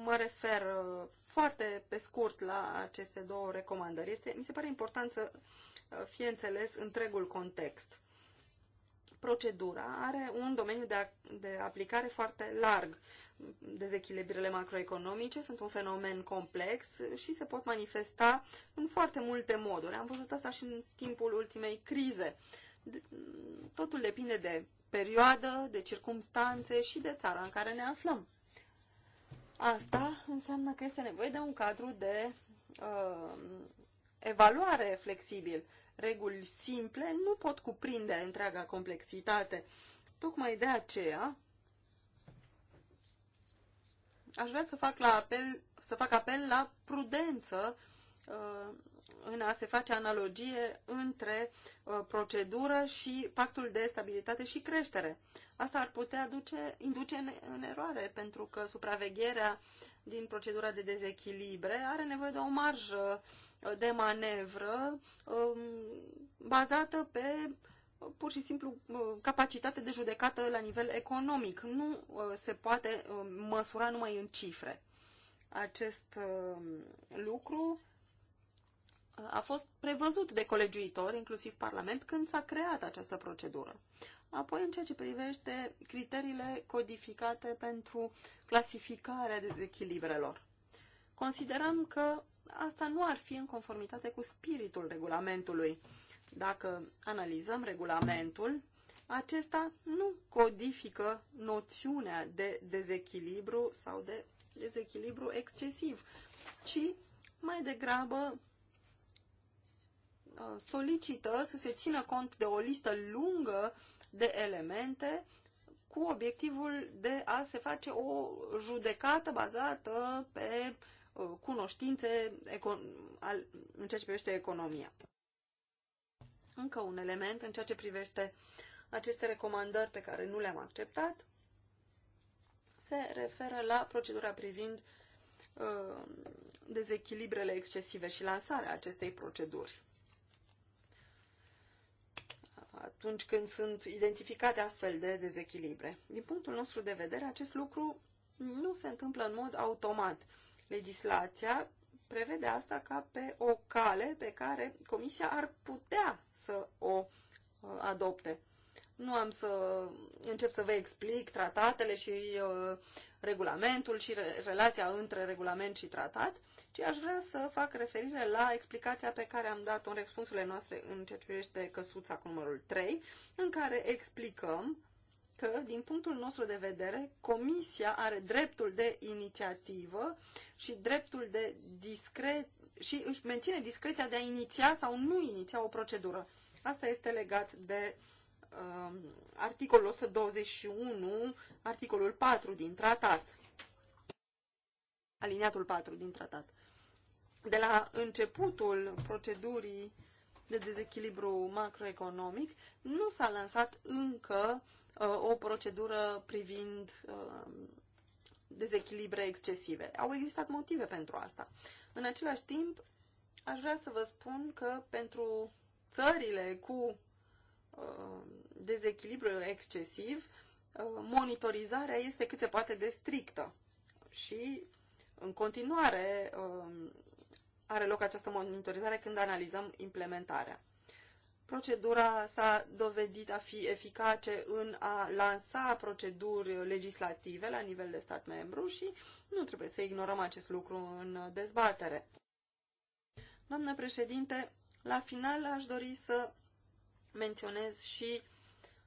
mă refer uh, foarte pe scurt la aceste două recomandări. Este, mi se pare important să uh, fie înțeles întregul context. Procedura are un domeniu de, a, de aplicare foarte larg. Dezechilibrele macroeconomice sunt un fenomen complex și se pot manifesta în foarte multe moduri. Am văzut asta și în timpul ultimei crize. Totul depinde de perioadă, de circumstanțe și de țara în care ne aflăm. Asta înseamnă că este nevoie de un cadru de uh, evaluare flexibil. Reguli simple nu pot cuprinde întreaga complexitate. Tocmai de aceea aș vrea să fac, la apel, să fac apel la prudență uh, în a se face analogie între uh, procedură și pactul de stabilitate și creștere. Asta ar putea duce, induce în, în eroare, pentru că supravegherea din procedura de dezechilibre are nevoie de o marjă uh, de manevră um, bazată pe uh, pur și simplu capacitate de judecată la nivel economic. Nu se poate măsura numai în cifre. Acest lucru a fost prevăzut de colegiuitori, inclusiv Parlament, când s-a creat această procedură. Apoi, în ceea ce privește criteriile codificate pentru clasificarea dezechilibrelor, considerăm că asta nu ar fi în conformitate cu spiritul regulamentului. Dacă analizăm regulamentul, acesta nu codifică noțiunea de dezechilibru sau de dezechilibru excesiv, ci mai degrabă Uh, solicită să se țină cont de o listă lungă de elemente cu obiectivul de a se face o judecată bazată pe uh, cunoștințe în ceea ce privește economia. Încă un element în ceea ce privește aceste recomandări pe care nu le-am acceptat se referă la procedura privind uh, dezechilibrele excesive și lansarea acestei proceduri atunci când sunt identificate astfel de dezechilibre. Din punctul nostru de vedere, acest lucru nu se întâmplă în mod automat. Legislația prevede asta ca pe o cale pe care Comisia ar putea să o uh, adopte. Nu am să încep să vă explic tratatele și uh, regulamentul și relația între regulament și tratat, ci aș vrea să fac referire la explicația pe care am dat-o în răspunsurile noastre în ceea ce privește căsuța cu numărul 3, în care explicăm că, din punctul nostru de vedere, Comisia are dreptul de inițiativă și dreptul de discret și își menține discreția de a iniția sau nu iniția o procedură. Asta este legat de uh, articolul 121, articolul 4 din tratat. Aliniatul 4 din tratat de la începutul procedurii de dezechilibru macroeconomic, nu s-a lansat încă uh, o procedură privind uh, dezechilibre excesive. Au existat motive pentru asta. În același timp, aș vrea să vă spun că pentru țările cu uh, dezechilibru excesiv, uh, monitorizarea este cât se poate de strictă și în continuare uh, are loc această monitorizare când analizăm implementarea. Procedura s-a dovedit a fi eficace în a lansa proceduri legislative la nivel de stat membru și nu trebuie să ignorăm acest lucru în dezbatere. Doamnă președinte, la final aș dori să menționez și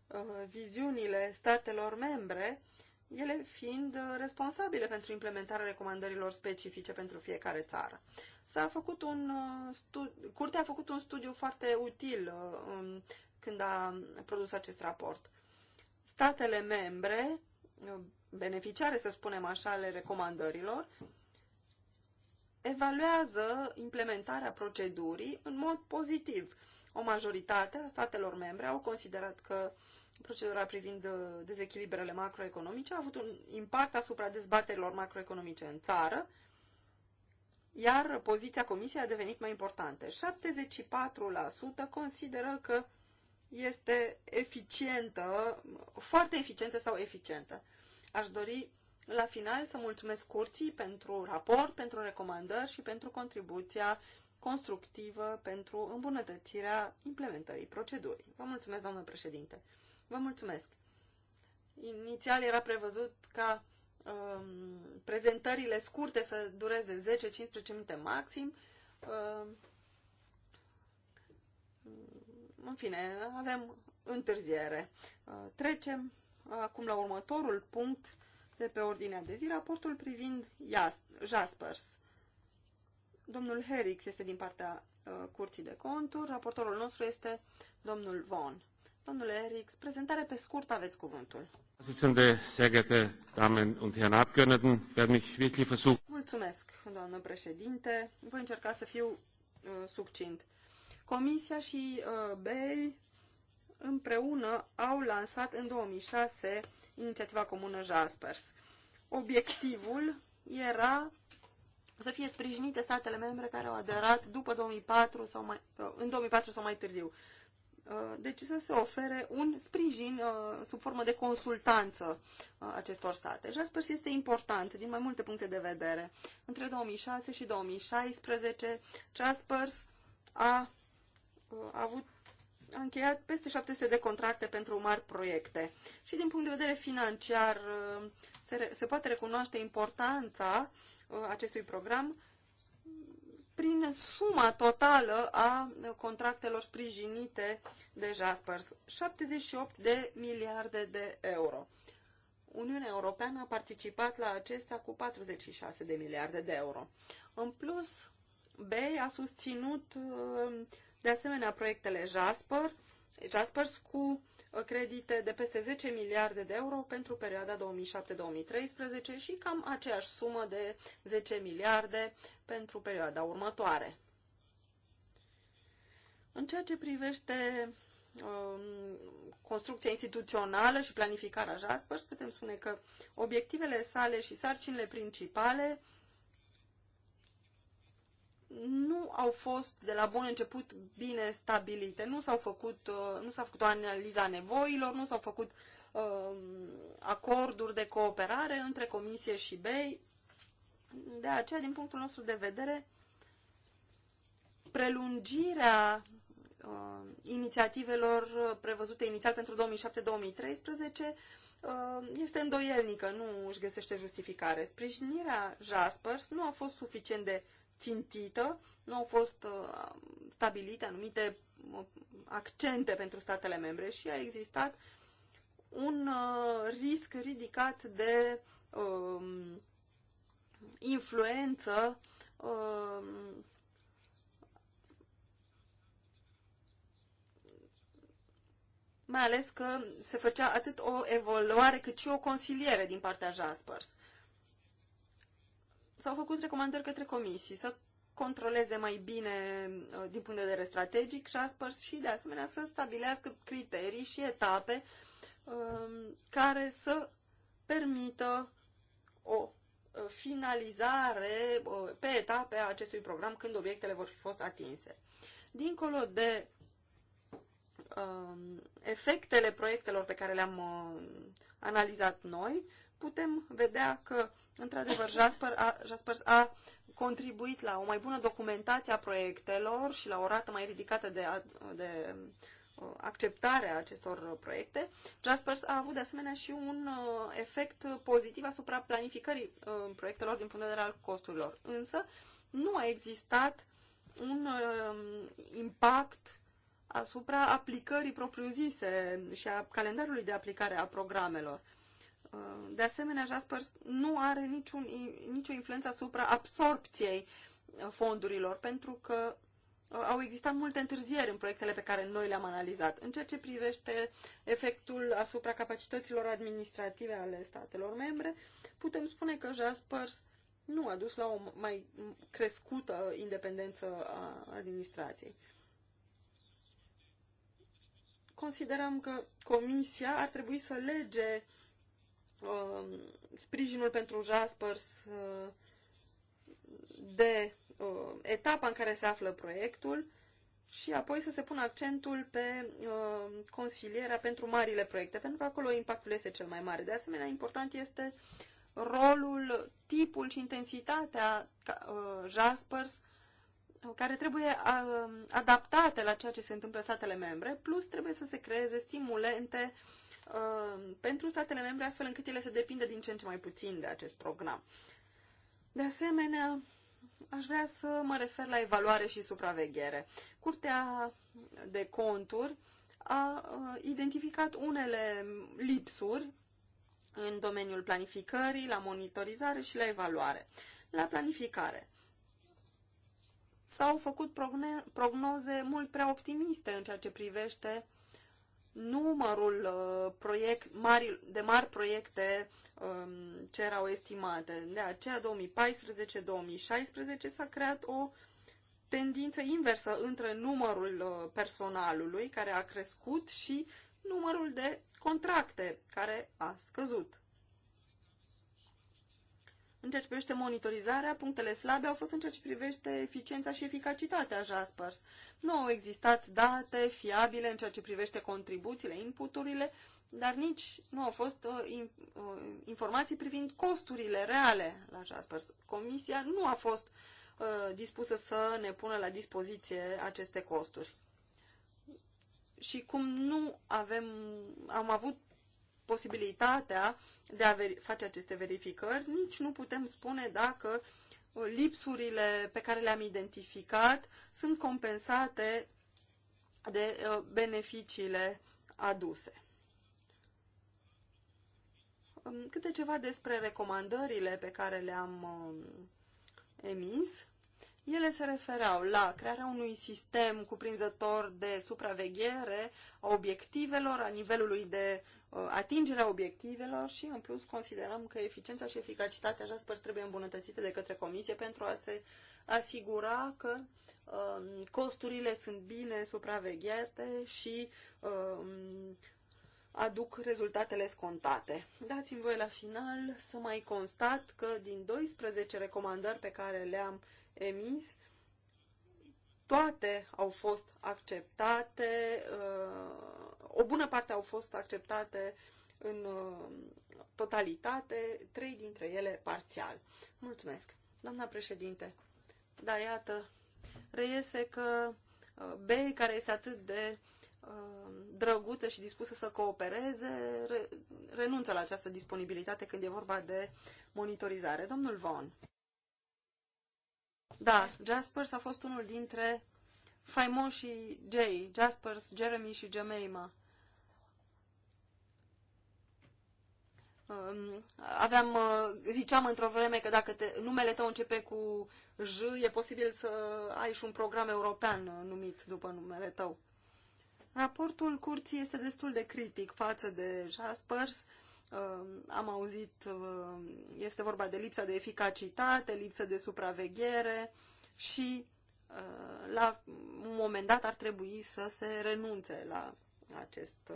uh, viziunile statelor membre, ele fiind uh, responsabile pentru implementarea recomandărilor specifice pentru fiecare țară. S-a făcut un uh, studiu, curtea a făcut un studiu foarte util uh, um, când a produs acest raport. Statele membre, uh, beneficiare, să spunem așa, ale recomandărilor, evaluează implementarea procedurii în mod pozitiv. O majoritate a statelor membre au considerat că procedura privind dezechilibrele macroeconomice a avut un impact asupra dezbaterilor macroeconomice în țară iar poziția comisiei a devenit mai importantă. 74% consideră că este eficientă, foarte eficientă sau eficientă. Aș dori la final să mulțumesc curții pentru raport, pentru recomandări și pentru contribuția constructivă pentru îmbunătățirea implementării procedurii. Vă mulțumesc, domnule președinte. Vă mulțumesc. Inițial era prevăzut ca um, prezentările scurte să dureze 10-15 minute maxim. Um, în fine, avem întârziere. Uh, trecem acum la următorul punct de pe ordinea de zi, raportul privind Jaspers. Domnul Herix este din partea uh, Curții de Conturi, raportorul nostru este domnul Von. Domnule Herix, prezentare pe scurt, aveți cuvântul. Vorsitzende, sehr geehrte Damen und Herren Abgeordneten, werde mich wirklich versuchen. Mulțumesc, doamnă președinte. Voi încerca să fiu uh, succint. Comisia și uh, BEI împreună au lansat în 2006 inițiativa comună Jaspers. Obiectivul era să fie sprijinite statele membre care au aderat după 2004 sau mai, uh, în 2004 sau mai târziu deci să se ofere un sprijin uh, sub formă de consultanță uh, acestor state. Și asta este important din mai multe puncte de vedere. Între 2006 și 2016, Jaspers a, a avut a încheiat peste 700 de contracte pentru mari proiecte. Și din punct de vedere financiar se, se poate recunoaște importanța acestui program prin suma totală a contractelor sprijinite de Jaspers, 78 de miliarde de euro. Uniunea Europeană a participat la acestea cu 46 de miliarde de euro. În plus, BEI a susținut uh, de asemenea proiectele Jasper Jaspers cu uh, credite de peste 10 miliarde de euro pentru perioada 2007-2013 și cam aceeași sumă de 10 miliarde pentru perioada următoare. În ceea ce privește um, construcția instituțională și planificarea Jaspers, putem spune că obiectivele sale și sarcinile principale nu au fost de la bun început bine stabilite. Nu, s-au făcut, uh, nu s-a făcut o analiza nevoilor, nu s-au făcut uh, acorduri de cooperare între Comisie și BEI. De aceea, din punctul nostru de vedere, prelungirea um, uh, inițiativelor prevăzute inițial pentru 2007-2013 um, este îndoielnică, nu își găsește justificare. Sprijinirea Jaspers nu a fost suficient de țintită, nu au fost uh, stabilite anumite uh, accente pentru statele membre și a existat un uh, risc ridicat de um, influență um, mai ales că se făcea atât o evaluare cât și o consiliere din partea Jaspers. S-au făcut recomandări către comisii să controleze mai bine uh, din punct de vedere strategic și aspărs și de asemenea să stabilească criterii și etape um, care să permită o uh, finalizare uh, pe etape a acestui program când obiectele vor fi fost atinse. Dincolo de um, efectele proiectelor pe care le-am um, analizat noi, putem vedea că, într-adevăr, Jasper a, Jasper a contribuit la o mai bună documentație a proiectelor și la o rată mai ridicată de, de uh, acceptarea acestor proiecte. Jaspers a avut de asemenea și un uh, efect pozitiv asupra planificării uh, proiectelor din punct de vedere al costurilor. Însă nu a existat un um, impact asupra aplicării propriu-zise și a calendarului de aplicare a programelor. De asemenea, Jasper nu are niciun, nicio influență asupra absorpției fondurilor, pentru că uh, au existat multe întârzieri în proiectele pe care noi le-am analizat. În ceea ce privește efectul asupra capacităților administrative ale statelor membre, putem spune că Jaspers nu a dus la o mai crescută independență a administrației. Considerăm că Comisia ar trebui să lege Um, sprijinul pentru Jaspers uh, de um, etapa în care se află proiectul și apoi să se pună accentul pe um, consilierea pentru marile proiecte, pentru că acolo impactul este cel mai mare. De asemenea, important este rolul, tipul și intensitatea uh, Jaspers care trebuie adaptate la ceea ce se întâmplă în statele membre, plus trebuie să se creeze stimulente uh, Uh, pentru statele membre, astfel încât ele să depindă din ce în ce mai puțin de acest program. De asemenea, aș vrea să mă refer la evaluare și supraveghere. Curtea de conturi a uh, identificat unele lipsuri în domeniul planificării, la monitorizare și la evaluare. La planificare. S-au făcut prognoze mult prea optimiste în ceea ce privește numărul uh, proiect, mari, de mari proiecte um, ce erau estimate. De aceea, 2014-2016 s-a creat o tendință inversă între numărul uh, personalului, care a crescut, și numărul de contracte, care a scăzut. În ceea ce privește monitorizarea, punctele slabe au fost în ceea ce privește eficiența și eficacitatea Jaspers. Nu au existat date fiabile în ceea ce privește contribuțiile, inputurile, dar nici nu au fost uh, in, uh, informații privind costurile reale la Jaspers. Comisia nu a fost uh, dispusă să ne pună la dispoziție aceste costuri. Și cum nu avem, am avut posibilitatea de a face aceste verificări, nici nu putem spune dacă uh, lipsurile pe care le-am identificat sunt compensate de uh, beneficiile aduse. Um, câte ceva despre recomandările pe care le-am um, emis. Ele se refereau la crearea unui sistem cuprinzător de supraveghere a obiectivelor, a nivelului de Uh, atingerea obiectivelor și, în plus, considerăm că eficiența și eficacitatea JASPER trebuie îmbunătățite de către comisie pentru a se asigura că um, costurile sunt bine supravegheate și um, aduc rezultatele scontate. Dați-mi voi la final să mai constat că din 12 recomandări pe care le-am emis, toate au fost acceptate uh, o bună parte au fost acceptate în uh, totalitate, trei dintre ele parțial. Mulțumesc. Doamna președinte, da, iată, reiese că uh, B, care este atât de uh, drăguță și dispusă să coopereze, re, renunță la această disponibilitate când e vorba de monitorizare. Domnul Von. Da, Jaspers a fost unul dintre faimoșii Jay, Jaspers, Jeremy și Jemima. aveam, uh, ziceam într-o vreme că dacă te, numele tău începe cu J, e posibil să ai și un program european uh, numit după numele tău. Raportul curții este destul de critic față de Jaspers. Um, am auzit, uh, este vorba de lipsa de eficacitate, lipsă de supraveghere și la un moment dat ar trebui să se renunțe la acest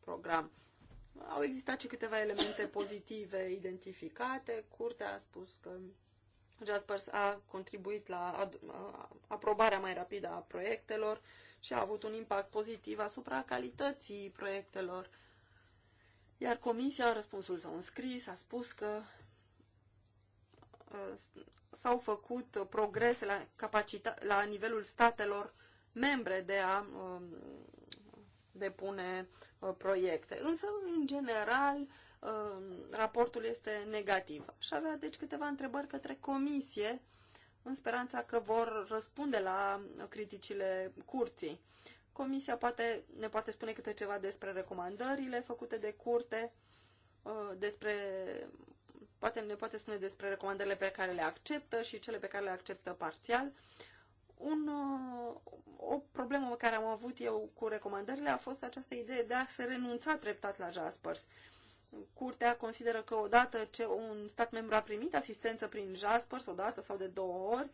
program. Au existat și câteva elemente pozitive identificate. Curtea a spus că Jaspers a contribuit la aprobarea mai rapidă a proiectelor și a avut un impact pozitiv asupra calității proiectelor. Iar comisia, în răspunsul său înscris, a spus că uh, s-au făcut progrese la, capacita- la nivelul statelor membre de a um, depune uh, proiecte. Însă, în general, uh, raportul este negativ. Și avea, deci, câteva întrebări către comisie, în speranța că vor răspunde la criticile curții. Comisia poate, ne poate spune câte ceva despre recomandările făcute de curte, uh, despre, poate ne poate spune despre recomandările pe care le acceptă și cele pe care le acceptă parțial un, uh, o problemă pe care am avut eu cu recomandările a fost această idee de a se renunța treptat la JASPERS. Curtea consideră că odată ce un stat membru a primit asistență prin JASPERS, odată sau de două ori,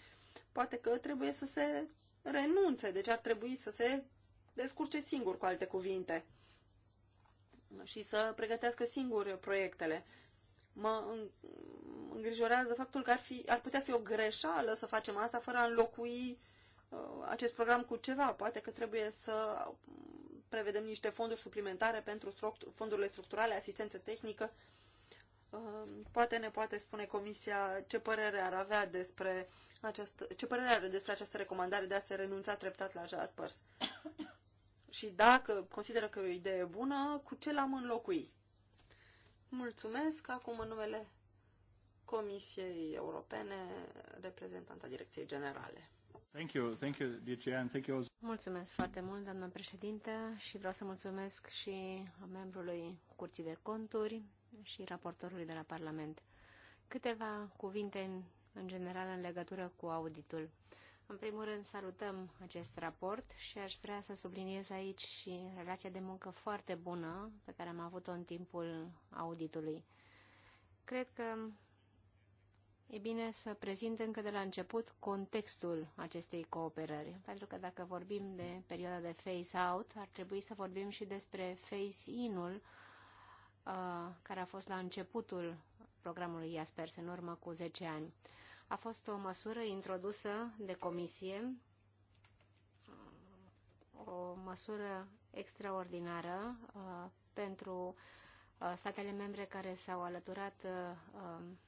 poate că trebuie să se renunțe, deci ar trebui să se descurce singur, cu alte cuvinte, și să pregătească singur proiectele. Mă îngrijorează faptul că ar, fi, ar putea fi o greșeală să facem asta fără a înlocui Uh, acest program cu ceva. Poate că trebuie să prevedem niște fonduri suplimentare pentru fondurile structurale, asistență tehnică. Uh, poate ne poate spune Comisia ce părere ar avea despre această, ce părere are despre această recomandare de a se renunța treptat la Jaspers. Și dacă consideră că e o idee bună, cu ce l-am înlocui? Mulțumesc. Acum în numele Comisiei Europene, reprezentanta Direcției Generale. Mulțumesc foarte mult, doamnă președinte, și vreau să mulțumesc și membrului Curții de Conturi și raportorului de la Parlament. Câteva cuvinte în, în general în legătură cu auditul. În primul rând, salutăm acest raport și aș vrea să subliniez aici și relația de muncă foarte bună pe care am avut-o în timpul auditului. Cred că e bine să prezint încă de la început contextul acestei cooperări. Pentru că dacă vorbim de perioada de phase-out, ar trebui să vorbim și despre phase-in-ul uh, care a fost la începutul programului Iaspers în urmă cu 10 ani. A fost o măsură introdusă de comisie, uh, o măsură extraordinară uh, pentru statele membre care s-au alăturat um,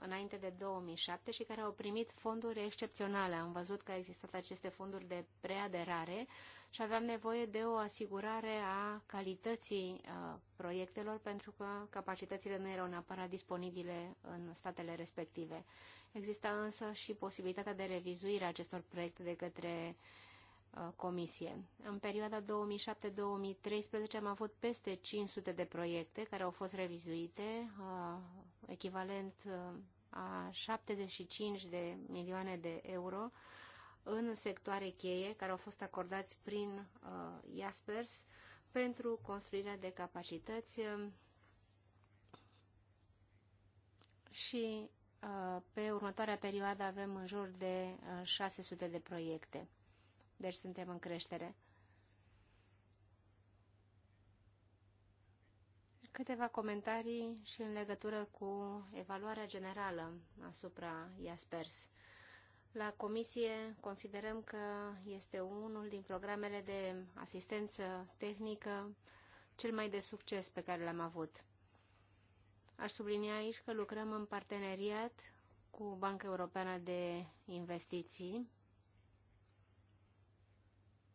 înainte de 2007 și care au primit fonduri excepționale. Am văzut că au existat aceste fonduri de preaderare și aveam nevoie de o asigurare a calității uh, proiectelor pentru că capacitățile nu erau neapărat disponibile în statele respective. Exista însă și posibilitatea de revizuire a acestor proiecte de către uh, comisie. În perioada 2007-2013 am avut peste 500 de proiecte care au fost revizuite, uh, echivalent uh, a 75 de milioane de euro în sectoare cheie care au fost acordați prin uh, Jaspers pentru construirea de capacități uh, și uh, pe următoarea perioadă avem în jur de uh, 600 de proiecte. Deci suntem în creștere. Câteva comentarii și în legătură cu evaluarea generală asupra IASPERS. La comisie considerăm că este unul din programele de asistență tehnică cel mai de succes pe care l-am avut. Aș sublinia aici că lucrăm în parteneriat cu Banca Europeană de Investiții.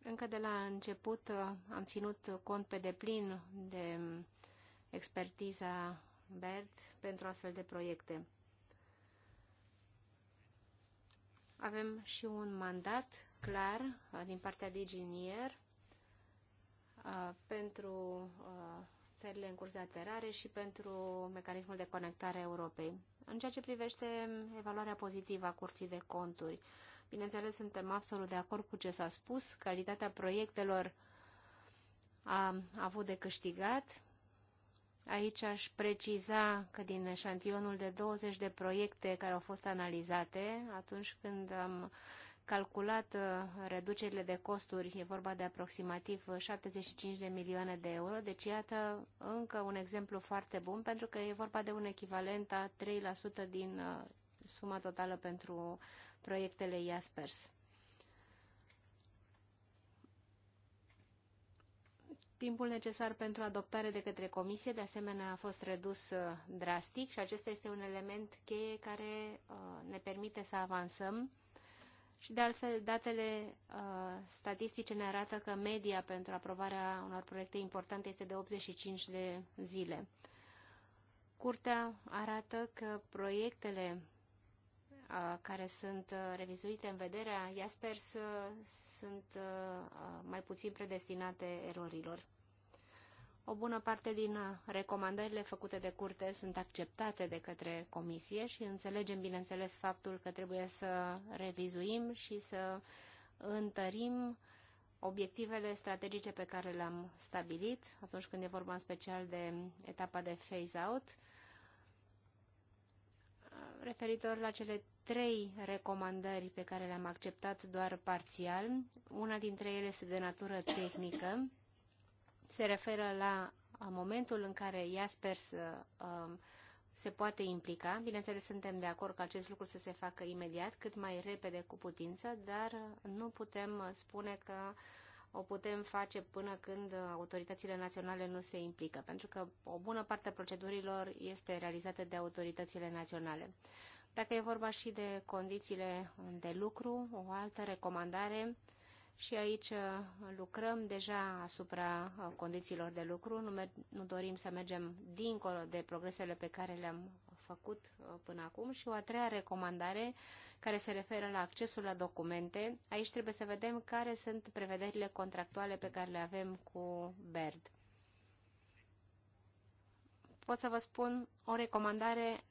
Încă de la început uh, am ținut cont pe deplin de expertiza BERT pentru astfel de proiecte. Avem și un mandat clar uh, din partea Diginier uh, pentru uh, țările în curs de aterare și pentru mecanismul de conectare a Europei. În ceea ce privește evaluarea pozitivă a Curții de Conturi, bineînțeles suntem absolut de acord cu ce s-a spus, calitatea proiectelor a avut de câștigat Aici aș preciza că din eșantionul de 20 de proiecte care au fost analizate, atunci când am calculat uh, reducerile de costuri, e vorba de aproximativ 75 de milioane de euro, deci iată încă un exemplu foarte bun, pentru că e vorba de un echivalent a 3% din uh, suma totală pentru proiectele IASPERS. timpul necesar pentru adoptare de către comisie, de asemenea, a fost redus uh, drastic și acesta este un element cheie care uh, ne permite să avansăm. Și de altfel, datele uh, statistice ne arată că media pentru aprobarea unor proiecte importante este de 85 de zile. Curtea arată că proiectele care sunt revizuite în vederea iaspers sunt mai puțin predestinate erorilor. O bună parte din uh, recomandările făcute de curte sunt acceptate de către comisie și înțelegem, bineînțeles, faptul că trebuie să revizuim și să întărim obiectivele strategice pe care le-am stabilit atunci când e vorba în special de etapa de phase-out referitor la cele trei recomandări pe care le-am acceptat doar parțial. Una dintre ele este de natură tehnică se referă la momentul în care Iaspers se poate implica. Bineînțeles, suntem de acord că acest lucru să se facă imediat, cât mai repede cu putință, dar nu putem spune că o putem face până când autoritățile naționale nu se implică, pentru că o bună parte a procedurilor este realizată de autoritățile naționale. Dacă e vorba și de condițiile de lucru, o altă recomandare și aici uh, lucrăm deja asupra uh, condițiilor de lucru. Nu, nu dorim să mergem dincolo de progresele pe care le-am făcut uh, până acum. Și o a treia recomandare care se referă la accesul la documente. Aici trebuie să vedem care sunt prevederile contractuale pe care le avem cu BERD pot să vă spun o recomandare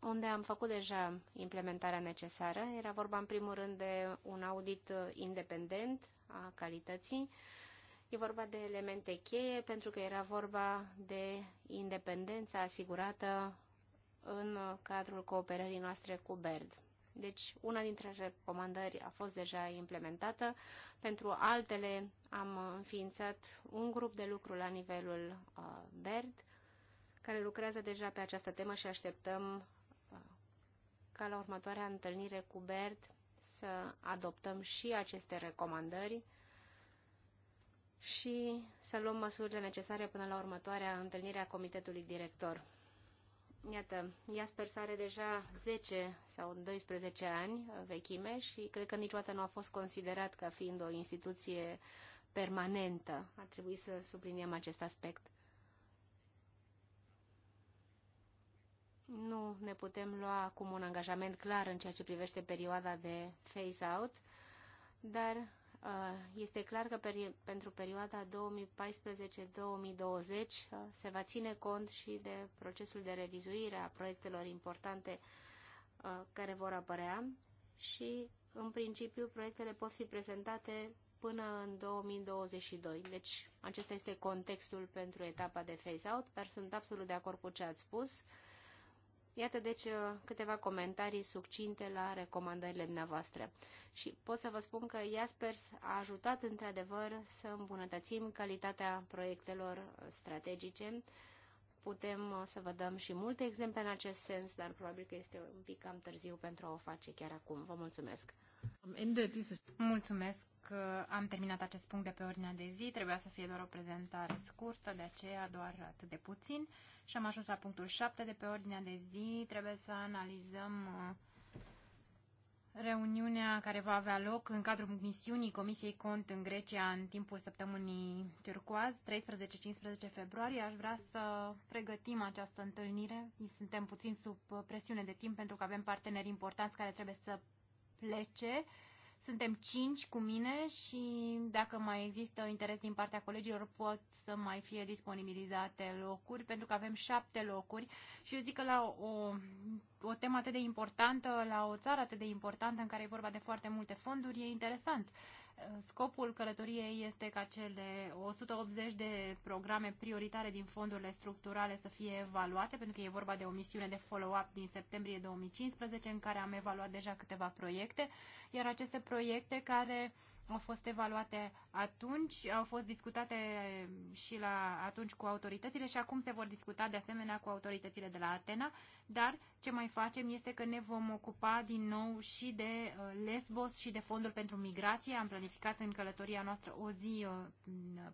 unde am făcut deja implementarea necesară. Era vorba în primul rând de un audit independent a calității. E vorba de elemente cheie pentru că era vorba de independența asigurată în cadrul cooperării noastre cu BERD. Deci, una dintre recomandări a fost deja implementată. Pentru altele am înființat un grup de lucru la nivelul uh, BERD care lucrează deja pe această temă și așteptăm ca la următoarea întâlnire cu BERT să adoptăm și aceste recomandări și să luăm măsurile necesare până la următoarea întâlnire a comitetului director. Iată, Iasper are deja 10 sau 12 ani uh, vechime și cred că niciodată nu a fost considerat ca fiind o instituție permanentă. Ar trebui să subliniem acest aspect. nu ne putem lua acum un angajament clar în ceea ce privește perioada de phase-out, dar uh, este clar că peri pentru perioada 2014-2020 uh, se va ține cont și de procesul de revizuire a proiectelor importante uh, care vor apărea și, în principiu, proiectele pot fi prezentate până în 2022. Deci, acesta este contextul pentru etapa de phase-out, dar sunt absolut de acord cu ce ați spus. Uh, Iată deci uh, câteva comentarii succinte la recomandările dumneavoastră. Și pot să vă spun că Iaspers a ajutat într-adevăr să îmbunătățim calitatea proiectelor strategice. Putem uh, să vă dăm și multe exemple în acest sens, dar probabil că este un pic cam târziu pentru a o face chiar acum. Vă mulțumesc! Mulțumesc că am terminat acest punct de pe ordinea de zi. Trebuia să fie doar o prezentare scurtă, de aceea doar atât de puțin și am ajuns la punctul 7 de pe ordinea de zi. Trebuie să analizăm uh, reuniunea care va avea loc în cadrul misiunii Comisiei Cont în Grecia în timpul săptămânii turcoaz, 13-15 februarie. Aș vrea să pregătim această întâlnire. Suntem puțin sub uh, presiune de timp pentru că avem parteneri importanți care trebuie să plece suntem cinci cu mine și dacă mai există interes din partea colegilor pot să mai fie disponibilizate locuri, pentru că avem șapte locuri și eu zic că la o, o temă atât de importantă, la o țară atât de importantă în care e vorba de foarte multe fonduri, e interesant Scopul călătoriei este ca cele 180 de programe prioritare din fondurile structurale să fie evaluate, pentru că e vorba de o misiune de follow-up din septembrie 2015, în care am evaluat deja câteva proiecte, iar aceste proiecte care au fost evaluate atunci, au fost discutate și la atunci cu autoritățile și acum se vor discuta de asemenea cu autoritățile de la Atena, dar ce mai facem este că ne vom ocupa din nou și de uh, Lesbos și de fondul pentru migrație. Am planificat în călătoria noastră o zi uh,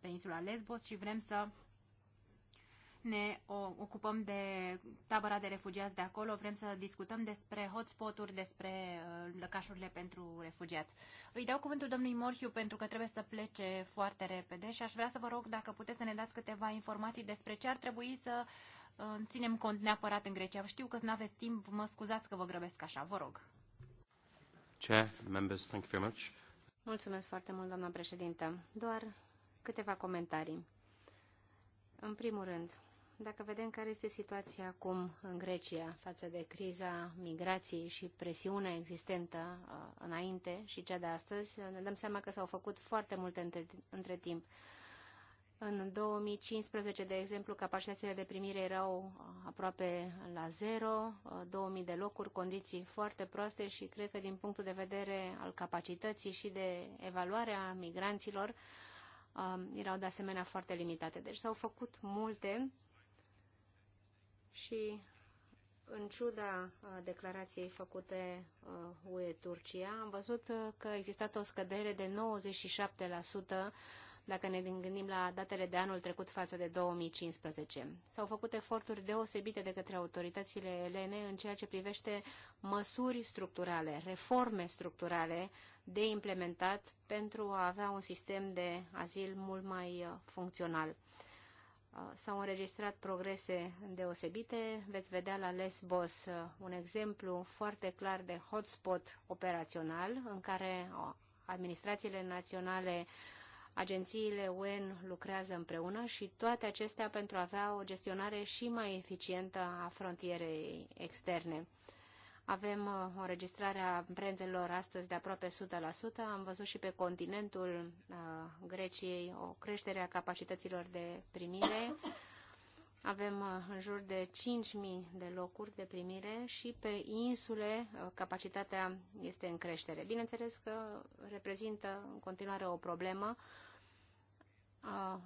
pe insula Lesbos și vrem să ne ocupăm de tabăra de refugiați de acolo, vrem să discutăm despre hotspot-uri, despre uh, lăcașurile pentru refugiați. Îi dau cuvântul domnului Morhiu pentru că trebuie să plece foarte repede și aș vrea să vă rog dacă puteți să ne dați câteva informații despre ce ar trebui să uh, ținem cont neapărat în Grecia. Știu că nu aveți timp, mă scuzați că vă grăbesc așa, vă rog. Chair, members, thank you very much. Mulțumesc foarte mult, doamna președintă. Doar câteva comentarii. În primul rând, dacă vedem care este situația acum în Grecia față de criza migrației și presiunea existentă înainte și cea de astăzi, ne dăm seama că s-au făcut foarte multe între, între timp. În 2015, de exemplu, capacitățile de primire erau aproape la zero, 2000 de locuri, condiții foarte proaste și cred că din punctul de vedere al capacității și de evaluare a migranților erau de asemenea foarte limitate. Deci s-au făcut multe și în ciuda declarației făcute UE-Turcia, am văzut că a existat o scădere de 97% dacă ne gândim la datele de anul trecut față de 2015. S-au făcut eforturi deosebite de către autoritățile elene în ceea ce privește măsuri structurale, reforme structurale de implementat pentru a avea un sistem de azil mult mai funcțional. Uh, s-au înregistrat progrese deosebite. Veți vedea la Lesbos uh, un exemplu foarte clar de hotspot operațional în care uh, administrațiile naționale, agențiile UN lucrează împreună și toate acestea pentru a avea o gestionare și mai eficientă a frontierei externe. Avem uh, o înregistrare a amprentelor astăzi de aproape 100%. Am văzut și pe continentul uh, Greciei o creștere a capacităților de primire. Avem uh, în jur de 5.000 de locuri de primire și pe insule capacitatea este în creștere. Bineînțeles că reprezintă în continuare o problemă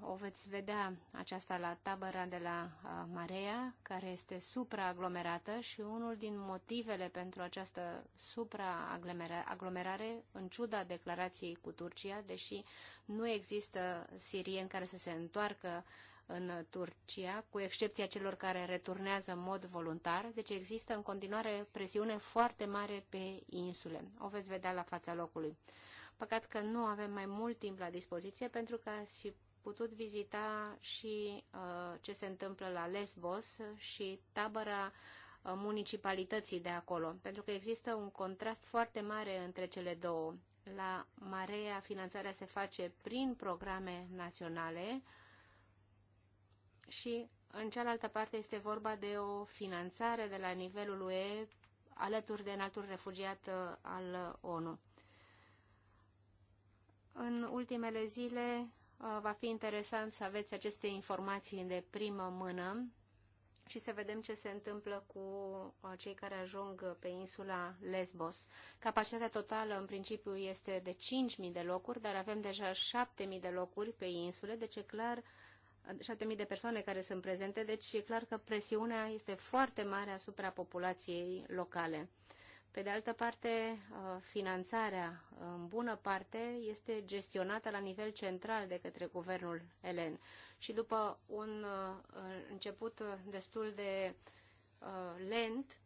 o veți vedea aceasta la tabăra de la Marea, care este supraaglomerată și unul din motivele pentru această supraaglomerare, în ciuda declarației cu Turcia, deși nu există sirieni care să se întoarcă în Turcia, cu excepția celor care returnează în mod voluntar, deci există în continuare presiune foarte mare pe insule. O veți vedea la fața locului. Păcat că nu avem mai mult timp la dispoziție pentru că și putut vizita și uh, ce se întâmplă la Lesbos și tabăra uh, municipalității de acolo, pentru că există un contrast foarte mare între cele două. La Marea finanțarea se face prin programe naționale și în cealaltă parte este vorba de o finanțare de la nivelul UE alături de înaltul refugiat uh, al ONU. În ultimele zile Uh, va fi interesant să aveți aceste informații de primă mână și să vedem ce se întâmplă cu uh, cei care ajung pe insula Lesbos. Capacitatea totală, în principiu, este de 5.000 de locuri, dar avem deja 7.000 de locuri pe insule, deci e clar 7.000 uh, de persoane care sunt prezente, deci e clar că presiunea este foarte mare asupra populației locale. Pe de altă parte, uh, finanțarea în bună parte este gestionată la nivel central de către guvernul elen. Și după un uh, început destul de uh, lent,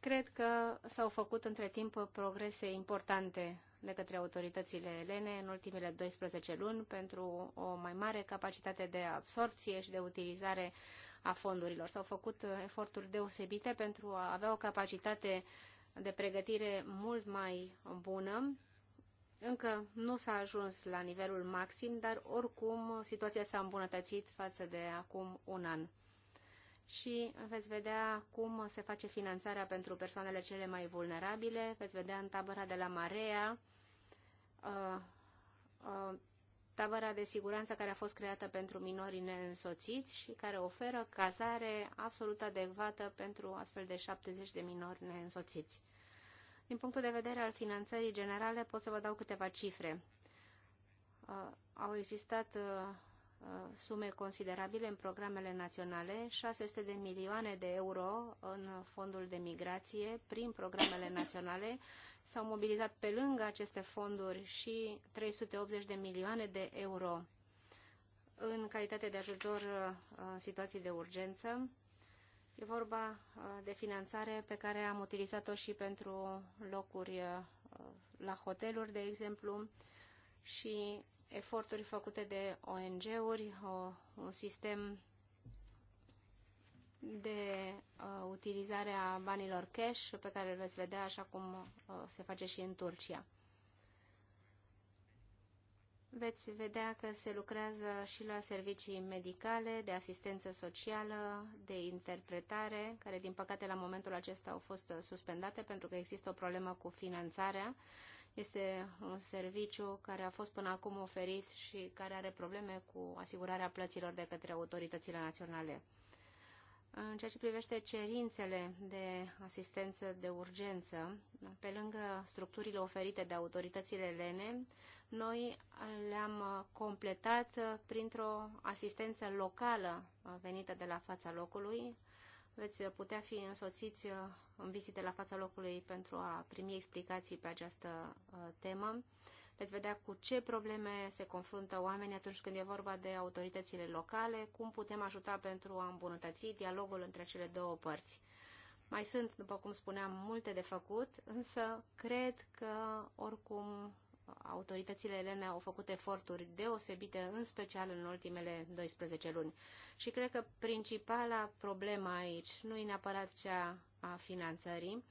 cred că s-au făcut între timp progrese importante de către autoritățile elene în ultimele 12 luni pentru o mai mare capacitate de absorpție și de utilizare uh, a fondurilor. S-au făcut uh, eforturi deosebite pentru a avea o capacitate de pregătire mult mai bună. Încă nu s-a ajuns la nivelul maxim, dar oricum situația s-a îmbunătățit față de acum un an. Și veți vedea cum se face finanțarea pentru persoanele cele mai vulnerabile, veți vedea în tabăra de la Marea, uh, uh, tabăra de siguranță care a fost creată pentru minorii neînsoțiți și care oferă cazare absolut adecvată pentru astfel de 70 de minori neînsoțiți. Din punctul de vedere al finanțării generale, pot să vă dau câteva cifre. Uh, au existat uh, uh, sume considerabile în programele naționale, 600 de milioane de euro în fondul de migrație prin programele naționale S-au mobilizat pe lângă aceste fonduri și 380 de milioane de euro în calitate de ajutor uh, în situații de urgență. E vorba uh, de finanțare pe care am utilizat-o și pentru locuri uh, la hoteluri, de exemplu, și eforturi făcute de ONG-uri, un sistem de uh, utilizarea banilor cash pe care îl veți vedea așa cum uh, se face și în Turcia. Veți vedea că se lucrează și la servicii medicale, de asistență socială, de interpretare, care din păcate la momentul acesta au fost uh, suspendate pentru că există o problemă cu finanțarea. Este un serviciu care a fost până acum oferit și care are probleme cu asigurarea plăților de către autoritățile naționale. În ceea ce privește cerințele de asistență de urgență, pe lângă structurile oferite de autoritățile lene, noi le-am completat printr-o asistență locală venită de la fața locului. Veți putea fi însoțiți în vizite la fața locului pentru a primi explicații pe această uh, temă veți vedea cu ce probleme se confruntă oamenii atunci când e vorba de autoritățile locale, cum putem ajuta pentru a îmbunătăți dialogul între cele două părți. Mai sunt, după cum spuneam, multe de făcut, însă cred că, oricum, autoritățile elene au făcut eforturi deosebite, în special în ultimele 12 luni. Și cred că principala problemă aici nu e neapărat cea a finanțării,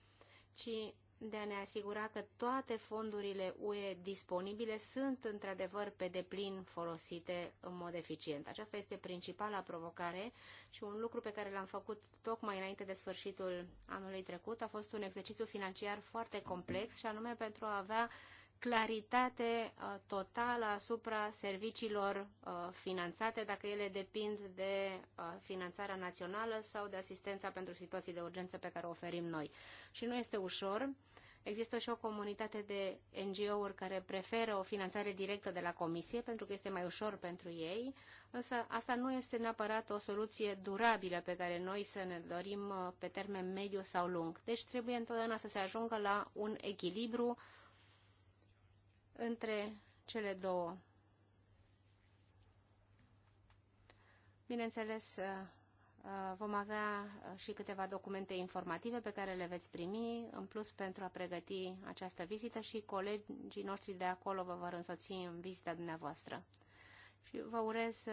ci de a ne asigura că toate fondurile UE disponibile sunt într-adevăr pe deplin folosite în mod eficient. Aceasta este principala provocare și un lucru pe care l-am făcut tocmai înainte de sfârșitul anului trecut a fost un exercițiu financiar foarte complex și anume pentru a avea claritate uh, totală asupra serviciilor uh, finanțate, dacă ele depind de uh, finanțarea națională sau de asistența pentru situații de urgență pe care o oferim noi. Și nu este ușor. Există și o comunitate de NGO-uri care preferă o finanțare directă de la Comisie pentru că este mai ușor pentru ei, însă asta nu este neapărat o soluție durabilă pe care noi să ne dorim pe termen mediu sau lung. Deci trebuie întotdeauna să se ajungă la un echilibru între cele două. Bineînțeles, uh, uh, vom avea uh, și câteva documente informative pe care le veți primi, în plus pentru a pregăti această vizită și colegii noștri de acolo vă vor însoți în vizita dumneavoastră. Și vă urez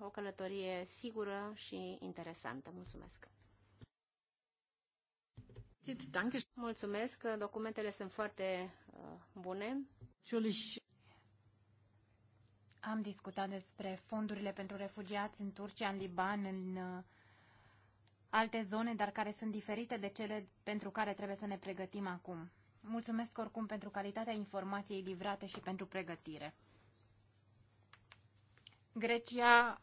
o călătorie sigură și interesantă. Mulțumesc! Mulțumesc, documentele sunt foarte bune. Am discutat despre fondurile pentru refugiați în Turcia, în Liban, în uh, alte zone, dar care sunt diferite de cele pentru care trebuie să ne pregătim acum. Mulțumesc oricum pentru calitatea informației livrate și pentru pregătire. Grecia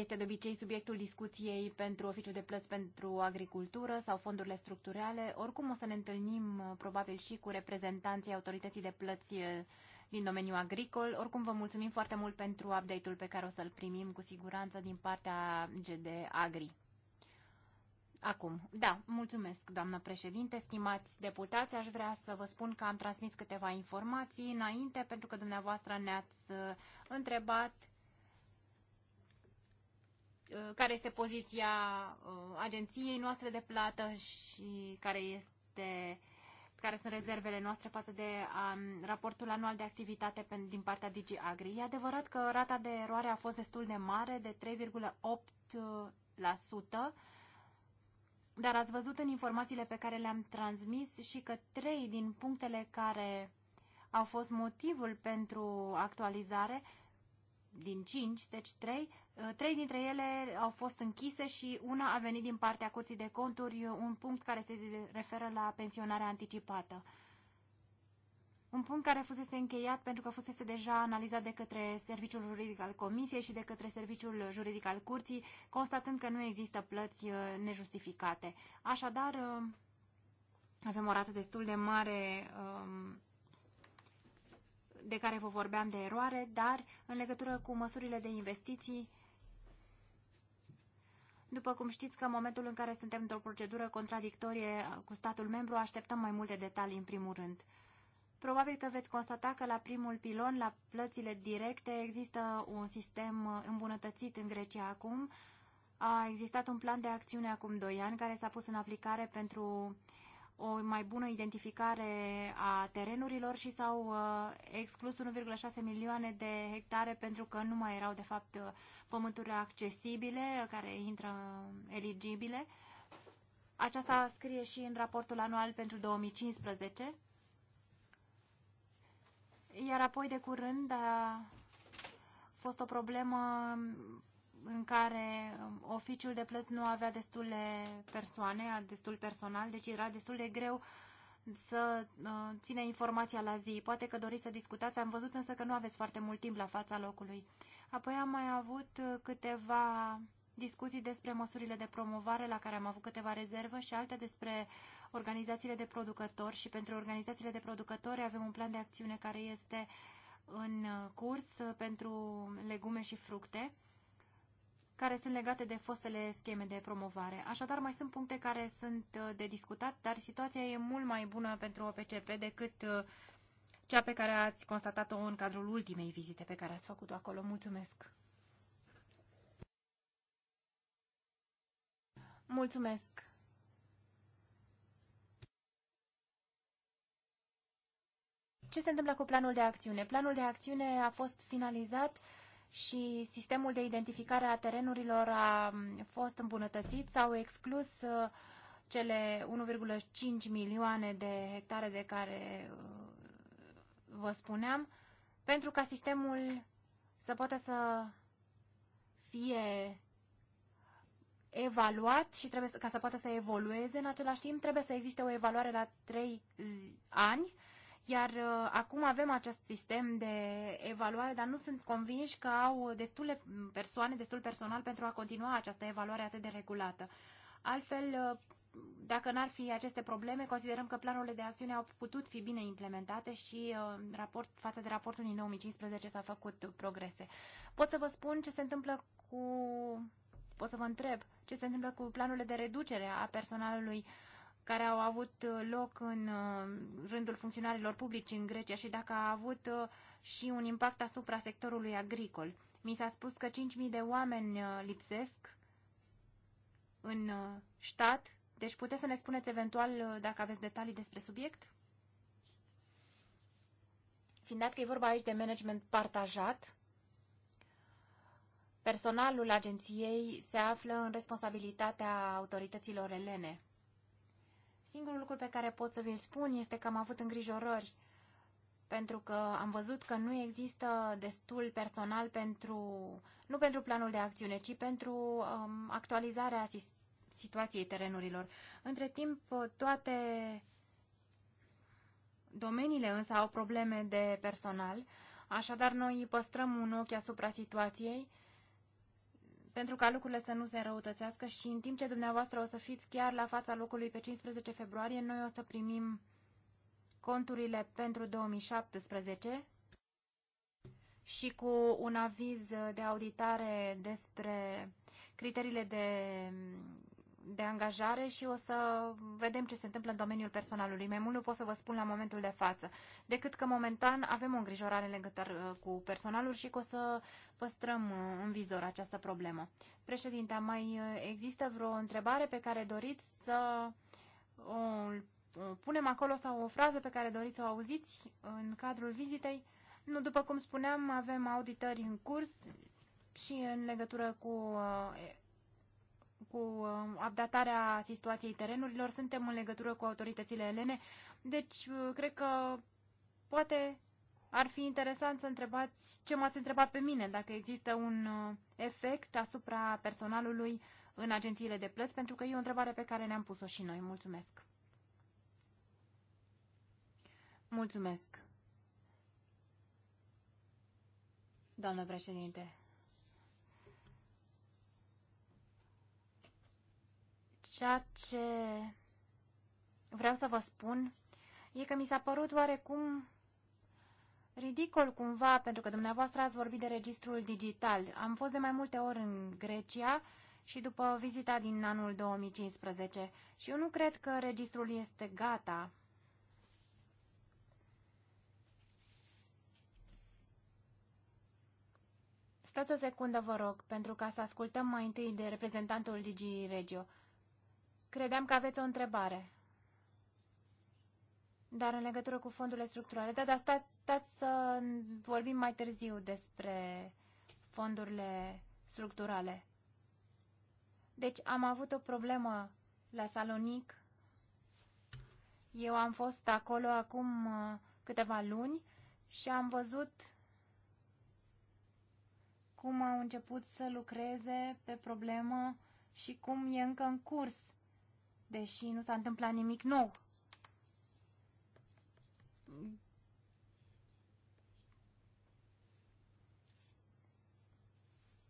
este de obicei subiectul discuției pentru oficiul de plăți pentru agricultură sau fondurile structurale. Oricum o să ne întâlnim uh, probabil și cu reprezentanții autorității de plăți uh, din domeniul agricol. Oricum vă mulțumim foarte mult pentru update-ul pe care o să-l primim cu siguranță din partea GD Agri. Acum, da, mulțumesc, doamnă președinte, stimați deputați, aș vrea să vă spun că am transmis câteva informații înainte, pentru că dumneavoastră ne-ați uh, întrebat Uh, care este poziția uh, agenției noastre de plată și care este care sunt rezervele noastre față de um, raportul anual de activitate pe, din partea Digi Agri. E adevărat că rata de eroare a fost destul de mare, de 3,8%, dar ați văzut în informațiile pe care le-am transmis și că trei din punctele care au fost motivul pentru actualizare, din 5, deci 3, Uh, trei dintre ele au fost închise și una a venit din partea Curții de Conturi, uh, un punct care se referă la pensionarea anticipată. Un punct care fusese încheiat pentru că fusese deja analizat de către Serviciul Juridic al Comisiei și de către Serviciul Juridic al Curții, constatând că nu există plăți uh, nejustificate. Așadar, avem o rată destul de mare um, de care vă vorbeam de eroare, dar în legătură cu măsurile de investiții, după cum știți că în momentul în care suntem într-o procedură contradictorie cu statul membru, așteptăm mai multe detalii în primul rând. Probabil că veți constata că la primul pilon, la plățile directe, există un sistem îmbunătățit în Grecia acum. A existat un plan de acțiune acum 2 ani care s-a pus în aplicare pentru uh, o mai bună identificare a terenurilor și s-au uh, exclus 1,6 milioane de hectare pentru că nu mai erau de fapt uh, pământuri accesibile care intră eligibile. Aceasta scrie și în raportul anual pentru 2015. Iar apoi de curând a fost o problemă în care um, oficiul de plăți nu avea destule persoane, destul personal, deci era destul de greu să uh, ține informația la zi. Poate că doriți să discutați, am văzut însă că nu aveți foarte mult timp la fața locului. Apoi am mai avut uh, câteva discuții despre măsurile de promovare la care am avut câteva rezervă și alte despre organizațiile de producători și pentru organizațiile de producători avem un plan de acțiune care este în uh, curs pentru legume și fructe care sunt legate de fostele scheme de promovare. Așadar, mai sunt puncte care sunt uh, de discutat, dar situația e mult mai bună pentru OPCP decât uh, cea pe care ați constatat-o în cadrul ultimei vizite pe care ați făcut-o acolo. Mulțumesc! Mulțumesc! Ce se întâmplă cu planul de acțiune? Planul de acțiune a fost finalizat și sistemul de identificare a terenurilor a fost îmbunătățit, s-au exclus uh, cele 1,5 milioane de hectare de care uh, vă spuneam, pentru ca sistemul să poată să fie evaluat și trebuie să, ca să poată să evolueze în același timp, trebuie să existe o evaluare la 3 ani iar uh, acum avem acest sistem de evaluare, dar nu sunt convinși că au destule persoane, destul personal pentru a continua această evaluare atât de regulată. Altfel, uh, dacă n-ar fi aceste probleme, considerăm că planurile de acțiune au putut fi bine implementate și uh, raport, față de raportul din 2015 s-a făcut progrese. Pot să vă spun ce se întâmplă cu... Pot să vă întreb ce se întâmplă cu planurile de reducere a personalului uh, care au avut uh, loc în uh, rândul funcționarilor publici în Grecia și dacă a avut uh, și un impact asupra sectorului agricol. Mi s-a spus că 5.000 de oameni lipsesc în stat, deci puteți să ne spuneți eventual dacă aveți detalii despre subiect? Fiind dat că e vorba aici de management partajat, personalul agenției se află în responsabilitatea autorităților elene. Singurul lucru pe care pot să vi-l spun este că am avut îngrijorări pentru că am văzut că nu există destul personal pentru, nu pentru planul de acțiune, ci pentru um, actualizarea situației terenurilor. Între timp, toate domeniile însă au probleme de personal, așadar noi păstrăm un ochi asupra situației pentru ca lucrurile să nu se înrăutățească și în timp ce dumneavoastră o să fiți chiar la fața locului pe 15 februarie, noi o să primim conturile pentru 2017 și cu un aviz de auditare despre criteriile de de angajare și o să vedem ce se întâmplă în domeniul personalului. Mai mult nu pot să vă spun la momentul de față, decât că momentan avem o îngrijorare legătură uh, cu personalul și că o să păstrăm uh, în vizor această problemă. Președinte, mai uh, există vreo întrebare pe care doriți să o punem acolo sau o frază pe care doriți să o auziți în cadrul vizitei? Nu, după cum spuneam, avem auditări în curs și în legătură cu cu um, updatarea situației terenurilor, suntem în legătură cu autoritățile elene, deci uh, cred că poate ar fi interesant să întrebați ce m-ați întrebat pe mine, dacă există un uh, efect asupra personalului în agențiile de plăți, pentru că e o întrebare pe care ne-am pus-o și noi. Mulțumesc! Mulțumesc! Doamnă președinte, ceea ce vreau să vă spun e că mi s-a părut oarecum ridicol cumva, pentru că dumneavoastră ați vorbit de registrul digital. Am fost de mai multe ori în Grecia și după vizita din anul 2015 și eu nu cred că registrul este gata. Stați o secundă, vă rog, pentru ca să ascultăm mai întâi de reprezentantul Digi Regio. Credeam că aveți o întrebare. Dar în legătură cu fondurile structurale. Da, dar stați, stați să vorbim mai târziu despre fondurile structurale. Deci am avut o problemă la Salonic. Eu am fost acolo acum uh, câteva luni și am văzut cum au început să lucreze pe problemă și cum e încă în curs deși nu s-a întâmplat nimic nou.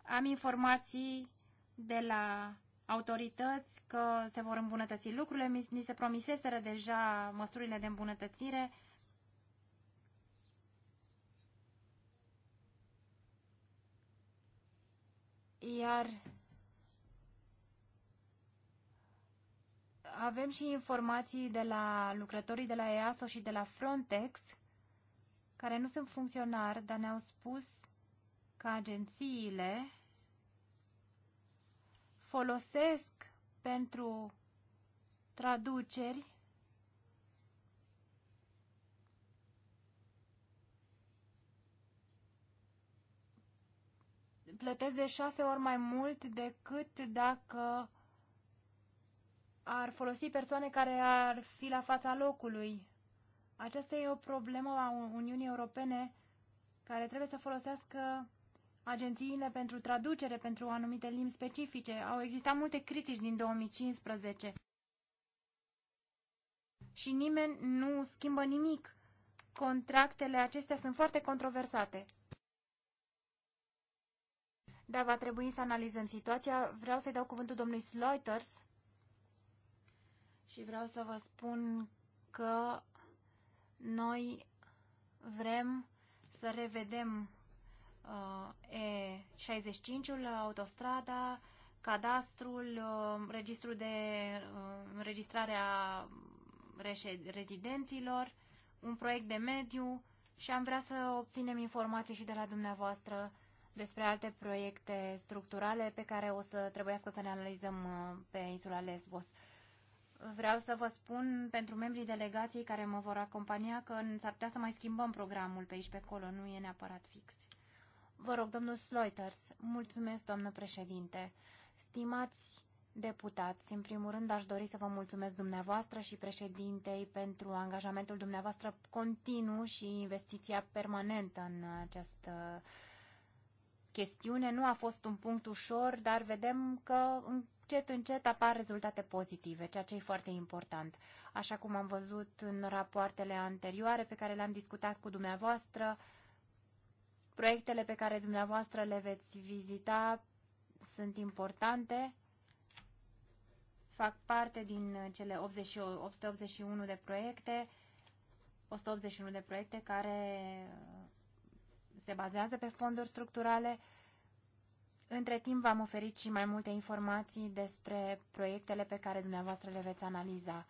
Am informații de la autorități că se vor îmbunătăți lucrurile. Mi se promiseseră deja măsurile de îmbunătățire. Iar avem și informații de la lucrătorii de la EASO și de la Frontex, care nu sunt funcționari, dar ne-au spus că agențiile folosesc pentru traduceri plătesc de șase ori mai mult decât dacă ar folosi persoane care ar fi la fața locului. Aceasta e o problemă a Uniunii Europene care trebuie să folosească agențiile pentru traducere pentru anumite limbi specifice. Au existat multe critici din 2015 și nimeni nu schimbă nimic. Contractele acestea sunt foarte controversate. Da, va trebui să analizăm situația. Vreau să-i dau cuvântul domnului Sloiters și vreau să vă spun că noi vrem să revedem uh, E65-ul, autostrada, cadastrul, uh, registrul de uh, înregistrare a rezidenților, un proiect de mediu și am vrea să obținem informații și de la dumneavoastră despre alte proiecte structurale pe care o să trebuiască să le analizăm uh, pe insula Lesbos vreau să vă spun pentru membrii delegației care mă vor acompania că s-ar putea să mai schimbăm programul pe aici pe acolo, nu e neapărat fix. Vă rog, domnul Sloiters, mulțumesc, doamnă președinte. Stimați deputați, în primul rând aș dori să vă mulțumesc dumneavoastră și președintei pentru angajamentul dumneavoastră continuu și investiția permanentă în această chestiune. Nu a fost un punct ușor, dar vedem că încet, încet apar rezultate pozitive, ceea ce e foarte important. Așa cum am văzut în rapoartele anterioare pe care le-am discutat cu dumneavoastră, proiectele pe care dumneavoastră le veți vizita sunt importante, fac parte din cele 80, 881 de proiecte, 181 de proiecte care se bazează pe fonduri structurale, între timp v-am oferit și mai multe informații despre proiectele pe care dumneavoastră le veți analiza.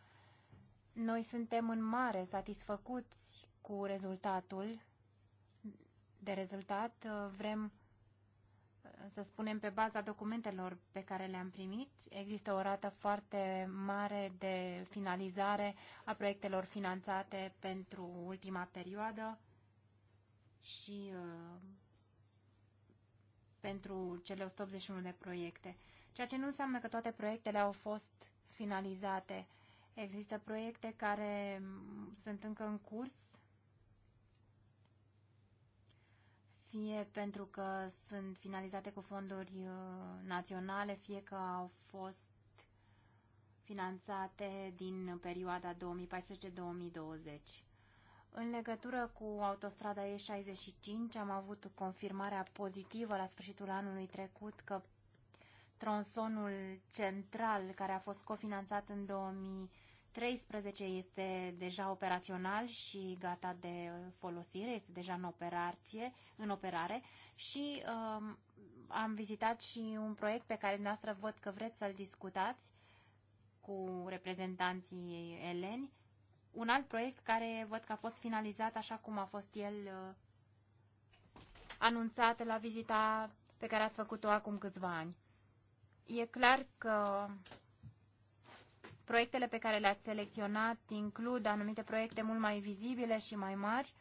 Noi suntem în mare satisfăcuți cu rezultatul. De rezultat uh, vrem uh, să spunem, pe baza documentelor pe care le-am primit, există o rată foarte mare de finalizare a proiectelor finanțate pentru ultima perioadă și uh, pentru cele 181 de proiecte, ceea ce nu înseamnă că toate proiectele au fost finalizate. Există proiecte care sunt încă în curs, fie pentru că sunt finalizate cu fonduri uh, naționale, fie că au fost finanțate din perioada 2014-2020. În legătură cu autostrada E65 am avut confirmarea pozitivă la sfârșitul anului trecut că tronsonul central care a fost cofinanțat în 2013 este deja operațional și gata de folosire, este deja în, operație, în operare și um, am vizitat și un proiect pe care dumneavoastră văd că vreți să-l discutați cu reprezentanții eleni un alt proiect care văd că a fost finalizat așa cum a fost el uh, anunțat la vizita pe care ați făcut-o acum câțiva ani. E clar că proiectele pe care le-ați selecționat includ anumite proiecte mult mai vizibile și mai mari.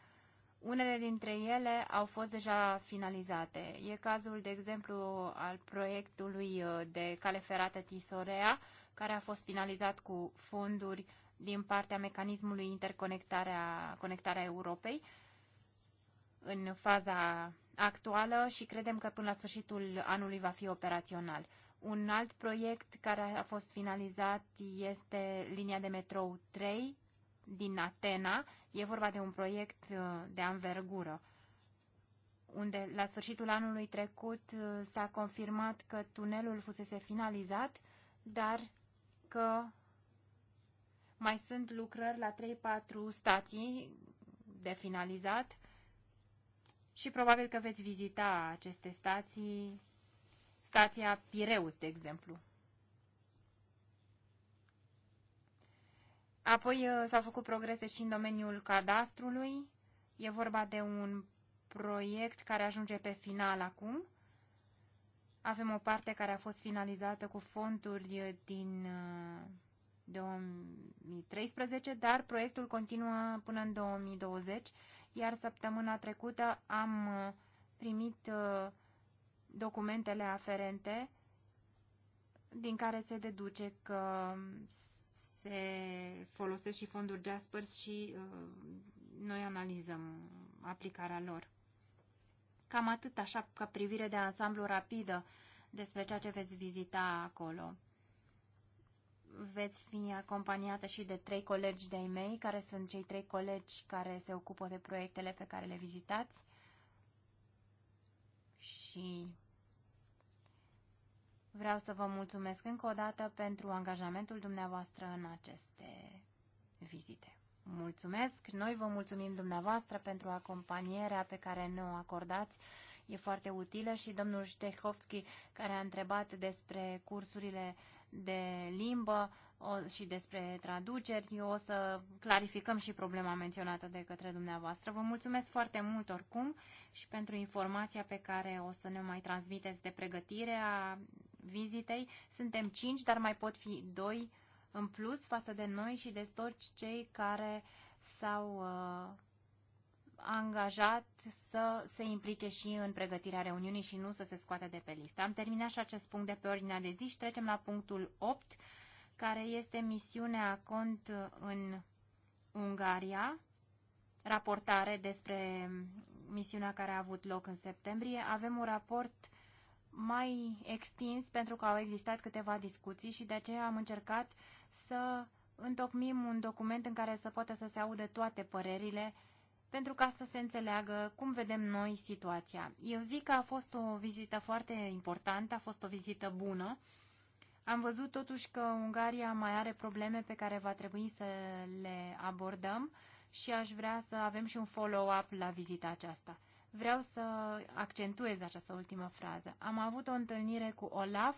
Unele dintre ele au fost deja finalizate. E cazul, de exemplu, al proiectului uh, de cale ferată Tisorea, care a fost finalizat cu fonduri uh, din partea mecanismului interconectarea conectarea Europei în faza actuală și credem că până la sfârșitul anului va fi operațional. Un alt proiect care a fost finalizat este linia de metrou 3 din Atena. E vorba de un proiect uh, de anvergură unde la sfârșitul anului trecut uh, s-a confirmat că tunelul fusese finalizat, dar că mai sunt lucrări la 3-4 stații de finalizat și probabil că veți vizita aceste stații, stația Pireus, de exemplu. Apoi uh, s-au făcut progrese și în domeniul cadastrului. E vorba de un proiect care ajunge pe final acum. Avem o parte care a fost finalizată cu fonduri din uh, 2013, dar proiectul continuă până în 2020, iar săptămâna trecută am uh, primit uh, documentele aferente din care se deduce că se folosesc și fonduri Jaspers și uh, noi analizăm aplicarea lor. Cam atât așa ca privire de ansamblu rapidă despre ceea ce veți vizita acolo veți fi acompaniată și de trei colegi de-ai mei, care sunt cei trei colegi care se ocupă de proiectele pe care le vizitați. Și vreau să vă mulțumesc încă o dată pentru angajamentul dumneavoastră în aceste vizite. Mulțumesc! Noi vă mulțumim dumneavoastră pentru acompanierea pe care ne o acordați e foarte utilă și domnul Ștehovski care a întrebat despre cursurile de limbă și despre traduceri. O să clarificăm și problema menționată de către dumneavoastră. Vă mulțumesc foarte mult oricum și pentru informația pe care o să ne mai transmiteți de pregătire a vizitei. Suntem cinci, dar mai pot fi doi în plus față de noi și de toți cei care s-au uh, angajat să se implice și în pregătirea reuniunii și nu să se scoată de pe listă. Am terminat și acest punct de pe ordinea de zi și trecem la punctul 8, care este misiunea cont în Ungaria, raportare despre misiunea care a avut loc în septembrie. Avem un raport mai extins pentru că au existat câteva discuții și de aceea am încercat să întocmim un document în care să poată să se audă toate părerile pentru ca să se înțeleagă cum vedem noi situația. Eu zic că a fost o vizită foarte importantă, a fost o vizită bună. Am văzut totuși că Ungaria mai are probleme pe care va trebui să le abordăm și aș vrea să avem și un follow-up la vizita aceasta. Vreau să accentuez această ultimă frază. Am avut o întâlnire cu OLAF,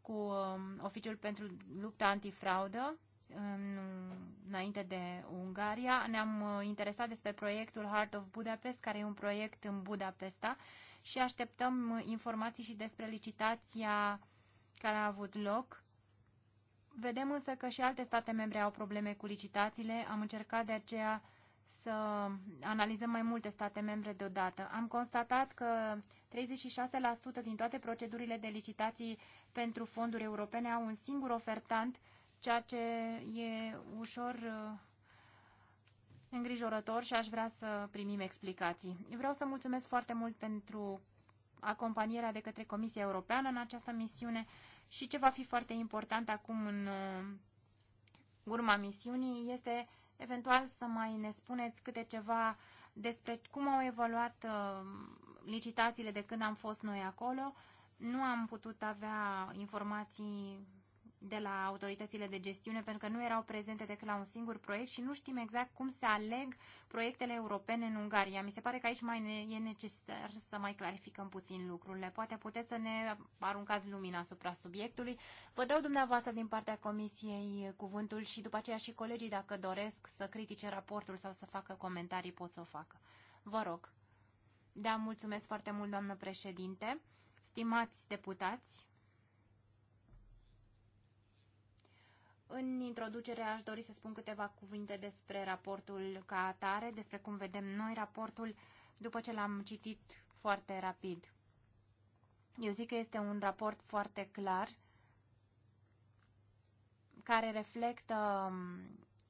cu um, Oficiul pentru Lupta Antifraudă, înainte de Ungaria. Ne-am uh, interesat despre proiectul Heart of Budapest, care e un proiect în Budapesta și așteptăm uh, informații și despre licitația care a avut loc. Vedem însă că și alte state membre au probleme cu licitațiile. Am încercat de aceea să analizăm mai multe state membre deodată. Am constatat că 36% din toate procedurile de licitații pentru fonduri europene au un singur ofertant ceea ce e ușor îngrijorător și aș vrea să primim explicații. Vreau să mulțumesc foarte mult pentru acompanierea de către Comisia Europeană în această misiune și ce va fi foarte important acum în uh, urma misiunii este eventual să mai ne spuneți câte ceva despre cum au evoluat uh, licitațiile de când am fost noi acolo. Nu am putut avea informații de la autoritățile de gestiune pentru că nu erau prezente decât la un singur proiect și nu știm exact cum se aleg proiectele europene în Ungaria. Mi se pare că aici mai ne, e necesar să mai clarificăm puțin lucrurile. Poate puteți să ne aruncați lumina asupra subiectului. Vă dau dumneavoastră din partea Comisiei cuvântul și după aceea și colegii dacă doresc să critique raportul sau să facă comentarii pot să o facă. Vă rog. Da, mulțumesc foarte mult, doamnă președinte. Stimați deputați, În introducere aș dori să spun câteva cuvinte despre raportul ca atare, despre cum vedem noi raportul după ce l-am citit foarte rapid. Eu zic că este un raport foarte clar care reflectă,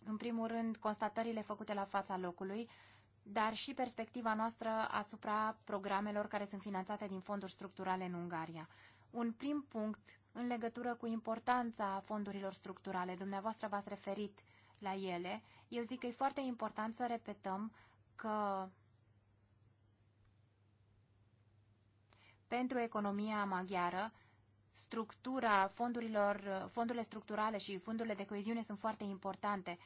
în primul rând, constatările făcute la fața locului, dar și perspectiva noastră asupra programelor care sunt finanțate din fonduri structurale în Ungaria. Un prim punct în legătură cu importanța fondurilor structurale. Dumneavoastră v-ați referit la ele. Eu zic că e foarte important să repetăm că pentru economia maghiară, structura fondurilor, fondurile structurale și fondurile de coeziune sunt foarte importante.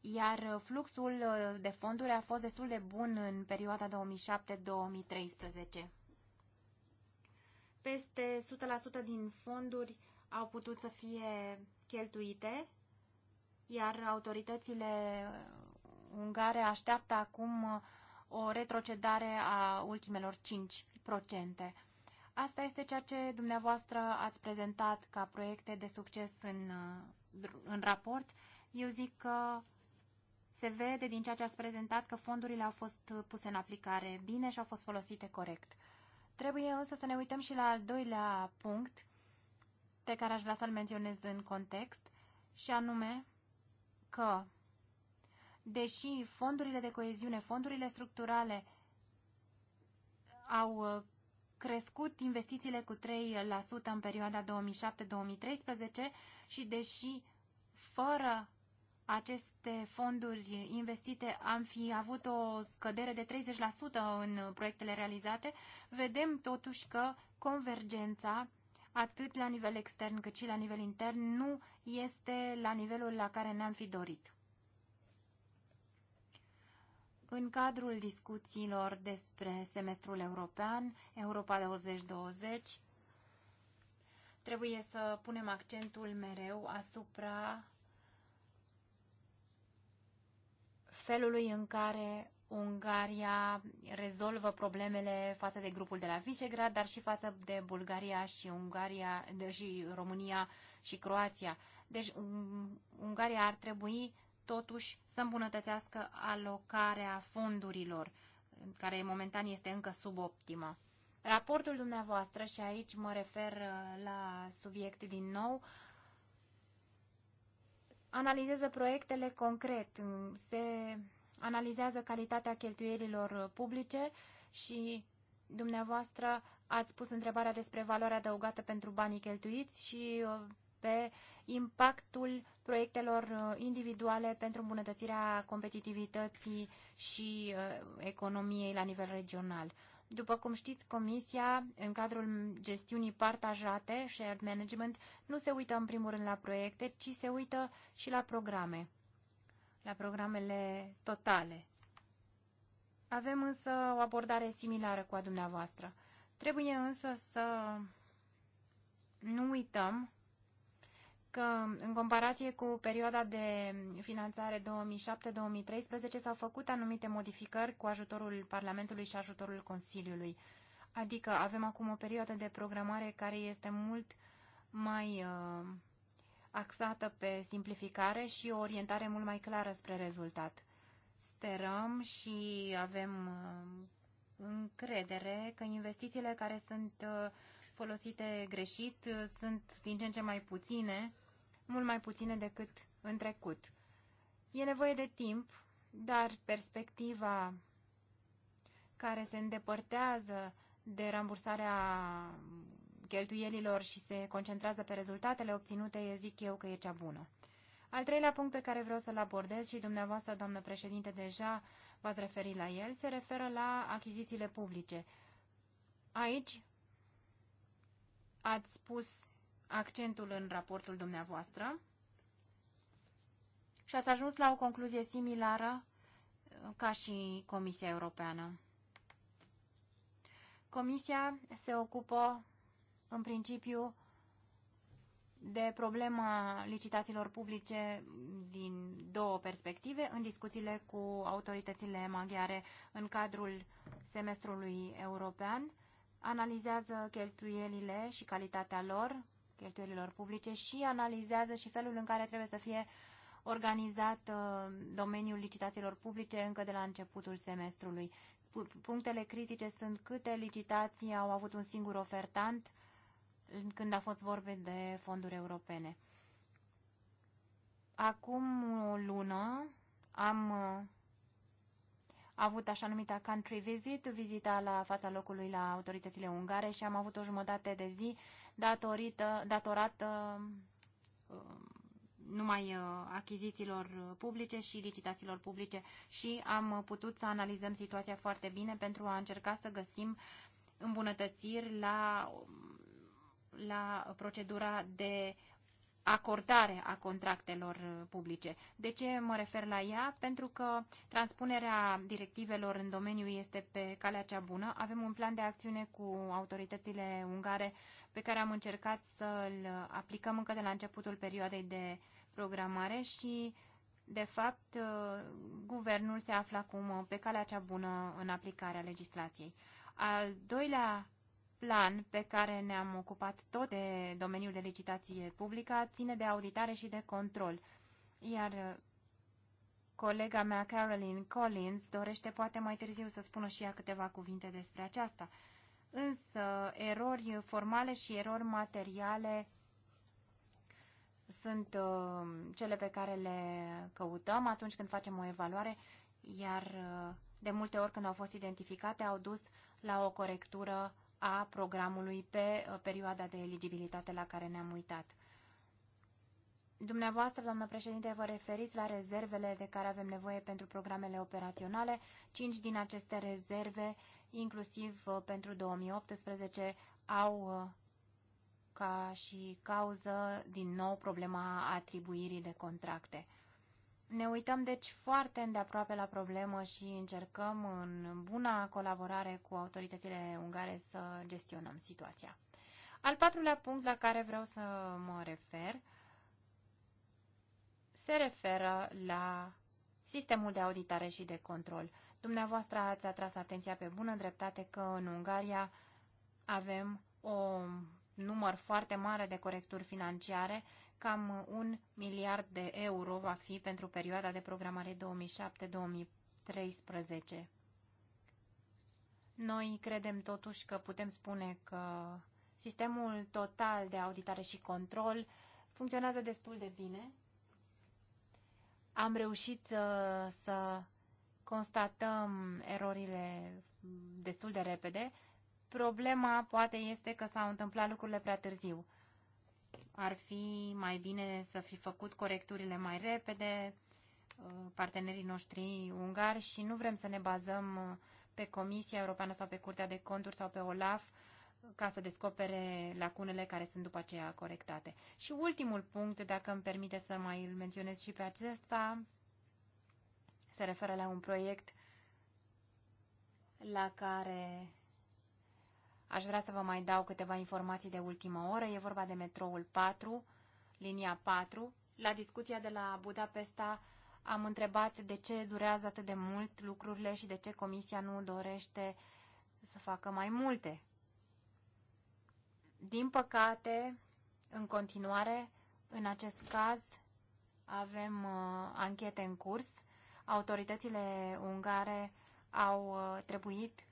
Iar fluxul de fonduri a fost destul de bun în perioada 2007-2013. Peste 100% din fonduri au putut să fie cheltuite, iar autoritățile ungare așteaptă acum uh, o retrocedare a ultimelor 5%. Asta este ceea ce dumneavoastră ați prezentat ca proiecte de succes în, uh, în raport. Eu zic că se vede din ceea ce ați prezentat că fondurile au fost puse în aplicare bine și au fost folosite corect. Trebuie însă să ne uităm și la al doilea punct pe care aș vrea să-l menționez în context și anume că deși fondurile de coeziune, fondurile structurale au uh, crescut investițiile cu 3% în perioada 2007-2013 și deși fără aceste fonduri investite am fi avut o scădere de 30% în proiectele realizate, vedem totuși că convergența atât la nivel extern cât și la nivel intern nu este la nivelul la care ne-am fi dorit. În cadrul discuțiilor despre semestrul european, Europa 2020, trebuie să punem accentul mereu asupra felului în care Ungaria rezolvă problemele față de grupul de la Visegrad, dar și față de Bulgaria și Ungaria, de, și România și Croația. Deci Ungaria ar trebui totuși să îmbunătățească alocarea fondurilor, care momentan este încă suboptimă. Raportul dumneavoastră, și aici mă refer uh, la subiect din nou, uh, analizează proiectele concret, se analizează calitatea cheltuielilor publice și dumneavoastră ați pus întrebarea despre valoarea adăugată pentru banii cheltuiți și uh, pe impactul proiectelor uh, individuale pentru îmbunătățirea competitivității și uh, economiei la nivel regional. După cum știți, Comisia, în cadrul gestiunii partajate, shared management, nu se uită în primul rând la proiecte, ci se uită și la programe, la programele totale. Avem însă o abordare similară cu a dumneavoastră. Trebuie însă să nu uităm că în comparație cu perioada de finanțare 2007-2013 s-au făcut anumite modificări cu ajutorul Parlamentului și ajutorul Consiliului. Adică avem acum o perioadă de programare care este mult mai uh, axată pe simplificare și o orientare mult mai clară spre rezultat. Sperăm și avem uh, încredere că investițiile care sunt uh, folosite greșit uh, sunt din ce în ce mai puține mult mai puține decât în trecut. E nevoie de timp, dar perspectiva care se îndepărtează de rambursarea cheltuielilor și se concentrează pe rezultatele obținute, zic eu că e cea bună. Al treilea punct pe care vreau să-l abordez și dumneavoastră, doamnă președinte, deja v-ați referit la el, se referă la achizițiile publice. Aici ați spus accentul în raportul dumneavoastră și ați ajuns la o concluzie similară uh, ca și Comisia Europeană. Comisia se ocupă în principiu de problema licitațiilor publice din două perspective, în discuțiile cu autoritățile maghiare în cadrul semestrului european, analizează cheltuielile și calitatea lor cheltuielilor publice și analizează și felul în care trebuie să fie organizat uh, domeniul licitațiilor publice încă de la începutul semestrului. Punctele critice sunt câte licitații au avut un singur ofertant când a fost vorbe de fonduri europene. Acum o lună am uh, a avut așa numita country visit, vizita la fața locului la autoritățile ungare și am avut o jumătate de zi datorită, datorată um, numai uh, achizițiilor publice și licitațiilor publice și am putut să analizăm situația foarte bine pentru a încerca să găsim îmbunătățiri la, la procedura de uh, acordare a contractelor uh, publice. De ce mă refer la ea? Pentru că transpunerea directivelor în domeniu este pe calea cea bună. Avem un plan de acțiune cu autoritățile ungare pe care am încercat să-l aplicăm încă de la începutul perioadei de programare și de fapt, uh, guvernul se află acum pe calea cea bună în aplicarea legislației. Al doilea plan pe care ne-am ocupat tot de domeniul de licitație publică ține de auditare și de control. Iar uh, colega mea, Caroline Collins, dorește poate mai târziu să spună și ea câteva cuvinte despre aceasta. Însă, erori formale și erori materiale sunt uh, cele pe care le căutăm atunci când facem o evaluare, iar uh, de multe ori când au fost identificate au dus la o corectură a programului pe uh, perioada de eligibilitate la care ne-am uitat. Dumneavoastră, doamnă președinte, vă referiți la rezervele de care avem nevoie pentru programele operaționale. Cinci din aceste rezerve, inclusiv uh, pentru 2018, au uh, ca și cauză din nou problema atribuirii de contracte. Ne uităm deci foarte îndeaproape la problemă și încercăm în buna colaborare cu autoritățile ungare să gestionăm situația. Al patrulea punct la care vreau să mă refer se referă la sistemul de auditare și de control. Dumneavoastră ați atras atenția pe bună dreptate că în Ungaria avem o număr foarte mare de corecturi financiare Cam un miliard de euro va fi pentru perioada de programare 2007-2013. Noi credem totuși că putem spune că sistemul total de auditare și control funcționează destul de bine. Am reușit să, uh, să constatăm erorile destul de repede. Problema poate este că s-au întâmplat lucrurile prea târziu ar fi mai bine să fi făcut corecturile mai repede, uh, partenerii noștri ungari și nu vrem să ne bazăm uh, pe Comisia Europeană sau pe Curtea de Conturi sau pe OLAF uh, ca să descopere lacunele care sunt după aceea corectate. Și ultimul punct, dacă îmi permite să mai îl menționez și pe acesta, se referă la un proiect la care Aș vrea să vă mai dau câteva informații de ultimă oră. E vorba de metroul 4, linia 4. La discuția de la Budapesta am întrebat de ce durează atât de mult lucrurile și de ce Comisia nu dorește să facă mai multe. Din păcate, în continuare, în acest caz, avem uh, anchete în curs. Autoritățile ungare au uh, trebuit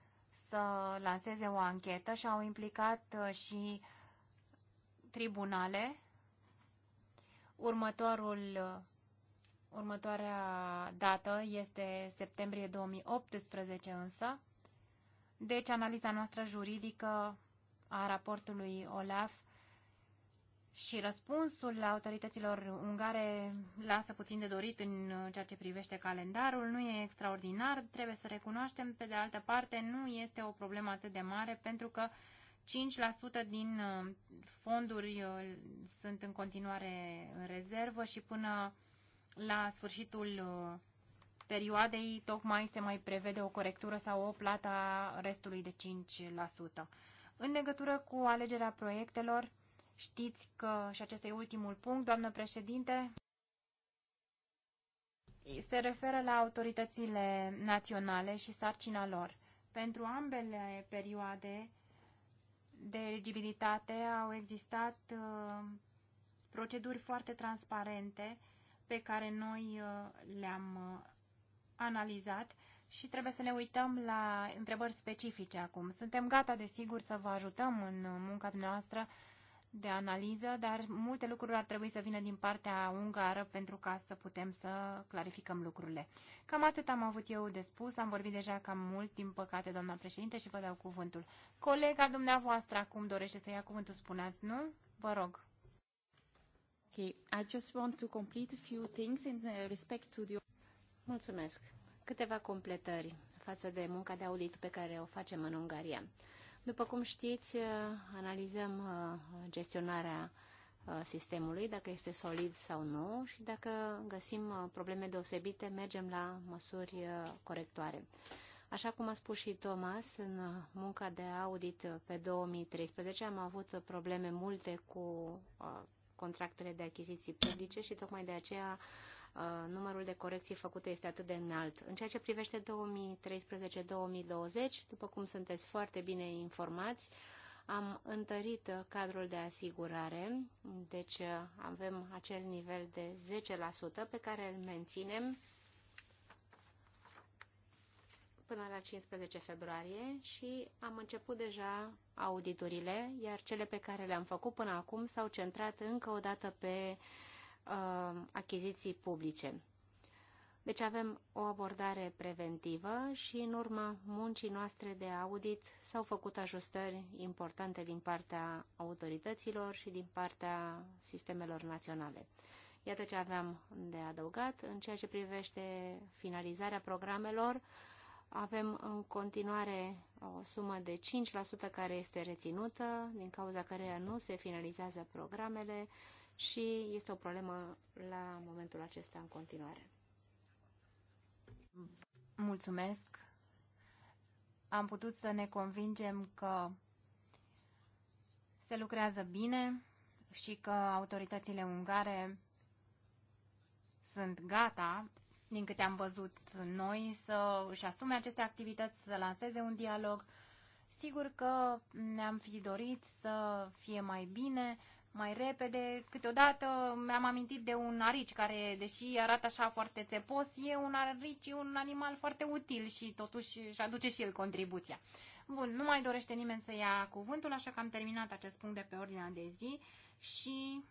să lanseze o anchetă și au implicat uh, și tribunale. Următorul, uh, următoarea dată este septembrie 2018 însă. Deci analiza noastră juridică a raportului OLAF și răspunsul autorităților ungare lasă puțin de dorit în ceea ce privește calendarul, nu e extraordinar, trebuie să recunoaștem, pe de altă parte nu este o problemă atât de mare pentru că 5% din uh, fonduri uh, sunt în continuare în rezervă și până la sfârșitul uh, perioadei tocmai se mai prevede o corectură sau o plată a restului de 5%. În legătură cu alegerea proiectelor, Știți că, și acesta e ultimul punct, doamnă președinte, se referă la autoritățile naționale și sarcina lor. Pentru ambele perioade de eligibilitate au existat uh, proceduri foarte transparente pe care noi uh, le-am uh, analizat și trebuie să ne uităm la întrebări specifice acum. Suntem gata, desigur, să vă ajutăm în munca noastră de analiză, dar multe lucruri ar trebui să vină din partea ungară pentru ca să putem să clarificăm lucrurile. Cam atât am avut eu de spus, am vorbit deja cam mult, din păcate, doamna președinte, și vă dau cuvântul. Colega dumneavoastră acum dorește să ia cuvântul, spuneați, nu? Vă rog. Okay. I just want to complete a few things in uh, respect to the... Mulțumesc. Câteva completări față de munca de audit pe care o facem în Ungaria. După cum știți, uh, analizăm uh, gestionarea uh, sistemului, dacă este solid sau nu și dacă găsim probleme deosebite, mergem la măsuri corectoare. Așa cum a spus și Thomas, în munca de audit pe 2013 am avut probleme multe cu contractele de achiziții publice și tocmai de aceea Uh, numărul de corecții făcute este atât de înalt. În ceea ce privește 2013-2020, după cum sunteți foarte bine informați, am întărit cadrul de asigurare, deci uh, avem acel nivel de 10% pe care îl menținem până la 15 februarie și am început deja auditurile, iar cele pe care le-am făcut până acum s-au centrat încă o dată pe uh, uh, achiziții publice. Deci avem o abordare preventivă și în urma muncii noastre de audit s-au făcut ajustări importante din partea autorităților și din partea sistemelor naționale. Iată ce aveam de adăugat. În ceea ce privește finalizarea programelor, avem în continuare o sumă de 5% care este reținută, din cauza căreia nu se finalizează programele, și este o problemă la momentul acesta în continuare. Mulțumesc! Am putut să ne convingem că se lucrează bine și că autoritățile ungare sunt gata, din câte am văzut noi, să își asume aceste activități, să lanseze un dialog. Sigur că ne-am fi dorit să fie mai bine, mai repede. Câteodată mi-am amintit de un arici care, deși arată așa foarte țepos, e un arici, un animal foarte util și totuși își aduce și el contribuția. Bun, nu mai dorește nimeni să ia cuvântul, așa că am terminat acest punct de pe ordinea de zi și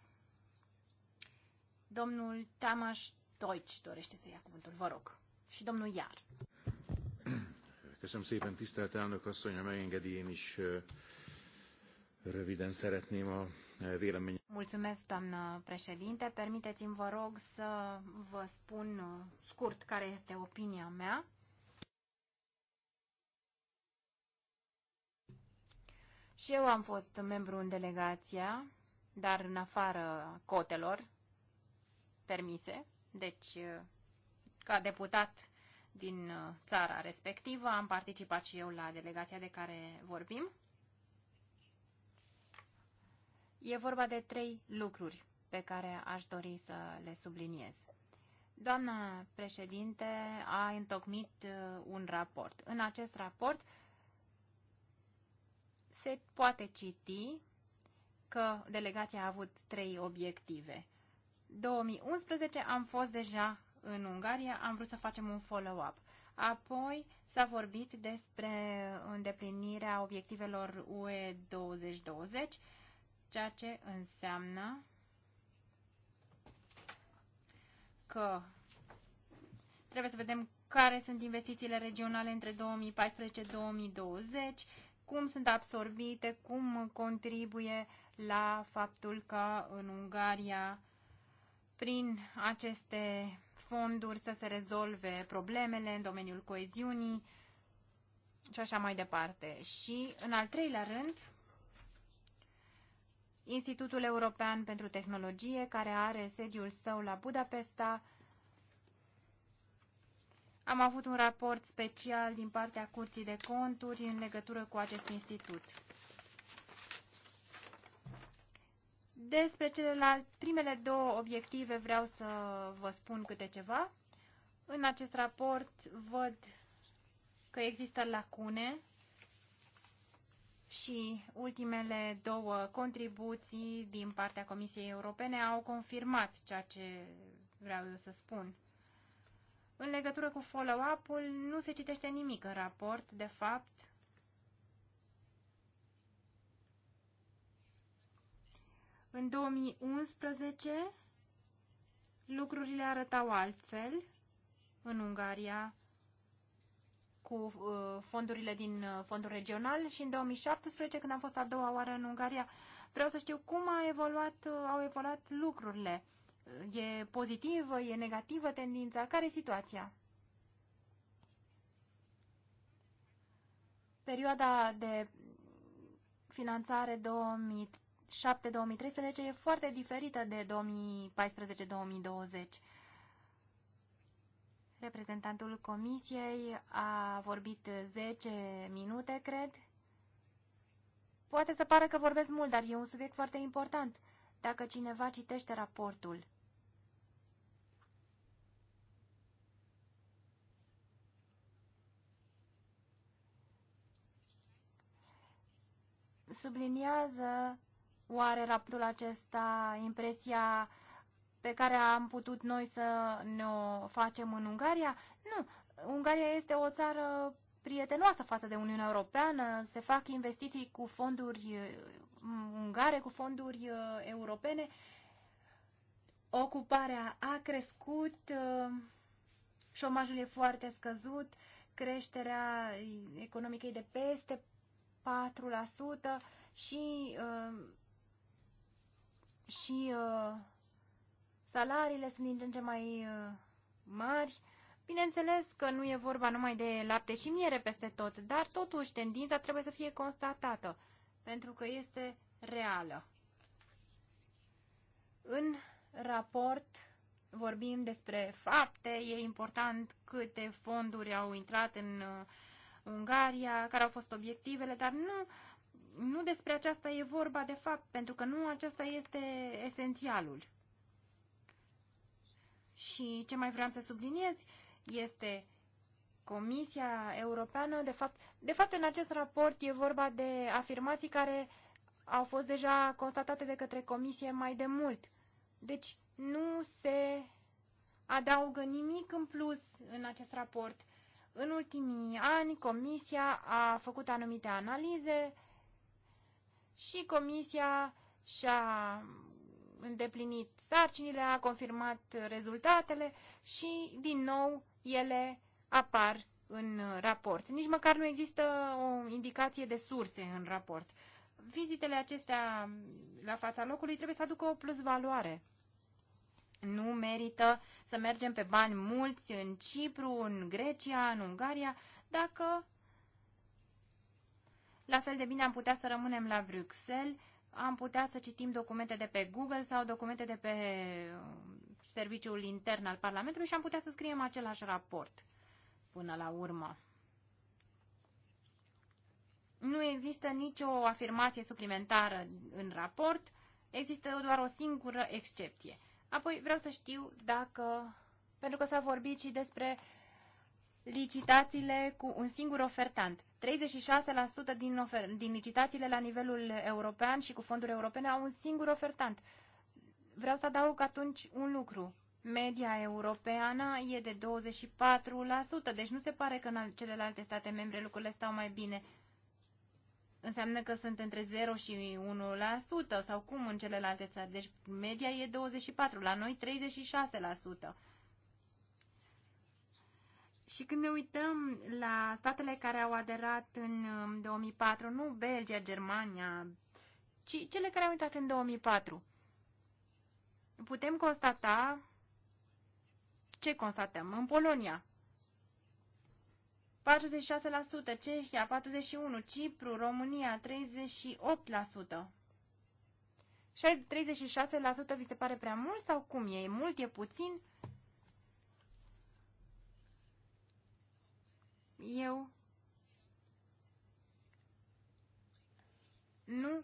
domnul Tamaș Deutsch dorește să ia cuvântul, vă rog. Și domnul Iar. Köszönöm szépen, tisztelt elnök asszony, ha megengedi, én is röviden szeretném a Mulțumesc, doamnă președinte. Permiteți-mi, vă rog, să vă spun uh, scurt care este opinia mea. Și eu am fost membru în delegația, dar în afară cotelor permise, deci uh, ca deputat din uh, țara respectivă am participat și eu la delegația de care vorbim. E vorba de trei lucruri pe care aș dori să le subliniez. Doamna președinte a întocmit uh, un raport. În acest raport se poate citi că delegația a avut trei obiective. 2011 am fost deja în Ungaria, am vrut să facem un follow-up. Apoi s-a vorbit despre îndeplinirea obiectivelor UE 2020 ceea ce înseamnă că trebuie să vedem care sunt investițiile regionale între 2014-2020, cum sunt absorbite, cum contribuie la faptul că în Ungaria prin aceste fonduri să se rezolve problemele în domeniul coeziunii și așa mai departe. Și în al treilea rând, Institutul European pentru Tehnologie, care are sediul său la Budapesta. Am avut un raport special din partea Curții de Conturi în legătură cu acest institut. Despre celelalte, primele două obiective vreau să vă spun câte ceva. În acest raport văd că există lacune și ultimele două contribuții din partea Comisiei Europene au confirmat ceea ce vreau eu să spun. În legătură cu follow-up-ul, nu se citește nimic în raport, de fapt. În 2011, lucrurile arătau altfel în Ungaria cu uh, fondurile din uh, fondul regional și în 2017, când am fost a doua oară în Ungaria. Vreau să știu cum a evoluat, uh, au evoluat lucrurile. E pozitivă, e negativă tendința? Care e situația? Perioada de finanțare 2007-2013 e foarte diferită de 2014-2020. Reprezentantul comisiei a vorbit 10 minute, cred. Poate să pară că vorbesc mult, dar e un subiect foarte important. Dacă cineva citește raportul, subliniază oare raportul acesta impresia pe care am putut noi să ne o facem în Ungaria? Nu. Ungaria este o țară prietenoasă față de Uniunea Europeană, se fac investiții cu fonduri mm, ungare, cu fonduri uh, europene. Ocuparea a crescut, uh, șomajul e foarte scăzut, creșterea economică e de peste 4% și, uh, și salariile sunt din ce în ce mai uh, mari. Bineînțeles că nu e vorba numai de lapte și miere peste tot, dar totuși tendința trebuie să fie constatată, pentru că este reală. În raport vorbim despre fapte, e important câte fonduri au intrat în uh, Ungaria, care au fost obiectivele, dar nu, nu despre aceasta e vorba de fapt, pentru că nu aceasta este esențialul. Și ce mai vreau să subliniez este Comisia Europeană, de fapt, de fapt în acest raport e vorba de afirmații care au fost deja constatate de către Comisie mai de mult. Deci nu se adaugă nimic în plus în acest raport. În ultimii ani, Comisia a făcut anumite analize și Comisia și-a îndeplinit sarcinile, a confirmat rezultatele și, din nou, ele apar în raport. Nici măcar nu există o indicație de surse în raport. Vizitele acestea la fața locului trebuie să aducă o plusvaloare. Nu merită să mergem pe bani mulți în Cipru, în Grecia, în Ungaria, dacă la fel de bine am putea să rămânem la Bruxelles am putea să citim documente de pe Google sau documente de pe uh, serviciul intern al Parlamentului și am putea să scriem același raport până la urmă. Nu există nicio afirmație suplimentară în raport, există doar o singură excepție. Apoi vreau să știu dacă, pentru că s-a vorbit și despre licitațiile cu un singur ofertant. 36% din, ofer- din licitațiile la nivelul european și cu fonduri europene au un singur ofertant. Vreau să adaug atunci un lucru. Media europeană e de 24%, deci nu se pare că în celelalte state membre lucrurile stau mai bine. Înseamnă că sunt între 0 și 1% sau cum în celelalte țări. Deci media e 24%, la noi 36%. Și când ne uităm la statele care au aderat în 2004, um, nu Belgia, Germania, ci cele care au intrat în 2004, putem constata ce constatăm? În Polonia, 46%, Cehia 41%, Cipru, România 38%. 36% vi se pare prea mult sau cum e? E mult, e puțin? eu nu,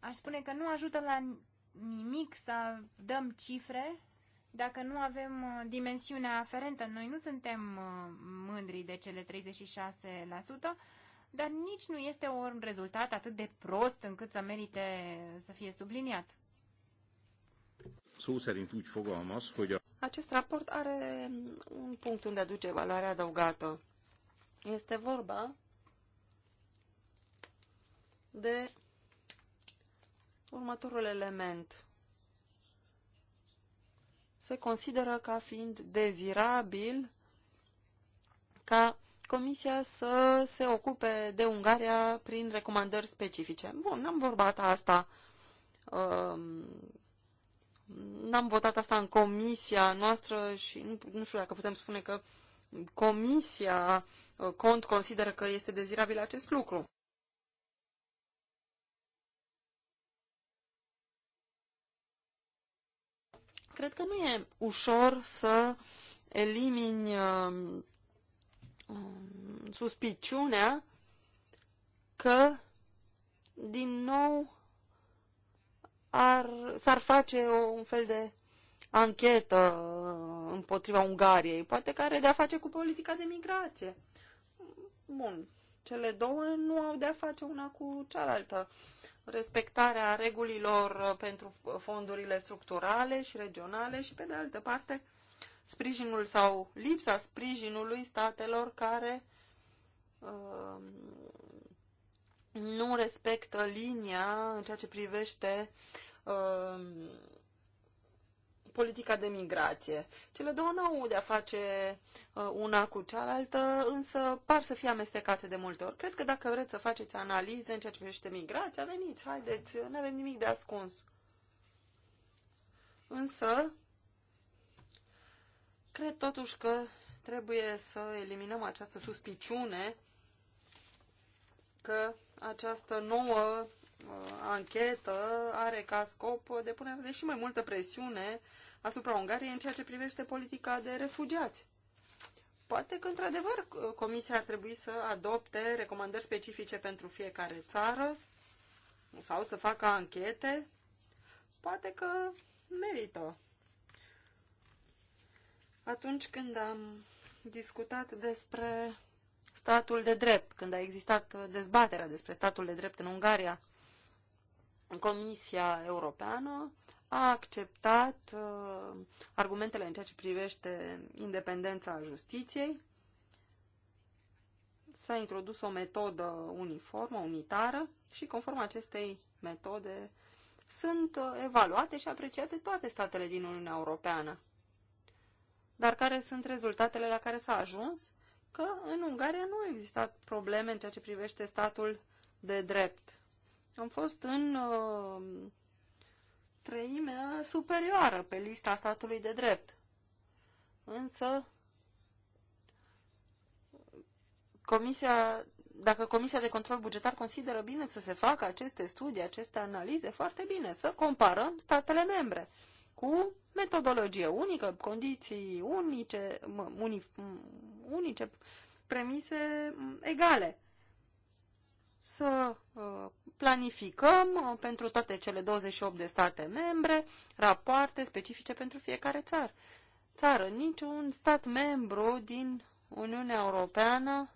aș spune că nu ajută la nimic să dăm cifre dacă nu avem uh, dimensiunea aferentă. Noi nu suntem uh, mândri de cele 36%, dar nici nu este un rezultat atât de prost încât să merite să fie subliniat. Acest raport are um, un punct unde aduce valoarea adăugată. Este vorba de următorul element. Se consideră ca fiind dezirabil ca Comisia să se ocupe de Ungaria prin recomandări specifice. Bun, n-am vorbat asta, um, n-am votat asta în Comisia noastră și nu, nu știu dacă putem spune că Comisia uh, Cont consideră că este dezirabil acest lucru. Cred că nu e ușor să elimini uh, suspiciunea că din nou ar, s-ar face o, un fel de anchetă uh, împotriva Ungariei, poate care de-a face cu politica de migrație. Bun, cele două nu au de-a face una cu cealaltă. Respectarea regulilor uh, pentru fondurile structurale și regionale și, pe de altă parte, sprijinul sau lipsa sprijinului statelor care uh, nu respectă linia în ceea ce privește uh, politica de migrație. Cele două nu au de-a face uh, una cu cealaltă, însă par să fie amestecate de multe ori. Cred că dacă vreți să faceți analize în ceea ce privește migrația, veniți, haideți, nu avem nimic de ascuns. Însă, cred totuși că trebuie să eliminăm această suspiciune că această nouă Uh, anchetă are ca scop depunerea de și mai multă presiune asupra Ungariei în ceea ce privește politica de refugiați. Poate că, într-adevăr, uh, Comisia ar trebui să adopte recomandări specifice pentru fiecare țară sau să facă anchete. Poate că merită. Atunci când am discutat despre statul de drept, când a existat uh, dezbaterea despre statul de drept în Ungaria, Comisia Europeană a acceptat uh, argumentele în ceea ce privește independența justiției. S-a introdus o metodă uniformă, unitară și conform acestei metode sunt uh, evaluate și apreciate toate statele din Uniunea Europeană. Dar care sunt rezultatele la care s-a ajuns? Că în Ungaria nu au existat probleme în ceea ce privește statul de drept am fost în uh, treimea superioară pe lista statului de drept. Însă, comisia, dacă Comisia de Control Bugetar consideră bine să se facă aceste studii, aceste analize, foarte bine, să comparăm statele membre cu metodologie unică, condiții unice, unif, unice premise egale. Să uh, planificăm uh, pentru toate cele 28 de state membre rapoarte specifice pentru fiecare țară. Țară, niciun stat membru din Uniunea Europeană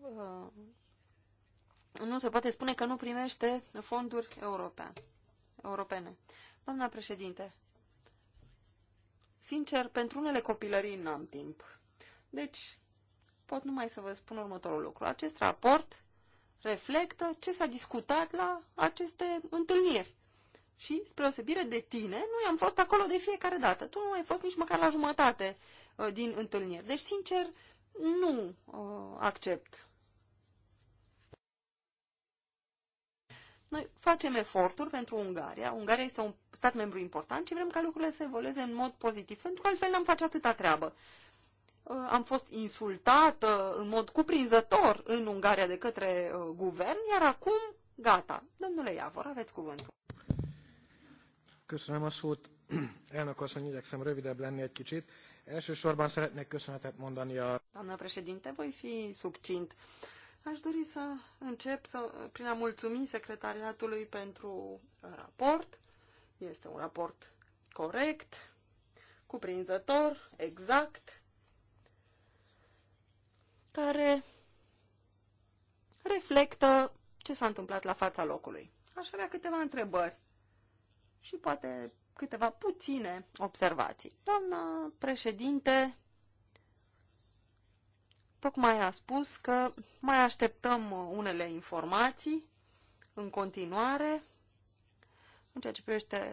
uh, nu se poate spune că nu primește fonduri europene. Doamna președinte, sincer, pentru unele copilării n-am timp. Deci, pot numai să vă spun următorul lucru. Acest raport reflectă ce s-a discutat la aceste întâlniri. Și, spre osebire de tine, noi am fost acolo de fiecare dată. Tu nu ai fost nici măcar la jumătate uh, din întâlniri. Deci, sincer, nu uh, accept. Noi facem eforturi pentru Ungaria. Ungaria este un stat membru important și vrem ca lucrurile să evolueze în mod pozitiv, pentru că altfel n-am face atâta treabă. Uh, am fost insultată în mod cuprinzător în Ungaria de către uh, guvern, iar acum, gata. Domnule Iavor, aveți cuvântul. Köszönöm a szót. [CLEARS THROAT] Elnök asszony, igyekszem rövidebb lenni egy kicsit. Elsősorban szeretnék köszönetet mondani a... Doamna președinte, voi fi succint. Aș dori să încep să, prin a mulțumi secretariatului pentru uh, raport. Este un raport corect, cuprinzător, exact care reflectă ce s-a întâmplat la fața locului. Aș avea câteva întrebări și poate câteva puține observații. Doamna președinte tocmai a spus că mai așteptăm unele informații în continuare în ceea ce privește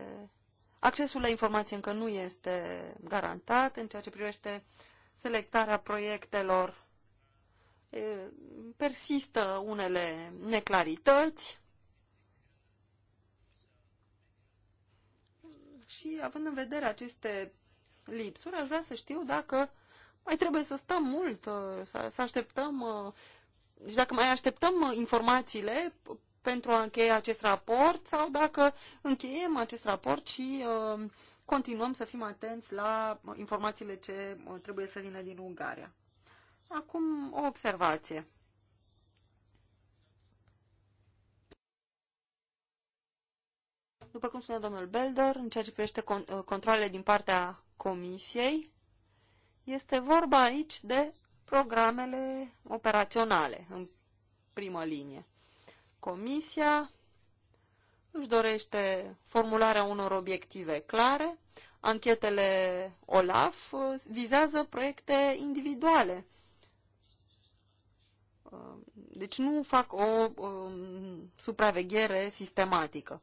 accesul la informații încă nu este garantat, în ceea ce privește selectarea proiectelor persistă unele neclarități și având în vedere aceste lipsuri, aș vrea să știu dacă mai trebuie să stăm mult, uh, să, așteptăm uh, și dacă mai așteptăm informațiile pentru a încheia acest raport sau dacă încheiem acest raport și uh, continuăm să fim atenți la informațiile ce trebuie să vină din Ungaria. Acum o observație. După cum spunea domnul Belder, în ceea ce privește uh, controlele din partea comisiei, este vorba aici de programele operaționale, în primă linie. Comisia își dorește formularea unor obiective clare. Anchetele OLAF uh, vizează proiecte individuale Uh, deci nu fac o um, supraveghere sistematică.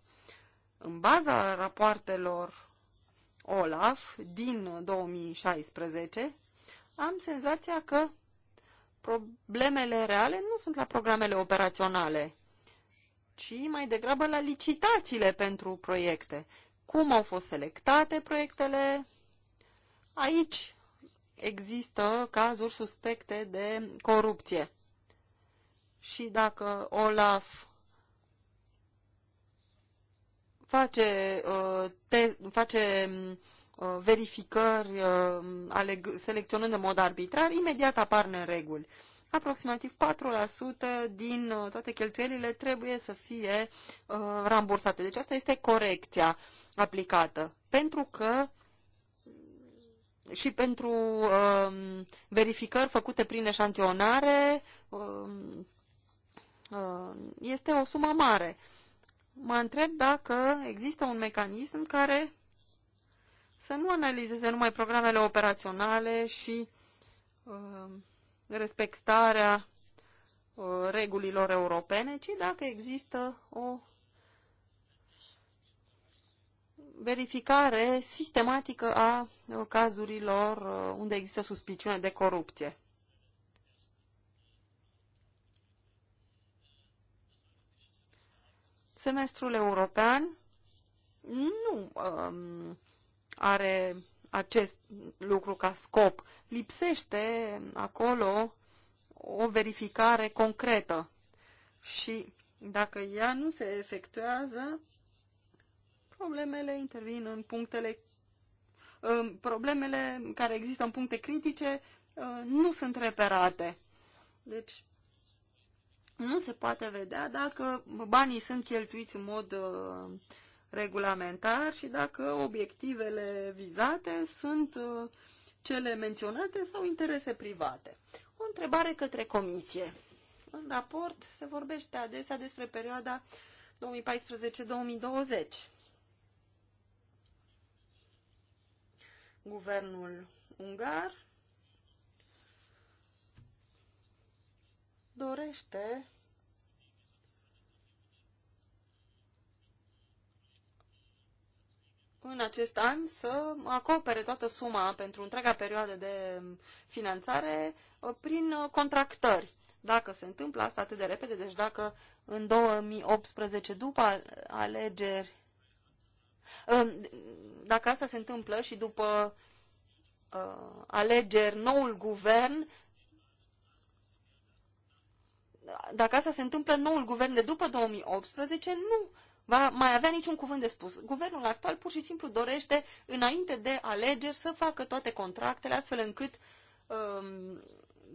În baza rapoartelor OLAF din 2016, am senzația că problemele reale nu sunt la programele operaționale, ci mai degrabă la licitațiile pentru proiecte. Cum au fost selectate proiectele? Aici există cazuri suspecte de corupție și dacă Olaf face, uh, te, face uh, verificări uh, aleg, selecționând în mod arbitrar, imediat apar nereguli. Aproximativ 4% din toate cheltuielile trebuie să fie rambursate. Deci asta este corecția aplicată. Pentru că și pentru um, verificări făcute prin eșantionare, um, Uh, este o sumă mare. Mă întreb dacă există un mecanism care să nu analizeze numai programele operaționale și uh, respectarea uh, regulilor europene, ci dacă există o verificare sistematică a cazurilor unde există suspiciune de corupție. Semestrul european nu um, are acest lucru ca scop. Lipsește acolo o verificare concretă și dacă ea nu se efectuează, problemele intervin în punctele um, problemele care există în puncte critice uh, nu sunt reperate. Deci nu se poate vedea dacă banii sunt cheltuiți în mod uh, regulamentar și dacă obiectivele vizate sunt uh, cele menționate sau interese private. O întrebare către comisie. În raport se vorbește adesea despre perioada 2014-2020. Guvernul ungar dorește în acest an să acopere toată suma pentru întreaga perioadă de finanțare uh, prin uh, contractări. Dacă se întâmplă asta atât de repede, deci dacă în 2018 după alegeri uh, dacă asta se întâmplă și după alegeri noul guvern dacă asta se întâmplă, noul guvern de după 2018 nu va mai avea niciun cuvânt de spus. Guvernul actual pur și simplu dorește, înainte de alegeri, să facă toate contractele, astfel încât um,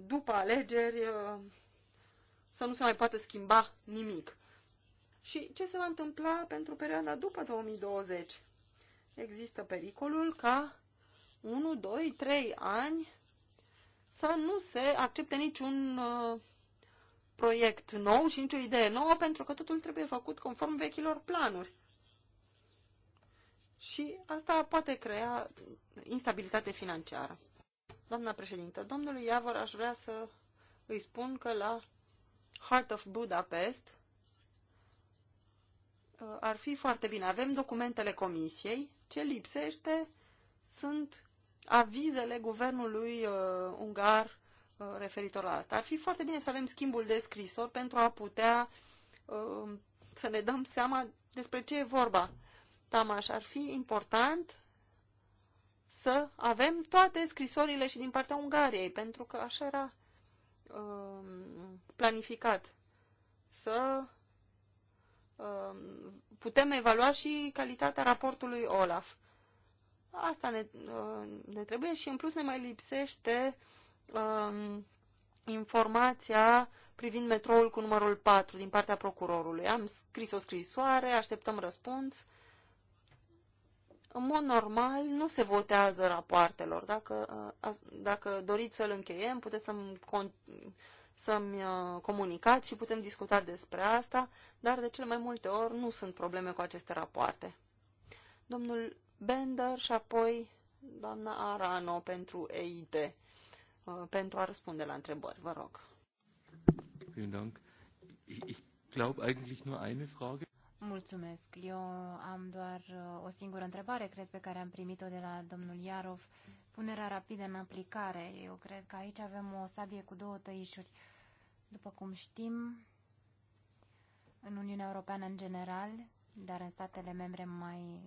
după alegeri uh, să nu se mai poată schimba nimic. Și ce se va întâmpla pentru perioada după 2020? Există pericolul ca 1, 2, 3 ani să nu se accepte niciun uh, proiect nou și nicio idee nouă, pentru că totul trebuie făcut conform vechilor planuri. Și asta poate crea instabilitate financiară. Doamna președintă, domnului Iavor aș vrea să îi spun că la Heart of Budapest uh, ar fi foarte bine. Avem documentele comisiei. Ce lipsește sunt avizele guvernului uh, ungar Uh, referitor la asta. Ar fi foarte bine să avem schimbul de scrisori pentru a putea uh, să ne dăm seama despre ce e vorba. Tamaș, ar fi important să avem toate scrisorile și din partea Ungariei, pentru că așa era uh, planificat. Să uh, putem evalua și calitatea raportului OLAF. Asta ne, uh, ne trebuie și în plus ne mai lipsește um, informația privind metroul cu numărul 4 din partea procurorului. Am scris o scrisoare, așteptăm răspuns. În mod normal, nu se votează rapoartelor. Dacă, uh, dacă doriți să-l încheiem, puteți să-mi, să-mi uh, comunicați și putem discuta despre asta, dar de cele mai multe ori nu sunt probleme cu aceste rapoarte. Domnul Bender și apoi doamna Arano pentru EIT. Uh, pentru a răspunde la întrebări. Vă rog. Mulțumesc. Eu am doar uh, o singură întrebare, cred, pe care am primit-o de la domnul Iarov. Punerea rapidă în aplicare. Eu cred că aici avem o sabie cu două tăișuri. După cum știm, în Uniunea Europeană în general, dar în statele membre mai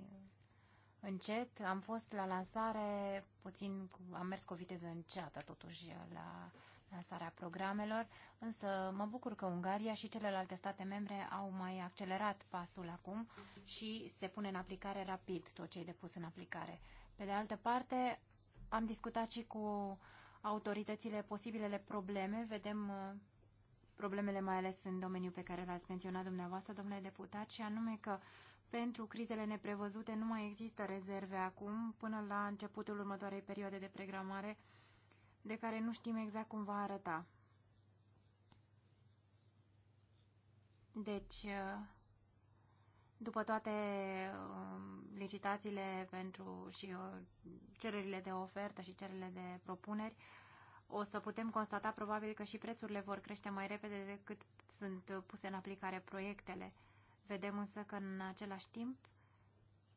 încet. Am fost la lansare puțin, am mers cu o viteză înceată totuși la lansarea programelor, însă mă bucur că Ungaria și celelalte state membre au mai accelerat pasul acum și se pune în aplicare rapid tot ce e depus în aplicare. Pe de altă parte, am discutat și cu autoritățile posibilele probleme, vedem uh, problemele mai ales în domeniul pe care l-ați menționat dumneavoastră, domnule deputat, și anume că uh, pentru crizele neprevăzute nu mai există rezerve acum, până la începutul următoarei perioade de programare, de care nu știm exact cum va arăta. Deci, după toate um, licitațiile pentru și uh, cererile de ofertă și cererile de propuneri, o să putem constata probabil că și prețurile vor crește mai repede decât sunt puse în aplicare proiectele. Vedem însă că în același timp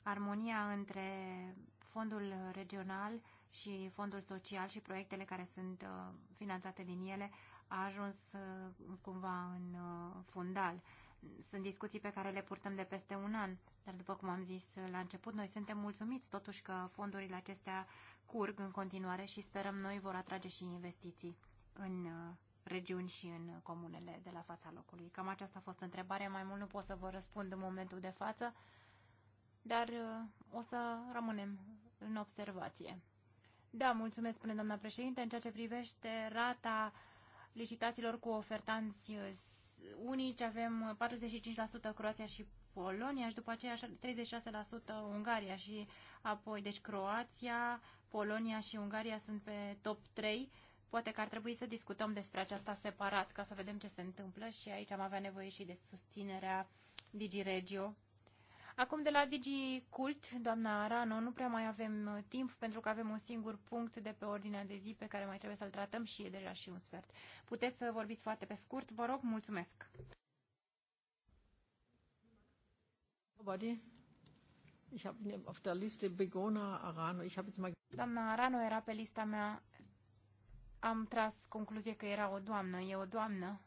armonia între fondul regional și fondul social și proiectele care sunt uh, finanțate din ele a ajuns uh, cumva în uh, fundal. Sunt discuții pe care le purtăm de peste un an, dar după cum am zis la început, noi suntem mulțumiți totuși că fondurile acestea curg în continuare și sperăm noi vor atrage și investiții în regiuni și în comunele de la fața locului. Cam aceasta a fost întrebarea, mai mult nu pot să vă răspund în momentul de față, dar uh, o să rămânem în observație. Da, mulțumesc, spune doamna președinte, în ceea ce privește rata licitațiilor cu ofertanți uh, unici, avem 45% uh, Croația și Polonia și după aceea 36% Ungaria și apoi, deci Croația, Polonia și Ungaria sunt pe top 3 Poate că ar trebui să discutăm despre aceasta separat ca să vedem ce se întâmplă și aici am avea nevoie și de susținerea DigiRegio. Acum de la DigiCult, doamna Arano, nu prea mai avem uh, timp pentru că avem un singur punct de pe ordinea de zi pe care mai trebuie să-l tratăm și e deja și un sfert. Puteți să vorbiți foarte pe scurt, vă rog, mulțumesc. Nobody? Ich habe auf der Liste Begona Arano. Ich habe jetzt mal Doamna Arano era pe lista mea am tras concluzia că era o doamnă, e o doamnă.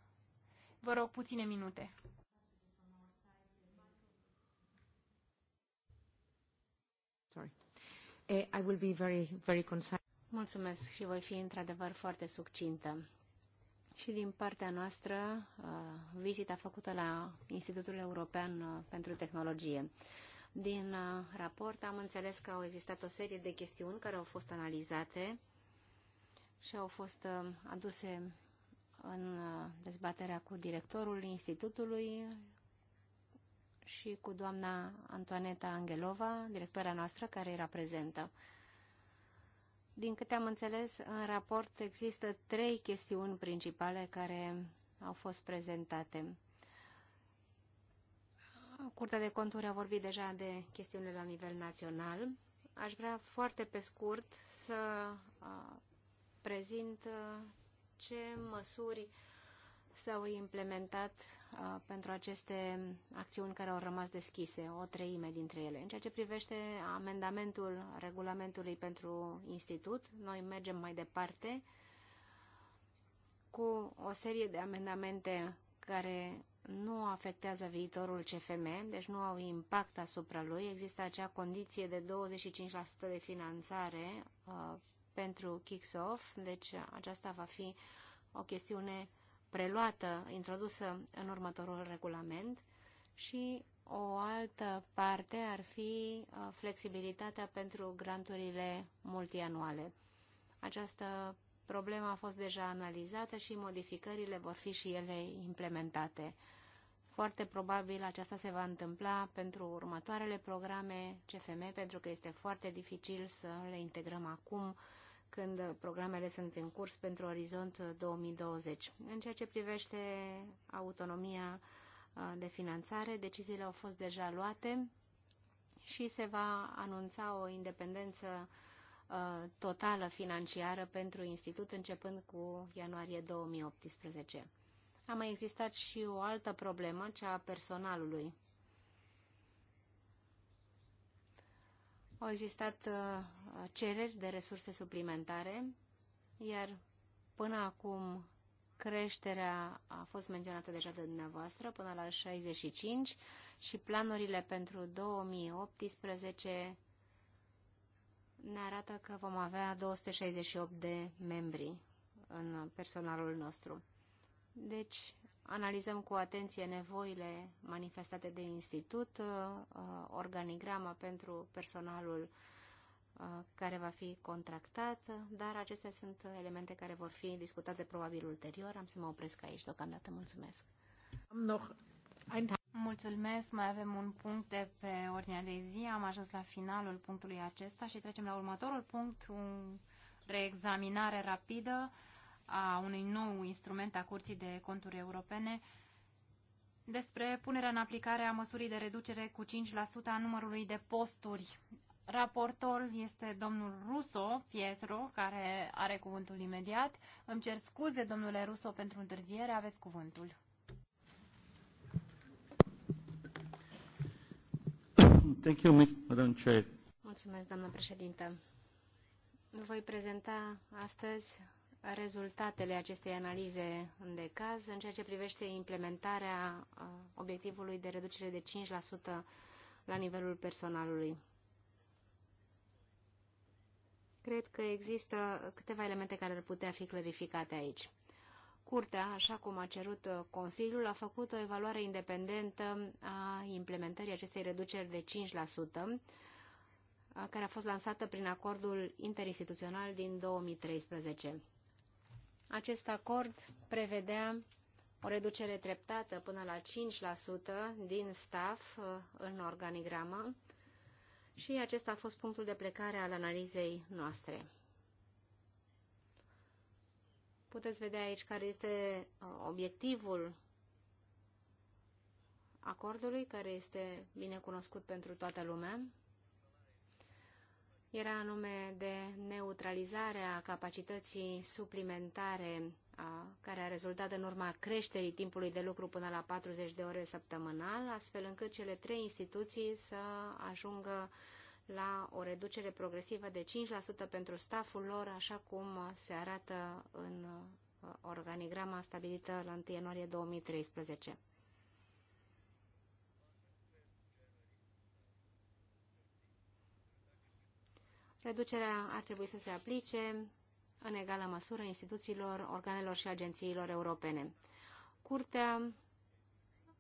Vă rog puține minute. Sorry. Eh, I will be very, very concise. Mulțumesc și voi fi într-adevăr foarte succintă. Și din partea noastră, eh, vizita făcută la Institutul European eh, pentru Tehnologie. Din raport am înțeles că au existat o serie de chestiuni care au fost analizate și au fost uh, aduse în uh, dezbaterea cu directorul institutului și cu doamna Antoaneta Angelova, directora noastră, care era prezentă. Din câte am înțeles, în raport există trei chestiuni principale care au fost prezentate. Curtea de conturi a vorbit deja de chestiunile la nivel național. Aș vrea foarte pe scurt să uh, prezint ce măsuri s-au implementat uh, pentru aceste acțiuni care au rămas deschise, o treime dintre ele. În ceea ce privește amendamentul regulamentului pentru institut, noi mergem mai departe cu o serie de amendamente care nu afectează viitorul CFM, deci nu au impact asupra lui. Există acea condiție de 25% de finanțare uh, pentru kicks-off, deci aceasta va fi o chestiune preluată, introdusă în următorul regulament și o altă parte ar fi uh, flexibilitatea pentru granturile multianuale. Această problemă a fost deja analizată și modificările vor fi și ele implementate. Foarte probabil aceasta se va întâmpla pentru următoarele programe CFM, pentru că este foarte dificil să le integrăm acum când programele sunt în curs pentru Orizont 2020. În ceea ce privește autonomia uh, de finanțare, deciziile au fost deja luate și se va anunța o independență uh, totală financiară pentru institut începând cu ianuarie 2018. A mai existat și o altă problemă, cea a personalului. Au existat uh, cereri de resurse suplimentare, iar până acum creșterea a fost menționată deja de dumneavoastră până la 65 și planurile pentru 2018 ne arată că vom avea 268 de membri în personalul nostru. Deci, Analizăm cu atenție nevoile manifestate de institut, uh, organigrama pentru personalul uh, care va fi contractat, dar acestea sunt elemente care vor fi discutate probabil ulterior. Am să mă opresc aici deocamdată. Mulțumesc! Mulțumesc, mai avem un punct de pe ordinea de zi. Am ajuns la finalul punctului acesta și trecem la următorul punct, o reexaminare rapidă a unui nou instrument a Curții de Conturi Europene despre punerea în aplicare a măsurii de reducere cu 5% a numărului de posturi. Raportor este domnul Ruso Pietro, care are cuvântul imediat. Îmi cer scuze, domnule Ruso, pentru întârziere. Aveți cuvântul. Thank you, Madam Chair. Mulțumesc, doamnă președintă. Voi prezenta astăzi rezultatele acestei analize de caz în ceea ce privește implementarea uh, obiectivului de reducere de 5% la nivelul personalului. Cred că există câteva elemente care ar putea fi clarificate aici. Curtea, așa cum a cerut uh, Consiliul, a făcut o evaluare independentă a implementării acestei reduceri de 5%, uh, care a fost lansată prin acordul interinstituțional din 2013. Acest acord prevedea o reducere treptată până la 5% din staff uh, în organigramă și acesta a fost punctul de plecare al analizei noastre. Puteți vedea aici care este uh, obiectivul acordului, care este bine cunoscut pentru toată lumea era anume de neutralizare a capacității suplimentare a, care a rezultat în urma creșterii timpului de lucru până la 40 de ore săptămânal, astfel încât cele trei instituții să ajungă la o reducere progresivă de 5% pentru staful lor, așa cum se arată în organigrama stabilită la 1 ianuarie 2013. Reducerea ar trebui să se aplice în egală măsură instituțiilor, organelor și agențiilor europene. Curtea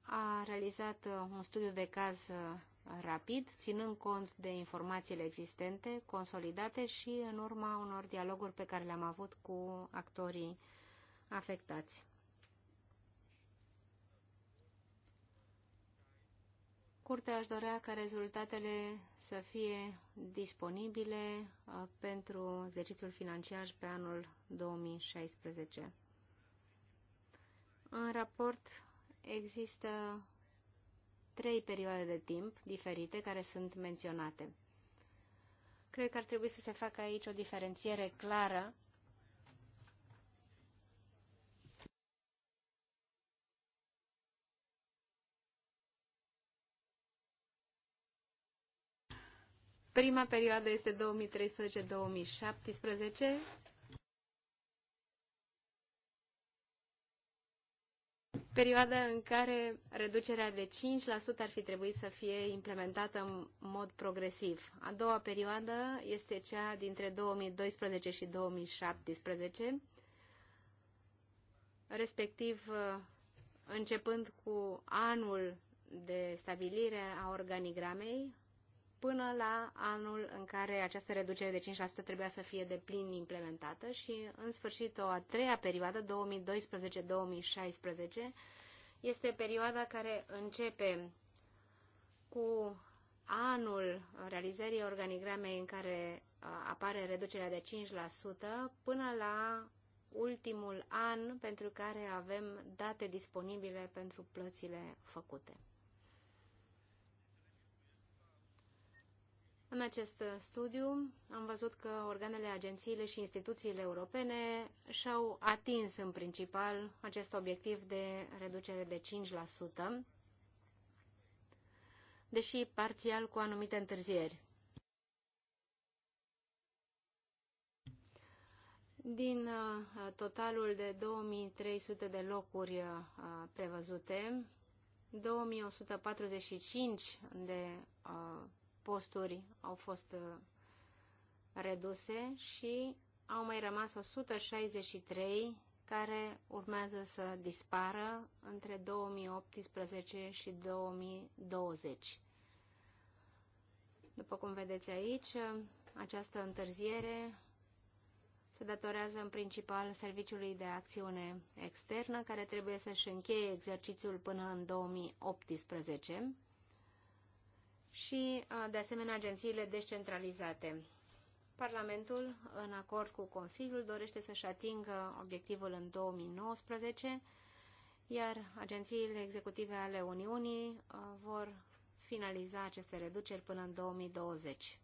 a realizat uh, un studiu de caz uh, rapid, ținând cont de informațiile existente, consolidate și în urma unor dialoguri pe care le-am avut cu actorii afectați. Curtea aș dorea ca rezultatele să fie disponibile uh, pentru exercițiul financiar pe anul 2016. În raport există trei perioade de timp diferite care sunt menționate. Cred că ar trebui să se facă aici o diferențiere clară Prima perioadă este 2013-2017. Perioada în care reducerea de 5% ar fi trebuit să fie implementată în mod progresiv. A doua perioadă este cea dintre 2012 și 2017, respectiv începând cu anul de stabilire a organigramei, până la anul în care această reducere de 5% trebuia să fie de plin implementată și, în sfârșit, o a treia perioadă, 2012-2016, este perioada care începe cu anul realizării organigramei în care uh, apare reducerea de 5% până la ultimul an pentru care avem date disponibile pentru plățile făcute. În acest studiu am văzut că organele, agențiile și instituțiile europene și-au atins în principal acest obiectiv de reducere de 5%, deși parțial cu anumite întârzieri. Din uh, totalul de 2300 de locuri uh, prevăzute, 2145 de uh, posturi au fost uh, reduse și au mai rămas 163 care urmează să dispară între 2018 și 2020. După cum vedeți aici, această întârziere se datorează în principal Serviciului de Acțiune Externă, care trebuie să-și încheie exercițiul până în 2018 și, de asemenea, agențiile descentralizate. Parlamentul, în acord cu Consiliul, dorește să-și atingă obiectivul în 2019, iar agențiile executive ale Uniunii vor finaliza aceste reduceri până în 2020,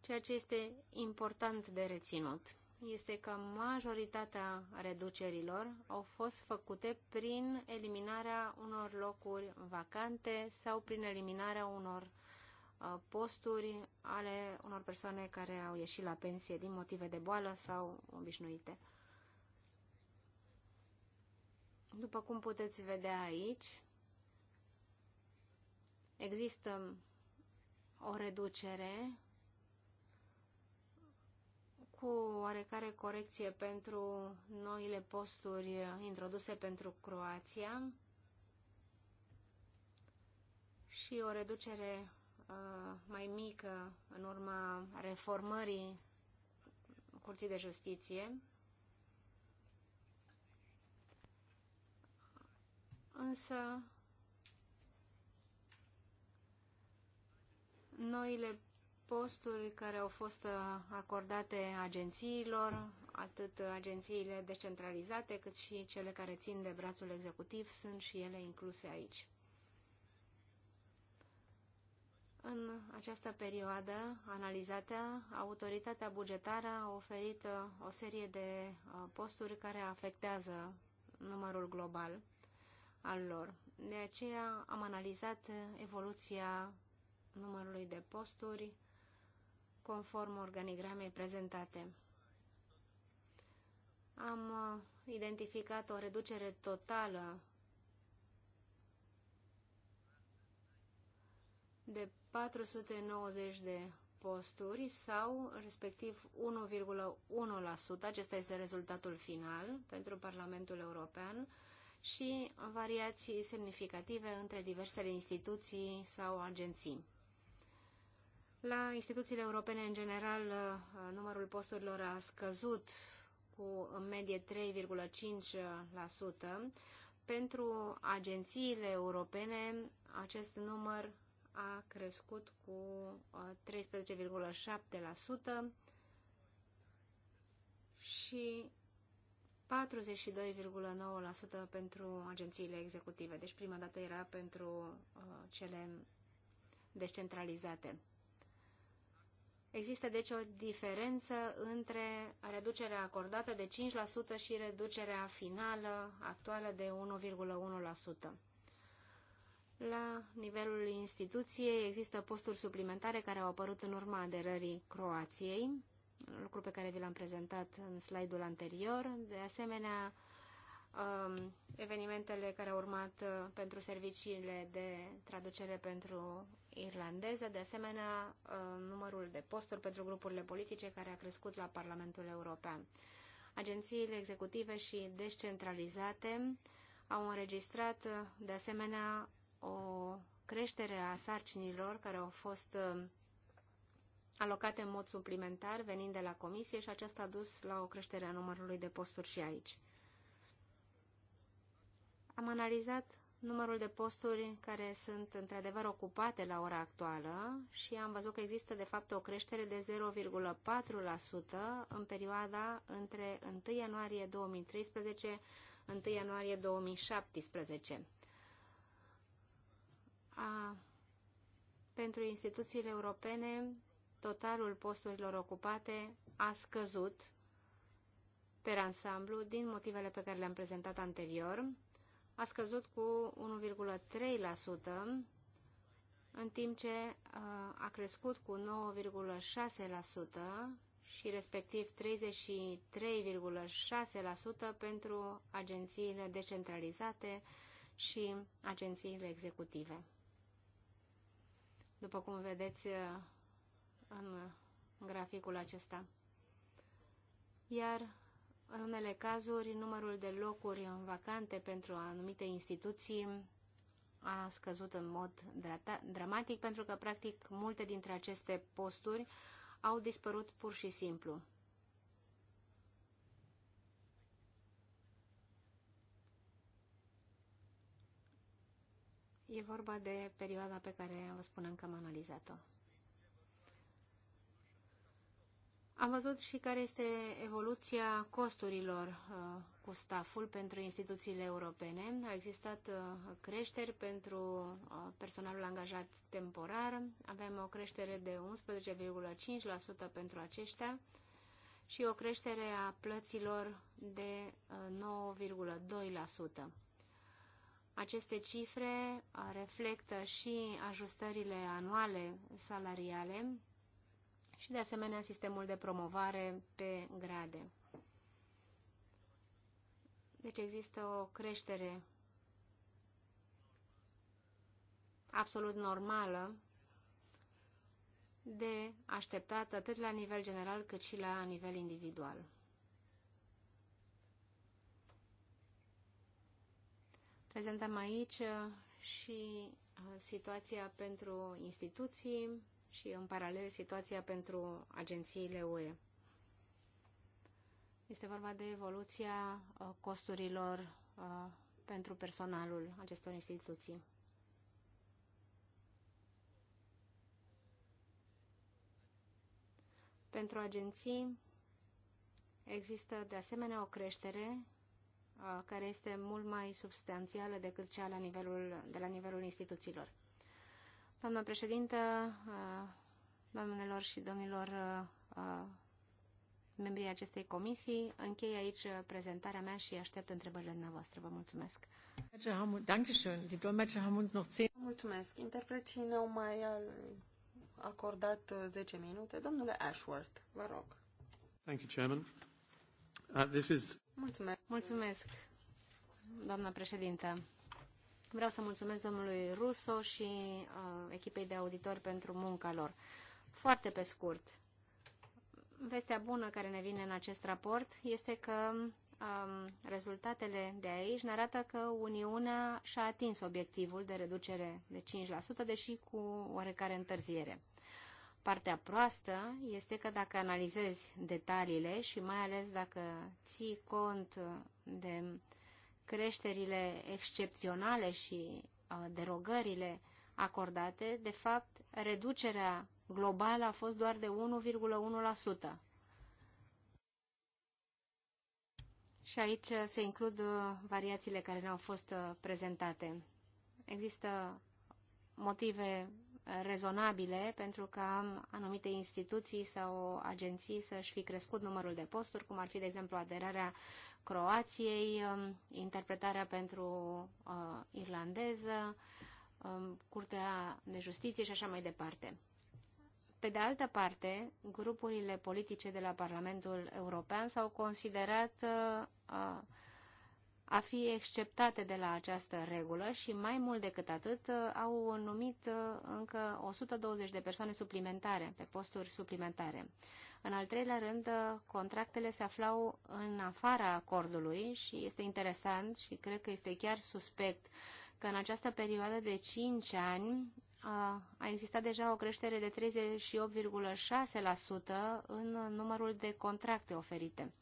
ceea ce este important de reținut este că majoritatea reducerilor au fost făcute prin eliminarea unor locuri vacante sau prin eliminarea unor uh, posturi ale unor persoane care au ieșit la pensie din motive de boală sau obișnuite. După cum puteți vedea aici, există o reducere cu oarecare corecție pentru noile posturi introduse pentru Croația și o reducere uh, mai mică în urma reformării Curții de Justiție. Însă, noile posturi care au fost uh, acordate agențiilor, atât agențiile decentralizate cât și cele care țin de brațul executiv sunt și ele incluse aici. În această perioadă analizată, autoritatea bugetară a oferit uh, o serie de uh, posturi care afectează numărul global al lor. De aceea am analizat evoluția numărului de posturi conform organigramei prezentate. Am uh, identificat o reducere totală de 490 de posturi sau respectiv 1,1%, acesta este rezultatul final pentru Parlamentul European și variații semnificative între diversele instituții sau agenții. La instituțiile europene, în general, uh, numărul posturilor a scăzut cu în medie 3,5%. Pentru agențiile europene, acest număr a crescut cu 13,7% uh, și 42,9% pentru agențiile executive. Deci prima dată era pentru uh, cele descentralizate. Există deci o diferență între reducerea acordată de 5% și reducerea finală actuală de 1,1%. La nivelul instituției există posturi suplimentare care au apărut în urma aderării Croației, lucru pe care vi l-am prezentat în slide-ul anterior. De asemenea, Um, evenimentele care au urmat uh, pentru serviciile de traducere pentru irlandeză, de asemenea uh, numărul de posturi pentru grupurile politice care a crescut la Parlamentul European. Agențiile executive și descentralizate au înregistrat, uh, de asemenea, o creștere a sarcinilor care au fost alocate în mod suplimentar, venind de la comisie și aceasta a dus la o creștere a numărului de posturi și aici. Am analizat numărul de posturi care sunt într-adevăr ocupate la ora actuală și am văzut că există de fapt o creștere de 0,4% în perioada între 1 ianuarie 2013 1 ianuarie 2017. A, pentru instituțiile europene, totalul posturilor ocupate a scăzut per ansamblu din motivele pe care le-am prezentat anterior a scăzut cu 1,3%, în timp ce uh, a crescut cu 9,6% și respectiv 33,6% pentru agențiile decentralizate și agențiile executive. După cum vedeți uh, în graficul acesta. Iar în unele cazuri, numărul de locuri în vacante pentru anumite instituții a scăzut în mod dramatic pentru că, practic, multe dintre aceste posturi au dispărut pur și simplu. E vorba de perioada pe care vă spunem că am analizat-o. Am văzut și care este evoluția costurilor uh, cu staful pentru instituțiile europene. Au existat uh, creșteri pentru uh, personalul angajat temporar. Avem o creștere de 11,5% pentru aceștia și o creștere a plăților de 9,2%. Uh, Aceste cifre uh, reflectă și ajustările anuale salariale și de asemenea sistemul de promovare pe grade. Deci există o creștere absolut normală de așteptat atât la nivel general cât și la nivel individual. Prezentăm aici uh, și uh, situația pentru instituții, și în paralel situația pentru agențiile UE. Este vorba de evoluția uh, costurilor uh, pentru personalul acestor instituții. Pentru agenții există de asemenea o creștere uh, care este mult mai substanțială decât cea la nivelul, de la nivelul instituțiilor. Doamna președintă, uh, doamnelor și domnilor uh, uh, membrii acestei comisii, închei aici prezentarea mea și aștept întrebările noastre. Vă mulțumesc! Mulțumesc! Interpreții ne-au mai acordat 10 minute. Domnule Ashworth, vă rog. Thank you, Chairman. Uh, this is... Mulțumesc! Mulțumesc, doamna președintă! Vreau să mulțumesc domnului Russo și uh, echipei de auditori pentru munca lor. Foarte pe scurt, vestea bună care ne vine în acest raport este că um, rezultatele de aici ne arată că Uniunea și-a atins obiectivul de reducere de 5%, deși cu oarecare întârziere. Partea proastă este că dacă analizezi detaliile și mai ales dacă ții cont de uh, creșterile excepționale și uh, derogările acordate, de fapt, reducerea globală a fost doar de 1,1%. Și aici se includ uh, variațiile care ne-au fost uh, prezentate. Există motive rezonabile pentru ca anumite instituții sau agenții să-și fi crescut numărul de posturi, cum ar fi, de exemplu, aderarea Croației, um, interpretarea pentru uh, irlandeză, um, Curtea de Justiție și așa mai departe. Pe de altă parte, grupurile politice de la Parlamentul European s-au considerat uh, uh a fi exceptate de la această regulă și mai mult decât atât uh, au numit uh, încă 120 de persoane suplimentare pe posturi suplimentare. În al treilea rând, uh, contractele se aflau în afara acordului și este interesant și cred că este chiar suspect că în această perioadă de 5 ani uh, a existat deja o creștere de 38,6% în numărul de contracte oferite.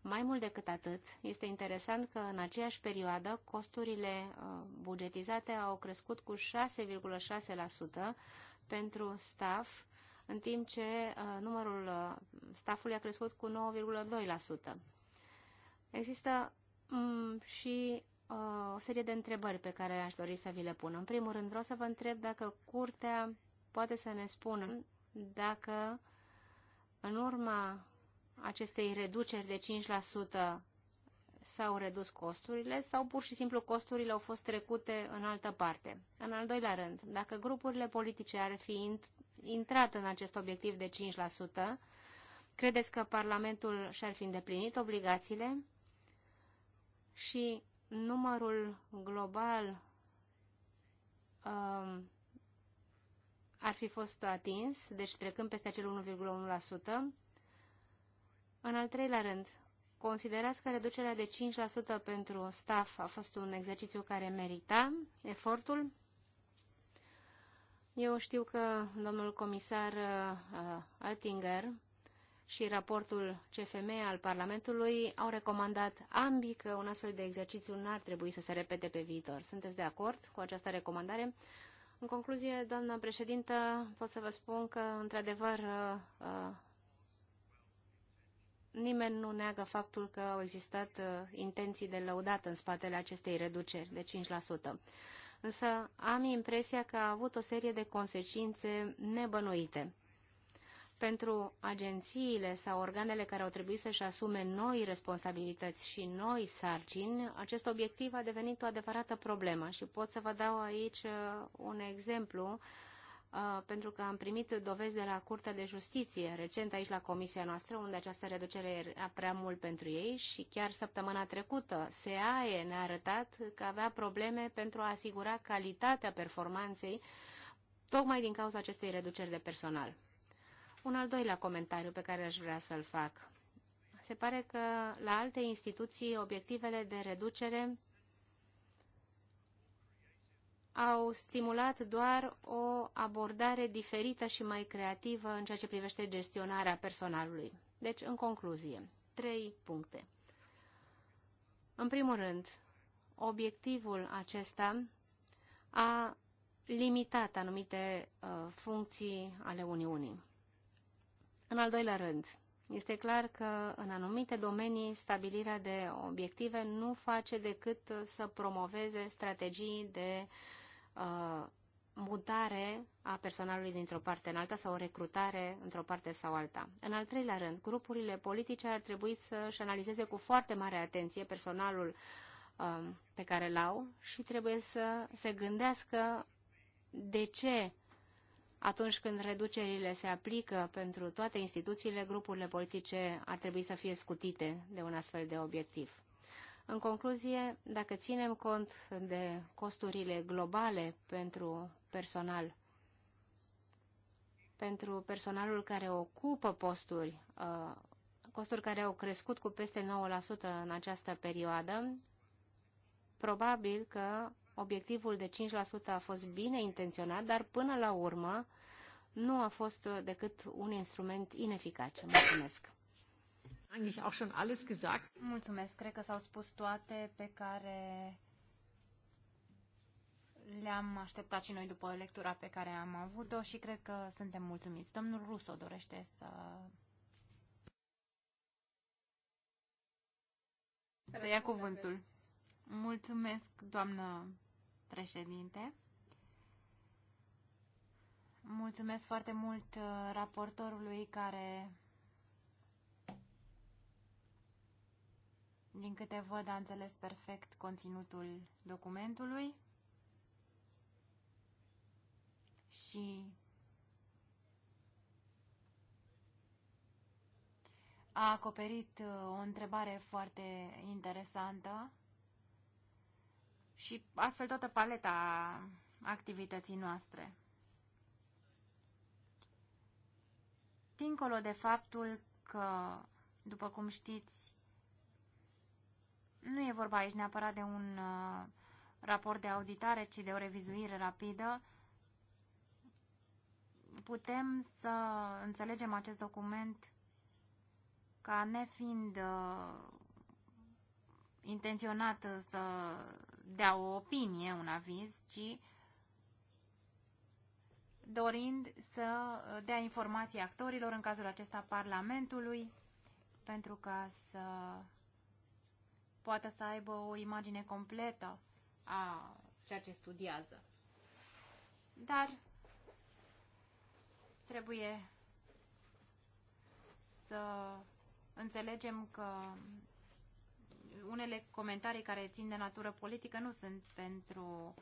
Mai mult decât atât, este interesant că în aceeași perioadă costurile uh, bugetizate au crescut cu 6,6% pentru staff în timp ce uh, numărul uh, stafului a crescut cu 9,2%. Există mm, și uh, o serie de întrebări pe care aș dori să vi le pun. În primul rând, vreau să vă întreb dacă curtea poate să ne spună dacă în urma acestei reduceri de 5% s-au redus costurile sau pur și simplu costurile au fost trecute în altă parte. În al doilea rând, dacă grupurile politice ar fi intrat în acest obiectiv de 5%. Credeți că Parlamentul și-ar fi îndeplinit obligațiile? Și numărul global um, ar fi fost atins, deci trecând peste acel 1,1%. În al treilea rând, considerați că reducerea de 5% pentru staff a fost un exercițiu care merita efortul? Eu știu că domnul comisar Altinger uh, și raportul CFM al Parlamentului au recomandat ambii că un astfel de exercițiu n-ar trebui să se repete pe viitor. Sunteți de acord cu această recomandare? În concluzie, doamnă președintă, pot să vă spun că, într-adevăr, uh, uh, nimeni nu neagă faptul că au existat intenții de lăudat în spatele acestei reduceri de 5% însă am impresia că a avut o serie de consecințe nebănuite. Pentru agențiile sau organele care au trebuit să-și asume noi responsabilități și noi sarcini, acest obiectiv a devenit o adevărată problemă și pot să vă dau aici uh, un exemplu uh, Uh, pentru că am primit dovezi de la Curtea de Justiție recent aici la comisia noastră, unde această reducere era prea mult pentru ei și chiar săptămâna trecută SEAE ne-a arătat că avea probleme pentru a asigura calitatea performanței tocmai din cauza acestei reduceri de personal. Un al doilea comentariu pe care aș vrea să-l fac. Se pare că la alte instituții obiectivele de reducere au stimulat doar o abordare diferită și mai creativă în ceea ce privește gestionarea personalului. Deci, în concluzie, trei puncte. În primul rând, obiectivul acesta a limitat anumite uh, funcții ale Uniunii. În al doilea rând, este clar că în anumite domenii stabilirea de obiective nu face decât să promoveze strategii de uh, uh, mutare a personalului dintr-o parte în alta sau o recrutare într-o parte sau alta. În al treilea rând, grupurile politice ar trebui să-și analizeze cu foarte mare atenție personalul uh, pe care îl au și trebuie să se gândească de ce atunci când reducerile se aplică pentru toate instituțiile, grupurile politice ar trebui să fie scutite de un astfel de obiectiv. În concluzie, dacă ținem cont de costurile globale pentru personal, pentru personalul care ocupă posturi, uh, costuri care au crescut cu peste 9% în această perioadă, probabil că obiectivul de 5% a fost bine intenționat, dar până la urmă nu a fost decât un instrument ineficace. Mulțumesc! eigentlich auch schon alles gesagt. Mulțumesc, cred că s-au spus toate pe care le-am așteptat și noi după lectura pe care am avut-o și cred că suntem mulțumiți. Domnul Ruso dorește să să ia cuvântul. Mulțumesc, doamnă președinte. Mulțumesc foarte mult uh, raportorului care Din câte văd, a înțeles perfect conținutul documentului și a acoperit uh, o întrebare foarte interesantă și astfel toată paleta activității noastre. Dincolo de faptul că, după cum știți, nu e vorba aici neapărat de un uh, raport de auditare, ci de o revizuire rapidă. Putem să înțelegem acest document ca nefiind uh, intenționat să dea o opinie, un aviz, ci dorind să dea informații actorilor, în cazul acesta Parlamentului, pentru ca să poată să aibă o imagine completă a ceea ce studiază. Dar trebuie să înțelegem că unele comentarii care țin de natură politică nu sunt pentru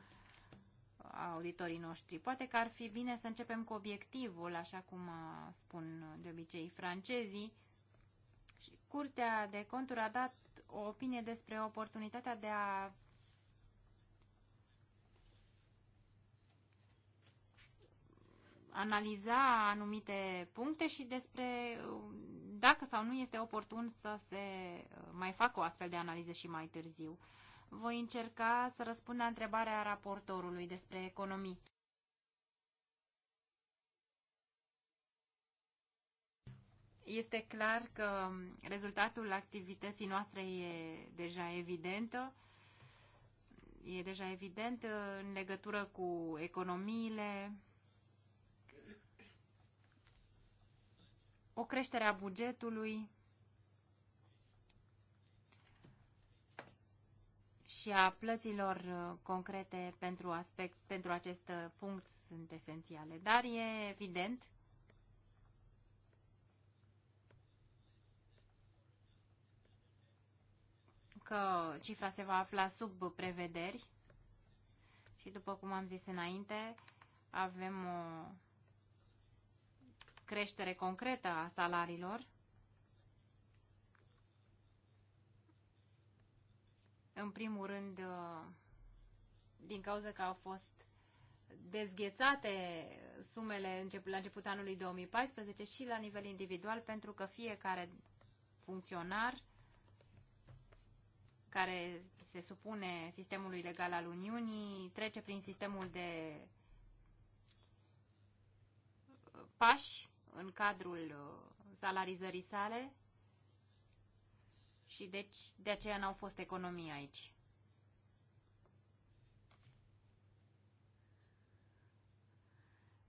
auditorii noștri. Poate că ar fi bine să începem cu obiectivul, așa cum spun de obicei francezii. Și Curtea de conturi a dat o opinie despre oportunitatea de a analiza anumite puncte și despre dacă sau nu este oportun să se uh, mai facă o astfel de analiză și mai târziu. Voi încerca să răspund la întrebarea raportorului despre economii. Este clar că rezultatul activității noastre e deja evidentă. E deja evident în legătură cu economiile, o creștere a bugetului și a plăților uh, concrete pentru, aspect, pentru acest uh, punct sunt esențiale. Dar e evident că cifra se va afla sub prevederi și după cum am zis înainte, avem o creștere concretă a salariilor în primul rând din cauza că au fost dezghețate sumele la începutul anului 2014 și la nivel individual pentru că fiecare funcționar care se supune sistemului legal al Uniunii, trece prin sistemul de uh, pași în cadrul uh, salarizării sale și deci de aceea n-au fost economii aici.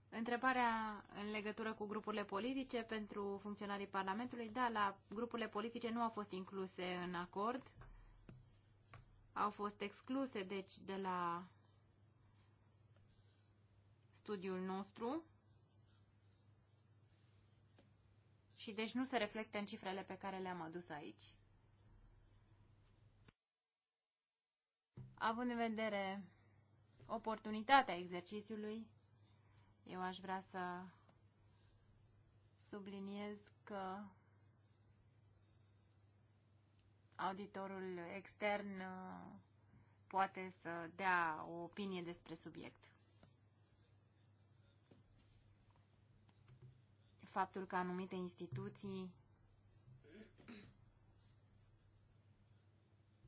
Întrebarea în legătură cu grupurile politice pentru funcționarii Parlamentului, da, la grupurile politice nu au fost incluse în acord au fost excluse, deci, de la studiul nostru și deci nu se reflectă în cifrele pe care le-am adus aici. Având în vedere oportunitatea exercițiului, eu aș vrea să subliniez că auditorul extern uh, poate să dea o opinie despre subiect. Faptul că anumite instituții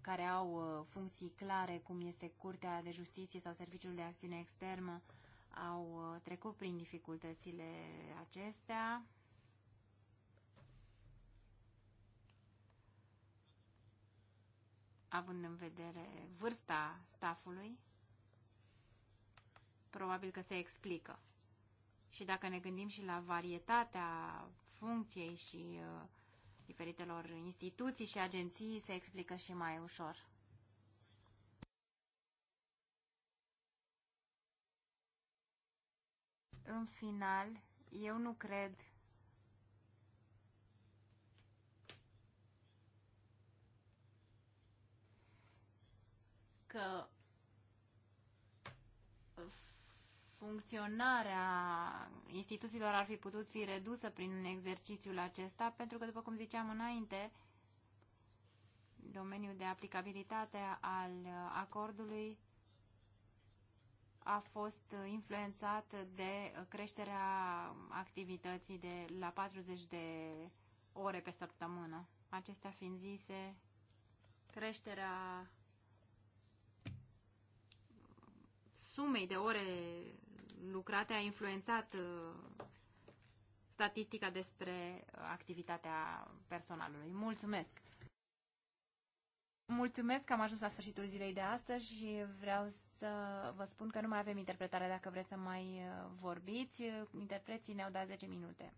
care au uh, funcții clare, cum este Curtea de Justiție sau Serviciul de Acțiune Externă, au uh, trecut prin dificultățile acestea. având în vedere vârsta stafului, probabil că se explică. Și dacă ne gândim și la varietatea funcției și uh, diferitelor instituții și agenții, se explică și mai ușor. În final, eu nu cred că funcționarea instituțiilor ar fi putut fi redusă prin exercițiul acesta, pentru că, după cum ziceam înainte, domeniul de aplicabilitate al acordului a fost influențat de creșterea activității de la 40 de ore pe săptămână. Acestea fiind zise, creșterea sumei de ore lucrate a influențat uh, statistica despre uh, activitatea personalului. Mulțumesc! Mulțumesc că am ajuns la sfârșitul zilei de astăzi și vreau să vă spun că nu mai avem interpretare dacă vreți să mai uh, vorbiți. Interpreții ne-au dat 10 minute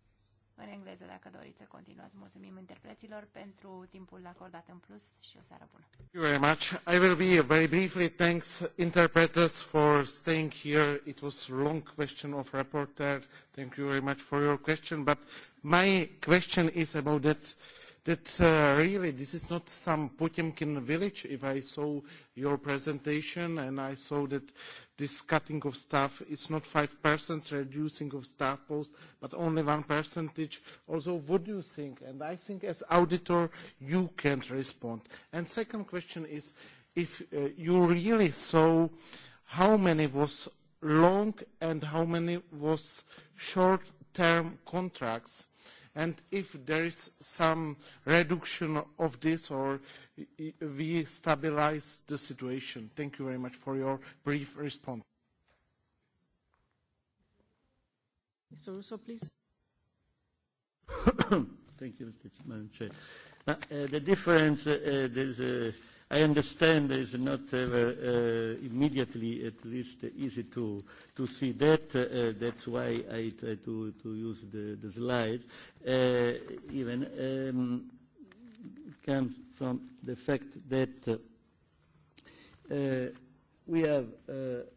în engleză dacă doriți să continuați. Mulțumim interpreților pentru timpul acordat în plus și o seară bună. Thank you very much. I will be very briefly thanks interpreters for staying here. It was long question of reporter. Thank you very much for your question, but my question is about that that uh, really this is not some Putinkin village. If I saw your presentation and I saw that this cutting of staff is not 5% reducing of staff posts, but only 1%. Also, what do you think? And I think as auditor, you can respond. And second question is, if uh, you really saw how many was long and how many was short-term contracts, and if there is some reduction of this or we stabilize the situation? Thank you very much for your brief response. Mr. Russo, please. [COUGHS] Thank you, Madam Chair. Now, uh, uh, the difference, uh, uh there's I understand is not uh, uh, immediately, at least, easy to, to see that. Uh, that's why I try to, to use the, the slide. Uh, even um, comes from the fact that uh, uh, we have uh,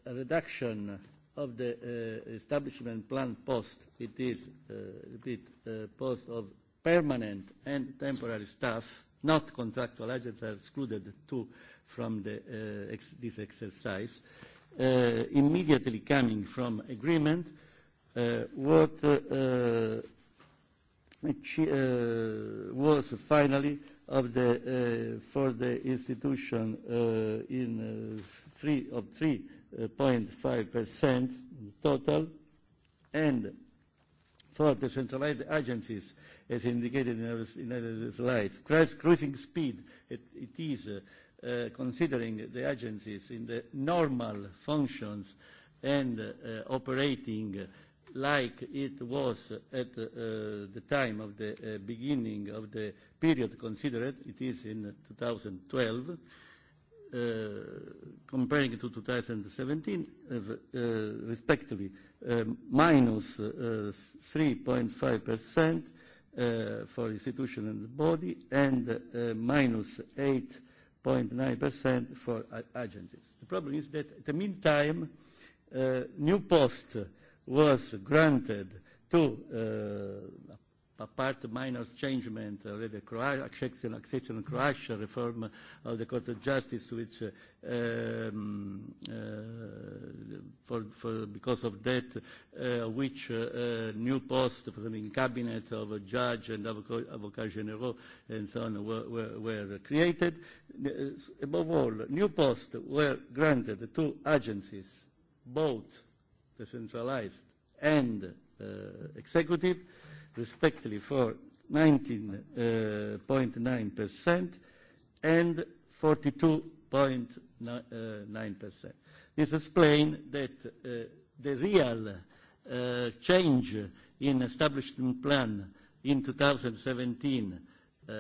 a reduction of the uh, establishment plan post. It is, uh, repeat, uh, post of permanent and temporary staff, not contractual agents are excluded too from the, uh, ex this exercise, uh, immediately coming from agreement, uh, what uh, uh, uh was finally of the, uh, for the institution uh, in uh, three of 3.5% uh, total, and for the centralized agencies, as indicated in our, in our slides, cruising speed, it, it is uh, uh, considering the agencies in the normal functions and uh, operating uh, like it was at uh, the time of the uh, beginning of the period considered, it is in 2012, uh, comparing to 2017, uh, uh, respectively, uh, minus 3.5% uh, uh, for institution and body and uh, minus 8.9% for agencies. The problem is that, in the meantime, uh, new posts was granted to uh, apart minor changement, of the accession, accession of Croatia reform of the Court of Justice, which uh, um, uh, for, for, because of that, uh, which uh, uh, new post for the cabinet of a judge and avocat general and so on were, were, were created. Above all, new posts were granted to agencies, both the centralized and uh, executive, respectively for 19.9% uh, and 42.9%. Uh, this explains that uh, the real uh, change in establishment plan in 2017 uh, uh,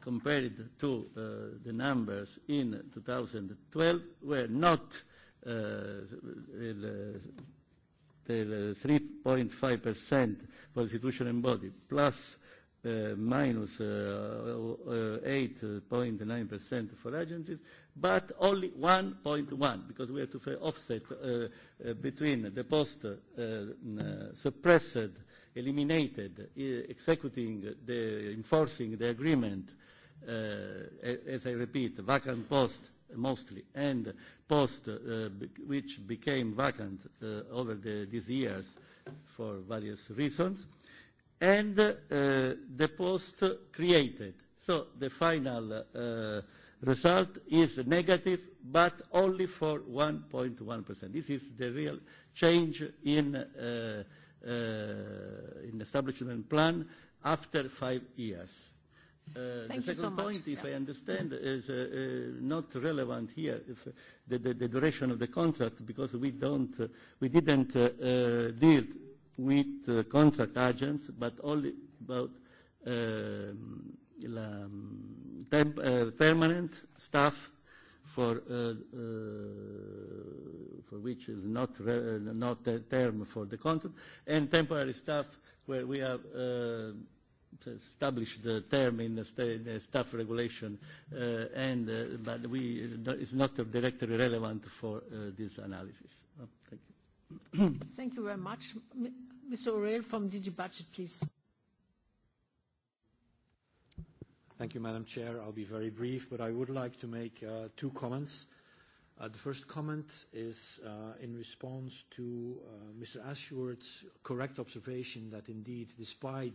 compared to uh, the numbers in 2012 were not uh, Uh, el, del uh, 3.5% uh, for institution and body, plus uh, minus 8.9% uh, uh, for agencies, but only 1.1 because we have to offset uh, uh, between the post uh, uh, suppressed, eliminated, uh, executing the enforcing the agreement, uh, as I repeat, vacant post mostly, and post, uh, which became vacant uh, over the, these years for various reasons, and uh, the post created. So the final uh, result is negative, but only for 1.1%. This is the real change in, uh, uh, in establishment plan after five years. Uh, Thank the second so much. point, if yeah. I understand, is uh, uh, not relevant here, if, uh, the, the, the duration of the contract, because we don't, uh, we didn't uh, uh, deal with uh, contract agents, but only about uh, la, temp, uh, permanent staff for uh, uh, for which is not re, not a term for the contract, and temporary staff where we have. Uh, established the term in the, sta the staff regulation, uh, and uh, but we it's not directly relevant for uh, this analysis. Oh, thank you. [COUGHS] thank you very much, Mr. O'Reilly from DG Budget, please. Thank you, Madam Chair. I'll be very brief, but I would like to make uh, two comments. Uh, the first comment is uh, in response to uh, Mr. Ashworth's correct observation that indeed, despite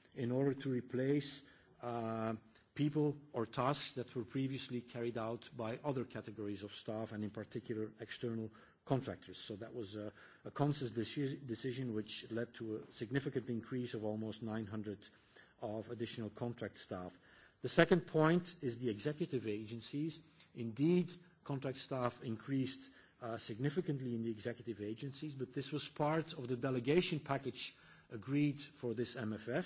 in order to replace uh, people or tasks that were previously carried out by other categories of staff and in particular external contractors. So that was a, a conscious deci decision which led to a significant increase of almost 900 of additional contract staff. The second point is the executive agencies. Indeed, contract staff increased uh, significantly in the executive agencies, but this was part of the delegation package agreed for this MFF.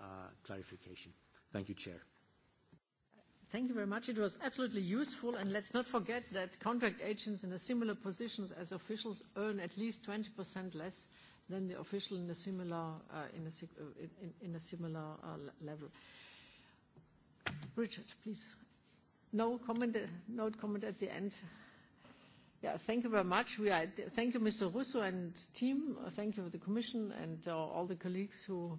uh, clarification. Thank you, Chair. Thank you very much. It was absolutely useful. And let's not forget that contract agents in a similar positions as officials earn at least 20% less than the official in a similar, uh, in a, uh, in, in a similar uh, level. Richard, please. No comment, uh, no comment at the end. Yeah, thank you very much. We are, thank you, Mr. Russo and team. Thank you, the Commission and uh, all the colleagues who